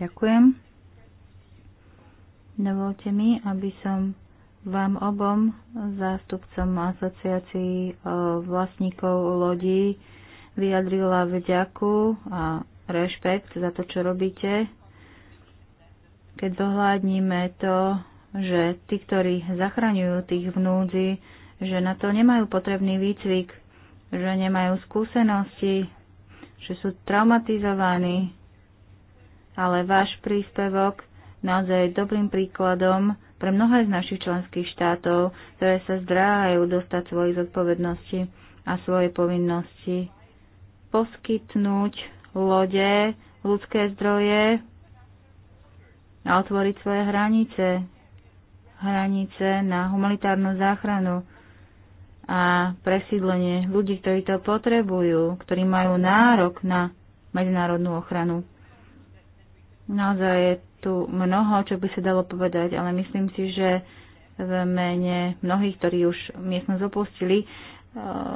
Ďakujem. Dovolte mi, aby som vám obom, zástupcom asociácií e, vlastníkov lodí, vyjadrila vďaku a rešpekt za to, čo robíte. Keď zohľadníme to, že tí, ktorí zachraňujú tých vnúdzi, že na to nemajú potrebný výcvik, že nemajú skúsenosti, že sú traumatizovaní, ale váš príspevok naozaj dobrým príkladom, pre mnohé z našich členských štátov, ktoré sa zdráhajú dostať svojich zodpovedností a svoje povinnosti, poskytnúť lode, ľudské zdroje a otvoriť svoje hranice, hranice na humanitárnu záchranu a presídlenie ľudí, ktorí to potrebujú, ktorí majú nárok na medzinárodnú ochranu. Naozaj je tu mnoho, čo by sa dalo povedať, ale myslím si, že v mene mnohých, ktorí už miestnosť opustili, eh,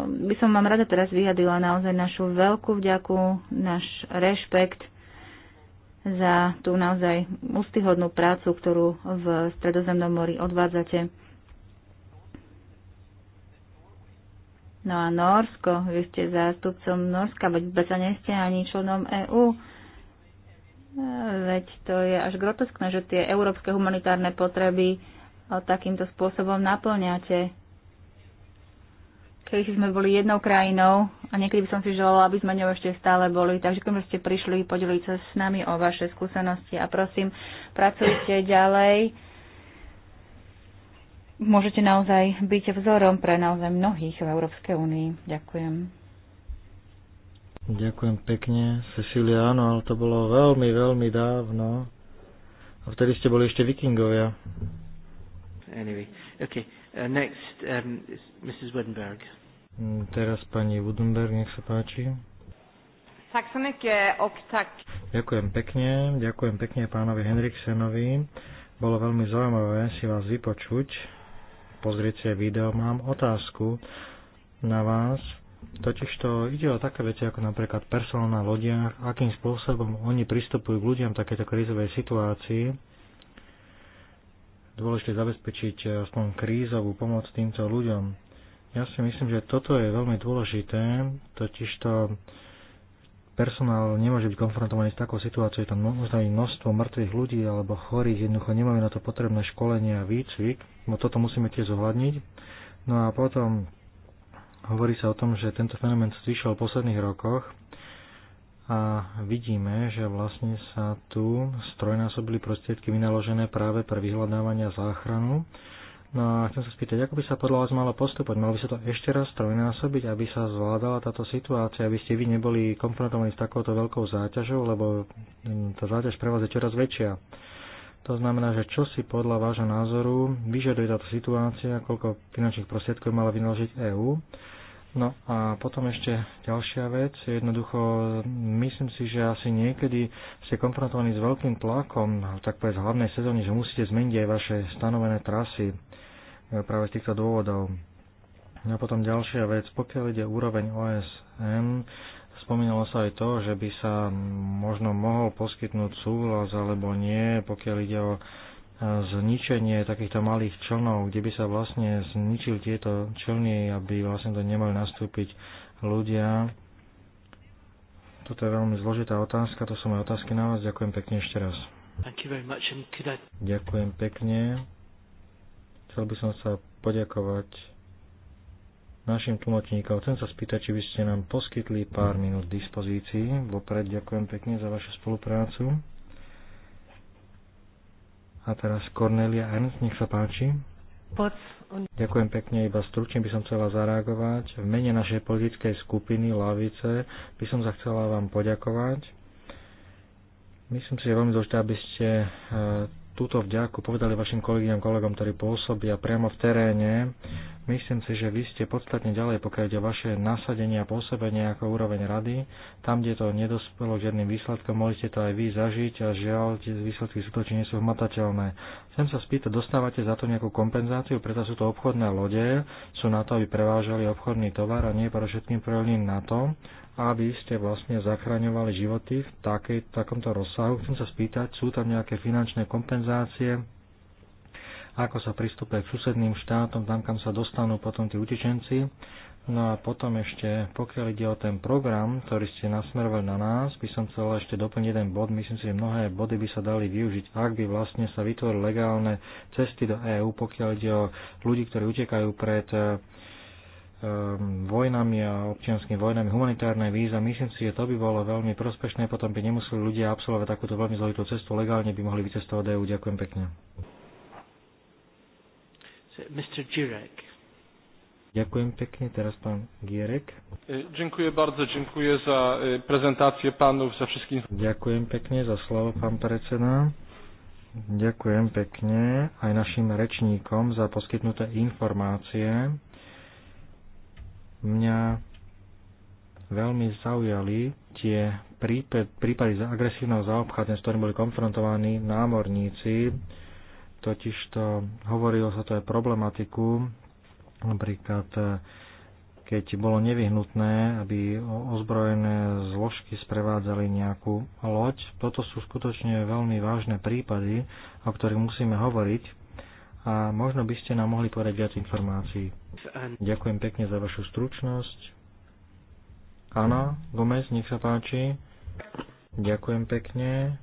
by som vám rada teraz vyjadila naozaj našu veľkú vďaku, náš rešpekt za tú naozaj ústyhodnú prácu, ktorú v Stredozemnom mori odvádzate. No a Norsko, vy ste zástupcom Norska, veď predsa ste ani členom EÚ. Veď to je až groteskné, že tie európske humanitárne potreby eh, takýmto spôsobom naplňate. Keď sme boli jednou krajinou a niekedy by som si želala, aby sme ňou ešte stále boli. Takže keď ste prišli podeliť sa s nami o vaše skúsenosti a prosím, pracujte ďalej. Môžete naozaj byť vzorom pre naozaj mnohých v Európskej únii. Ďakujem. Ďakujem pekne. Cecilia, áno, ale to bolo veľmi, veľmi dávno. A vtedy ste boli ešte vikingovia. Anyway, okay. Uh, next, um, Mrs. Woodenberg. Mm, teraz pani Woodenberg, nech sa páči. Tak sa ok, tak. Ďakujem pekne, ďakujem pekne pánovi Henriksenovi. Bolo veľmi zaujímavé si vás vypočuť. Pozrieť si video. Mám otázku na vás Totižto ide o také veci ako napríklad personál na lodiach, akým spôsobom oni pristupujú k ľuďom v takejto krízovej situácii. Dôležité zabezpečiť eh, aspoň krízovú pomoc týmto ľuďom. Ja si myslím, že toto je veľmi dôležité, totižto personál nemôže byť konfrontovaný s takou situáciou, je tam možno množstvo mŕtvych ľudí alebo chorých, jednoducho nemáme na to potrebné školenie a výcvik, no toto musíme tiež zohľadniť. No a potom Hovorí sa o tom, že tento fenomén zvyšil v posledných rokoch a vidíme, že vlastne sa tu strojnásobili prostriedky vynaložené práve pre vyhľadávanie a záchranu. No a chcem sa spýtať, ako by sa podľa vás malo postupovať? Malo by sa to ešte raz trojnásobiť, aby sa zvládala táto situácia, aby ste vy neboli konfrontovaní s takouto veľkou záťažou, lebo tá záťaž pre vás je čoraz väčšia. To znamená, že čo si podľa vášho názoru vyžaduje táto situácia, koľko finančných prostriedkov mala vynaložiť EÚ. No a potom ešte ďalšia vec. Jednoducho, myslím si, že asi niekedy ste konfrontovaní s veľkým tlakom, tak povedz, hlavnej sezóny, že musíte zmeniť aj vaše stanovené trasy e, práve z týchto dôvodov. No a potom ďalšia vec, pokiaľ ide úroveň OSN, Spomínalo sa aj to, že by sa možno mohol poskytnúť súhlas alebo nie, pokiaľ ide o e, zničenie takýchto malých člnov, kde by sa vlastne zničil tieto člny, aby vlastne to nemali nastúpiť ľudia. Toto je veľmi zložitá otázka, to sú moje otázky na vás. Ďakujem pekne ešte raz. Ďakujem pekne. Chcel by som sa poďakovať našim tlmočníkom. Chcem sa spýtať, či by ste nám poskytli pár minút dispozícii. Vopred ďakujem pekne za vašu spoluprácu. A teraz Cornelia Ernst, nech sa páči. Ďakujem pekne, iba stručne by som chcela zareagovať. V mene našej politickej skupiny Lavice by som sa chcela vám poďakovať. Myslím si, že je veľmi dôležité, aby ste e, túto vďaku povedali vašim kolegyňam, kolegom, ktorí pôsobia priamo v teréne Myslím si, že vy ste podstatne ďalej, pokiaľ ide vaše nasadenie a pôsobenie ako úroveň rady. Tam, kde to nedospelo k žiadnym výsledkom, mohli ste to aj vy zažiť a žiaľ, tie výsledky skutočne nie sú hmatateľné. Chcem sa spýtať, dostávate za to nejakú kompenzáciu, preto sú to obchodné lode, sú na to, aby prevážali obchodný tovar a nie pre všetkým prvným na to, aby ste vlastne zachraňovali životy v takej, takomto rozsahu. Chcem sa spýtať, sú tam nejaké finančné kompenzácie, ako sa pristúpe k susedným štátom, tam kam sa dostanú potom tí utečenci. No a potom ešte, pokiaľ ide o ten program, ktorý ste nasmerovali na nás, by som chcel ešte doplniť jeden bod. Myslím si, že mnohé body by sa dali využiť, ak by vlastne sa vytvorili legálne cesty do EÚ, pokiaľ ide o ľudí, ktorí utekajú pred eh, ehm, vojnami a občianskými vojnami, humanitárne víza. Myslím si, že to by bolo veľmi prospešné, potom by nemuseli ľudia absolvovať takúto veľmi zložitú cestu, legálne by mohli vycestovať EU. Ďakujem pekne. Mr. Girek. Ďakujem pekne, teraz pán Girek. E, dziękuję bardzo, dziękuję za e, prezentację panów, za wszystkich. Ďakujem pekne za slovo, pán predseda. Ďakujem pekne aj našim rečníkom za poskytnuté informácie. Mňa veľmi zaujali tie prípady za agresívneho zaobchádzania, s ktorým boli konfrontovaní námorníci Totižto hovorilo sa to aj problematiku, napríklad e, keď bolo nevyhnutné, aby ozbrojené zložky sprevádzali nejakú loď. Toto sú skutočne veľmi vážne prípady, o ktorých musíme hovoriť a možno by ste nám mohli povedať viac informácií. Ďakujem pekne za vašu stručnosť. Áno, Gomez, nech sa páči. Ďakujem pekne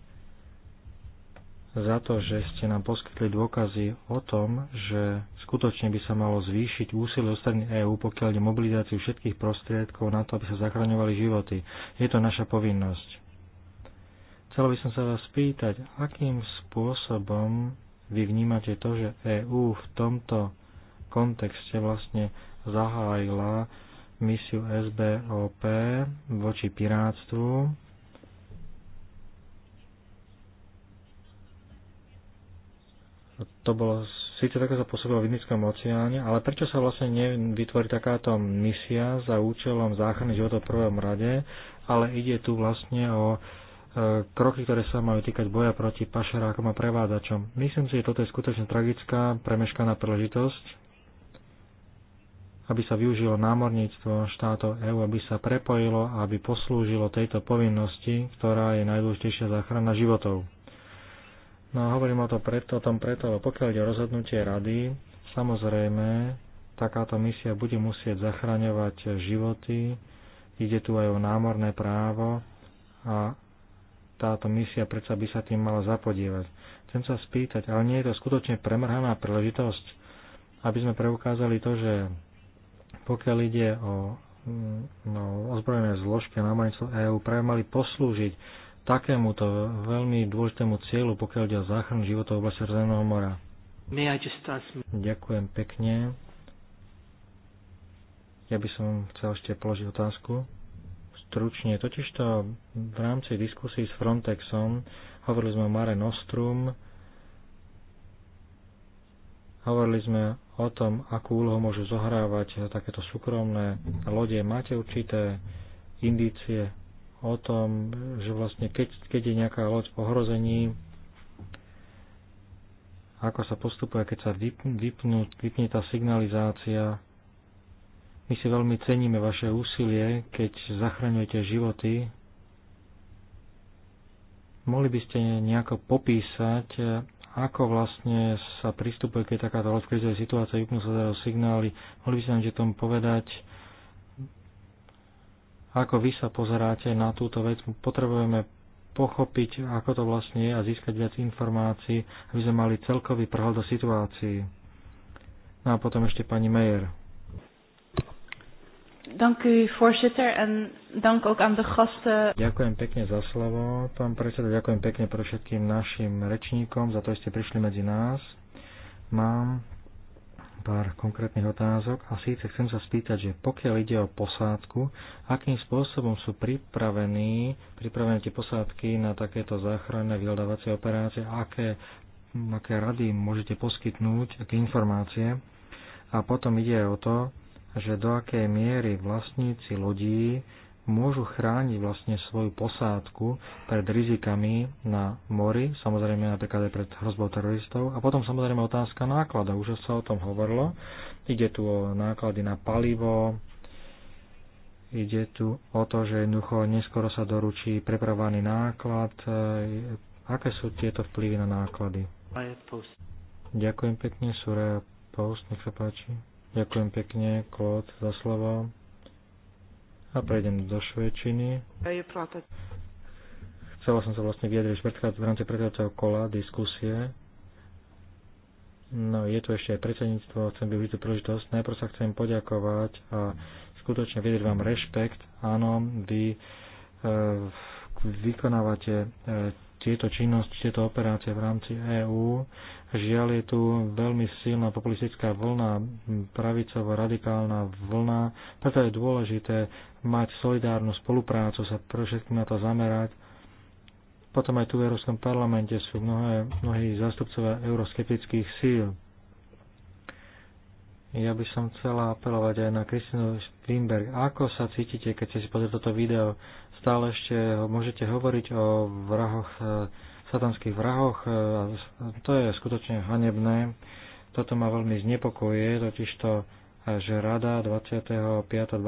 za to, že ste nám poskytli dôkazy o tom, že skutočne by sa malo zvýšiť úsilie strany EÚ, pokiaľ ide mobilizáciu všetkých prostriedkov na to, aby sa zachraňovali životy. Je to naša povinnosť. Chcel by som sa vás spýtať, akým spôsobom vy vnímate to, že EÚ v tomto kontexte vlastne zahájila misiu SBOP voči pirátstvu to bolo síce také sa pôsobilo v Indickom oceáne, ale prečo sa vlastne nevytvorí takáto misia za účelom záchrany života v prvom rade, ale ide tu vlastne o e, kroky, ktoré sa majú týkať boja proti pašerákom a prevádzačom. Myslím si, že toto je skutočne tragická, premeškaná príležitosť, aby sa využilo námorníctvo štátov EÚ, aby sa prepojilo a aby poslúžilo tejto povinnosti, ktorá je najdôležitejšia záchrana životov. No a hovorím o, to preto, o tom preto, lebo pokiaľ ide o rozhodnutie rady, samozrejme takáto misia bude musieť zachraňovať životy, ide tu aj o námorné právo a táto misia predsa by sa tým mala zapodievať. Chcem sa spýtať, ale nie je to skutočne premrhaná príležitosť, aby sme preukázali to, že pokiaľ ide o mm, no, ozbrojené zložky a námornictvo EÚ práve mali poslúžiť takémuto veľmi dôležitému cieľu, pokiaľ ide o záchranu života v oblasti Červeného mora. Ďakujem pekne. Ja by som chcel ešte položiť otázku. Stručne, totižto v rámci diskusí s Frontexom hovorili sme o Mare Nostrum, hovorili sme o tom, akú úlohu môžu zohrávať takéto súkromné lode. Máte určité indície o tom, že vlastne keď, keď je nejaká loď v ohrození, ako sa postupuje, keď sa vypnú, vypne tá signalizácia. My si veľmi ceníme vaše úsilie, keď zachraňujete životy. Mohli by ste nejako popísať, ako vlastne sa pristupuje, keď takáto loď v krizovej situácii vypnú sa teda signály. Mohli by ste nám o tom povedať, ako vy sa pozeráte na túto vec? Potrebujeme pochopiť, ako to vlastne je a získať viac informácií, aby sme mali celkový prehľad o situácii. No a potom ešte pani Mejer. Dank u, voorzitter, en dank ook aan de gasten. Ďakujem pekne za slovo, pán predseda, ďakujem pekne pre všetkým našim rečníkom, za to, že ste prišli medzi nás. Mám pár konkrétnych otázok a síce chcem sa spýtať, že pokiaľ ide o posádku, akým spôsobom sú pripravení, pripravené tie posádky na takéto záchranné vyhľadávacie operácie, aké, aké rady môžete poskytnúť, aké informácie. A potom ide aj o to, že do akej miery vlastníci lodí môžu chrániť vlastne svoju posádku pred rizikami na mori, samozrejme napríklad aj pred hrozbou teroristov. A potom samozrejme otázka nákladov, už sa o tom hovorilo. Ide tu o náklady na palivo, ide tu o to, že jednoducho neskoro sa doručí prepravovaný náklad. E, aké sú tieto vplyvy na náklady? Ďakujem pekne, Suraja Post, nech sa páči. Ďakujem pekne, Klod, za slovo. A prejdem do švedčiny. Chcela som sa vlastne vyjadriť v rámci predchádzajúceho kola diskusie. No, je tu ešte aj predsedníctvo, chcem využiť tú príležitosť. Najprv sa chcem poďakovať a skutočne vyjadriť vám rešpekt. Áno, vy e, vykonávate e, tieto činnosti, tieto operácie v rámci EÚ. Žiaľ je tu veľmi silná populistická vlna, pravicová radikálna vlna, preto je dôležité mať solidárnu spoluprácu, sa pre všetkým na to zamerať. Potom aj tu v Európskom parlamente sú mnohé, mnohí zástupcovia euroskeptických síl. Ja by som chcela apelovať aj na Kristinu Wimberg. Ako sa cítite, keď ste si pozrieť toto video? Stále ešte môžete hovoriť o vrahoch, e, satanských vrahoch. E, to je skutočne hanebné. Toto ma veľmi znepokojuje, totižto e, že Rada 25. a 26.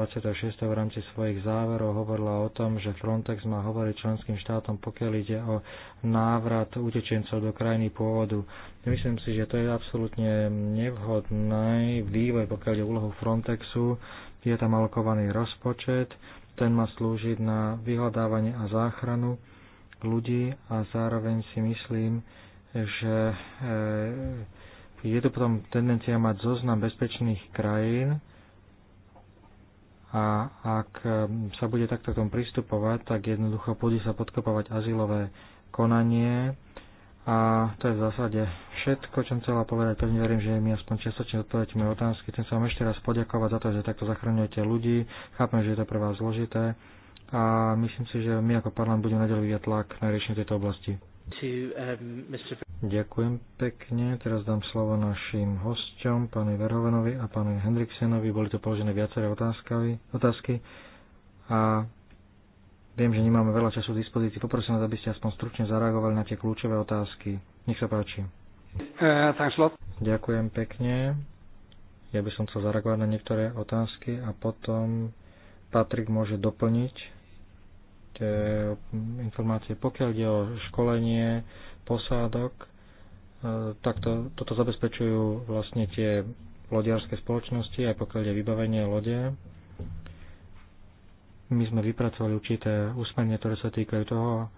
v rámci svojich záverov hovorila o tom, že Frontex má hovoriť členským štátom, pokiaľ ide o návrat utečencov do krajiny pôvodu. Myslím si, že to je absolútne nevhodný vývoj, pokiaľ je úlohu Frontexu. Je tam alokovaný rozpočet, ten má slúžiť na vyhľadávanie a záchranu ľudí a zároveň si myslím, že e, je to potom tendencia mať zoznam bezpečných krajín a ak e, sa bude takto k tomu pristupovať, tak jednoducho bude sa podkopovať azylové konanie a to je v zásade všetko, čo som chcela povedať. Pevne verím, že mi aspoň čiastočne odpovedáte moje otázky. Chcem sa vám ešte raz poďakovať za to, že takto zachraňujete ľudí. Chápem, že je to pre vás zložité. A myslím si, že my ako parlament budeme naďalej vyvíjať tlak na riešenie tejto oblasti. To, um, Mr. Ďakujem pekne. Teraz dám slovo našim hosťom, pánovi Verhovenovi a pánovi Hendriksenovi. Boli to položené viaceré otázky. otázky. A Viem, že nemáme veľa času v dispozícii. Poprosím vás, aby ste aspoň stručne zareagovali na tie kľúčové otázky. Nech sa páči. Uh, Ďakujem pekne. Ja by som chcel zareagovať na niektoré otázky a potom Patrik môže doplniť tie informácie. Pokiaľ ide o školenie posádok, eh, tak to, toto zabezpečujú vlastne tie lodiarské spoločnosti, aj pokiaľ je vybavenie lode. My sme vypracovali určité úsmenie, ktoré sa týkajú toho,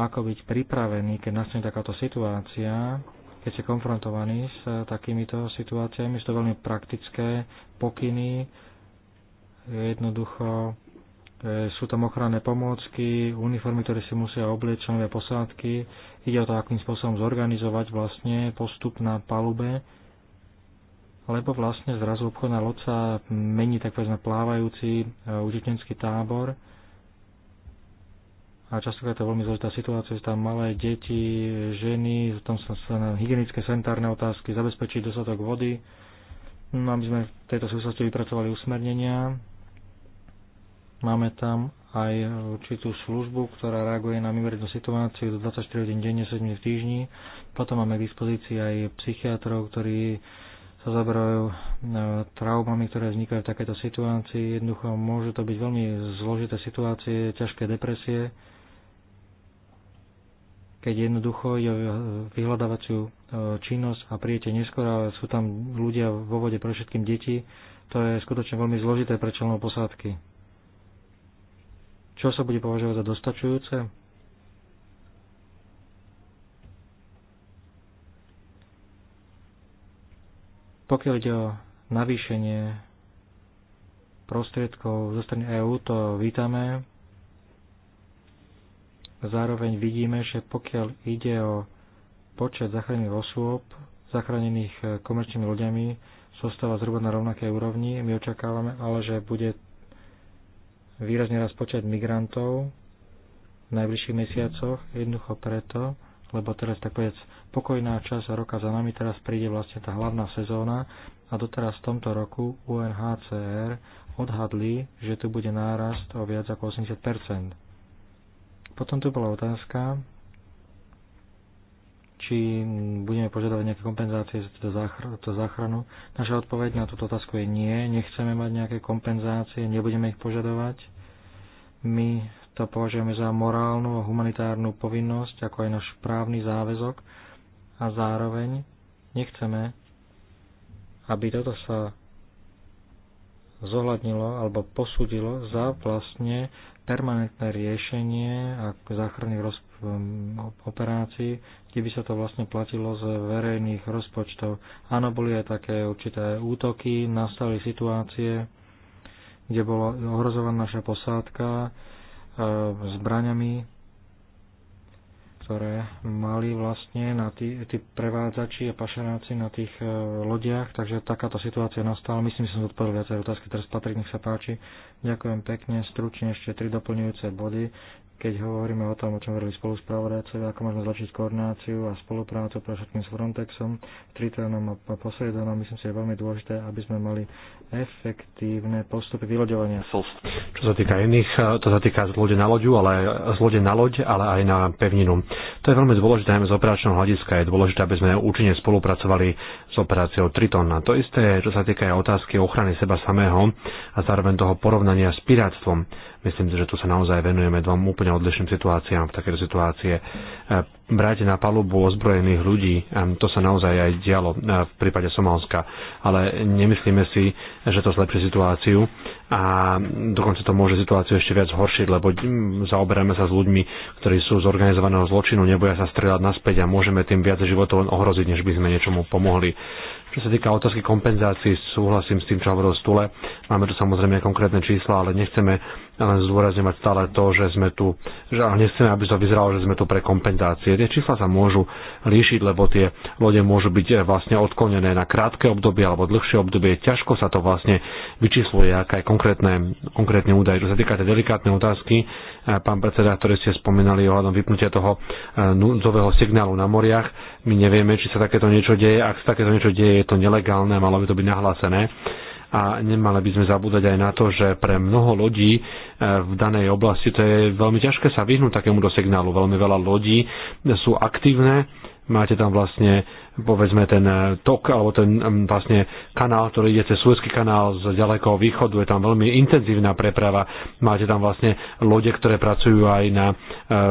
ako byť pripravený, keď nastane takáto situácia, keď ste konfrontovaní s eh, takýmito situáciami. Sú to veľmi praktické pokyny, jednoducho eh, sú tam ochranné pomôcky, uniformy, ktoré si musia oblieť členové posádky. Ide o to, akým spôsobom zorganizovať vlastne postup na palube lebo vlastne zrazu obchodná loď sa mení, tak povedzme, plávajúci e, utečenský tábor a častokrát je to veľmi zložitá situácia, sú tam malé deti, ženy, sú tam sa na hygienické, sanitárne otázky, zabezpečiť dostatok vody. No, aby sme v tejto súvislosti vypracovali usmernenia. Máme tam aj určitú službu, ktorá reaguje na mimoriadnú situáciu do 24 hodín denne, 7 dní v týždni. Potom máme k dispozícii aj psychiatrov, ktorí sa zaberajú e, traumami, ktoré vznikajú v takéto situácii. Jednoducho môžu to byť veľmi zložité situácie, ťažké depresie, keď jednoducho je vyhľadávaciu e, činnosť a príjete neskôr a sú tam ľudia vo vode pre všetkým deti, to je skutočne veľmi zložité pre členov posádky. Čo sa bude považovať za dostačujúce? Pokiaľ ide o navýšenie prostriedkov zo strany EÚ, to vítame. Zároveň vidíme, že pokiaľ ide o počet zachránených osôb, zachránených eh, komerčnými ľuďami, zostáva zhruba na rovnakej úrovni. My očakávame ale, že bude výrazne raz počet migrantov v najbližších mesiacoch, jednoducho preto, lebo teraz tak povedz spokojná časť roka za nami, teraz príde vlastne tá hlavná sezóna a doteraz v tomto roku UNHCR odhadli, že tu bude nárast o viac ako 80 Potom tu bola otázka, či budeme požadovať nejaké kompenzácie za túto, záchr- túto záchranu. Naša odpoveď na túto otázku je nie, nechceme mať nejaké kompenzácie, nebudeme ich požadovať. My to považujeme za morálnu a humanitárnu povinnosť, ako aj náš právny záväzok, a zároveň nechceme, aby toto sa zohľadnilo alebo posudilo za vlastne permanentné riešenie a záchranných roz- mm, operácií, kde by sa to vlastne platilo z verejných rozpočtov. Áno, boli aj také určité útoky, nastali situácie, kde bola ohrozovaná naša posádka e, zbraňami ktoré mali vlastne na tí, tí prevádzači a pašeráci na tých e, lodiach, takže takáto situácia nastala. Myslím, že som odpovedal viacej otázky, teraz Patrik, nech sa páči. Ďakujem pekne, stručne ešte tri doplňujúce body keď hovoríme o tom, o čom hovorili spoluspravodajcovi, ako môžeme zlepšiť koordináciu a spoluprácu pre všetkým s Frontexom, tritónom a Poseidonom, myslím si, je veľmi dôležité, aby sme mali efektívne postupy vyloďovania. Čo sa týka iných, eh, to sa týka z lode na loďu, ale z lode na loď, ale aj na pevninu. To je veľmi dôležité aj z operačného hľadiska. Je dôležité, aby sme účinne spolupracovali s operáciou Triton. A to isté, čo sa týka aj otázky ochrany seba samého a zároveň toho porovnania s pirátstvom Myslím si, že tu sa naozaj venujeme dvom úplne odlišným situáciám v takéto situácie. Brať e, na palubu ozbrojených ľudí, e, to sa naozaj aj dialo e, v prípade Somálska, ale nemyslíme si, že to zlepší situáciu a dokonca to môže situáciu ešte viac horšiť, lebo zaoberáme sa s ľuďmi, ktorí sú z organizovaného zločinu, neboja sa strieľať naspäť a môžeme tým viac životov ohroziť, než by sme niečomu pomohli. Čo sa týka otázky kompenzácií, súhlasím s tým, čo hovoril Stule. Máme tu samozrejme konkrétne čísla, ale nechceme ja len zdôrazňovať stále to, že sme tu, že ale nechceme, aby to vyzeralo, že sme tu pre kompenzácie. Tie čísla sa môžu líšiť, lebo tie lode môžu byť eh, vlastne odklonené na krátke obdobie alebo dlhšie obdobie. Ťažko sa to vlastne vyčísluje, aká je konkrétne, konkrétne údaj. Čo sa týka tej delikátnej otázky, eh, pán predseda, ktoré ste spomínali ohľadom vypnutia toho eh, núdzového signálu na moriach, my nevieme, či sa takéto niečo deje. Ak sa takéto niečo deje, je to nelegálne, malo by to byť nahlásené a nemali by sme zabúdať aj na to, že pre mnoho lodí e, v danej oblasti to je veľmi ťažké sa vyhnúť takémuto signálu. Veľmi veľa lodí sú aktívne, máte tam vlastne povedzme ten eh, tok alebo ten mm, vlastne kanál, ktorý ide cez Suezký kanál z ďalekého východu, je tam veľmi intenzívna preprava. Máte tam vlastne lode, ktoré pracujú aj na eh,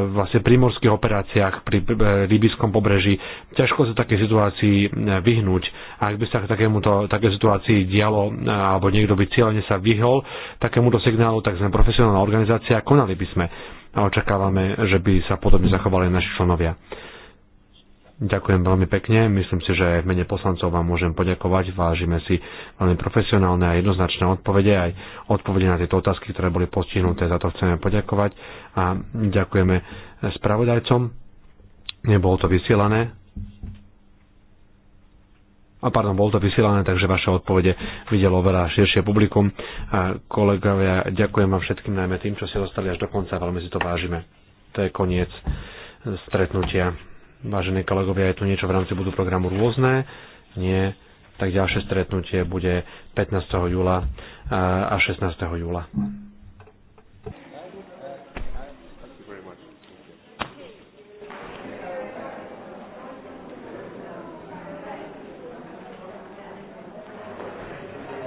vlastne primorských operáciách pri rybískom eh, pobreží. Ťažko sa také situácii vyhnúť. A ak by sa k takémuto, také situácii dialo, alebo niekto by cieľene sa vyhol takémuto signálu, tak sme profesionálna organizácia, konali by sme a očakávame, že by sa podobne zachovali naši členovia. Ďakujem veľmi pekne. Myslím si, že aj v mene poslancov vám môžem poďakovať. Vážime si veľmi profesionálne a jednoznačné odpovede, aj odpovede na tieto otázky, ktoré boli postihnuté. Za to chceme poďakovať a ďakujeme spravodajcom. Nebolo to vysielané. A pardon, bolo to vysielané, takže vaše odpovede videlo veľa širšie publikum. A kolegovia, ďakujem vám všetkým, najmä tým, čo ste dostali až do konca. Veľmi si to vážime. To je koniec stretnutia. Vážení kolegovia, je tu niečo v rámci budú programu rôzne? Nie. Tak ďalšie stretnutie bude 15. júla a 16. júla.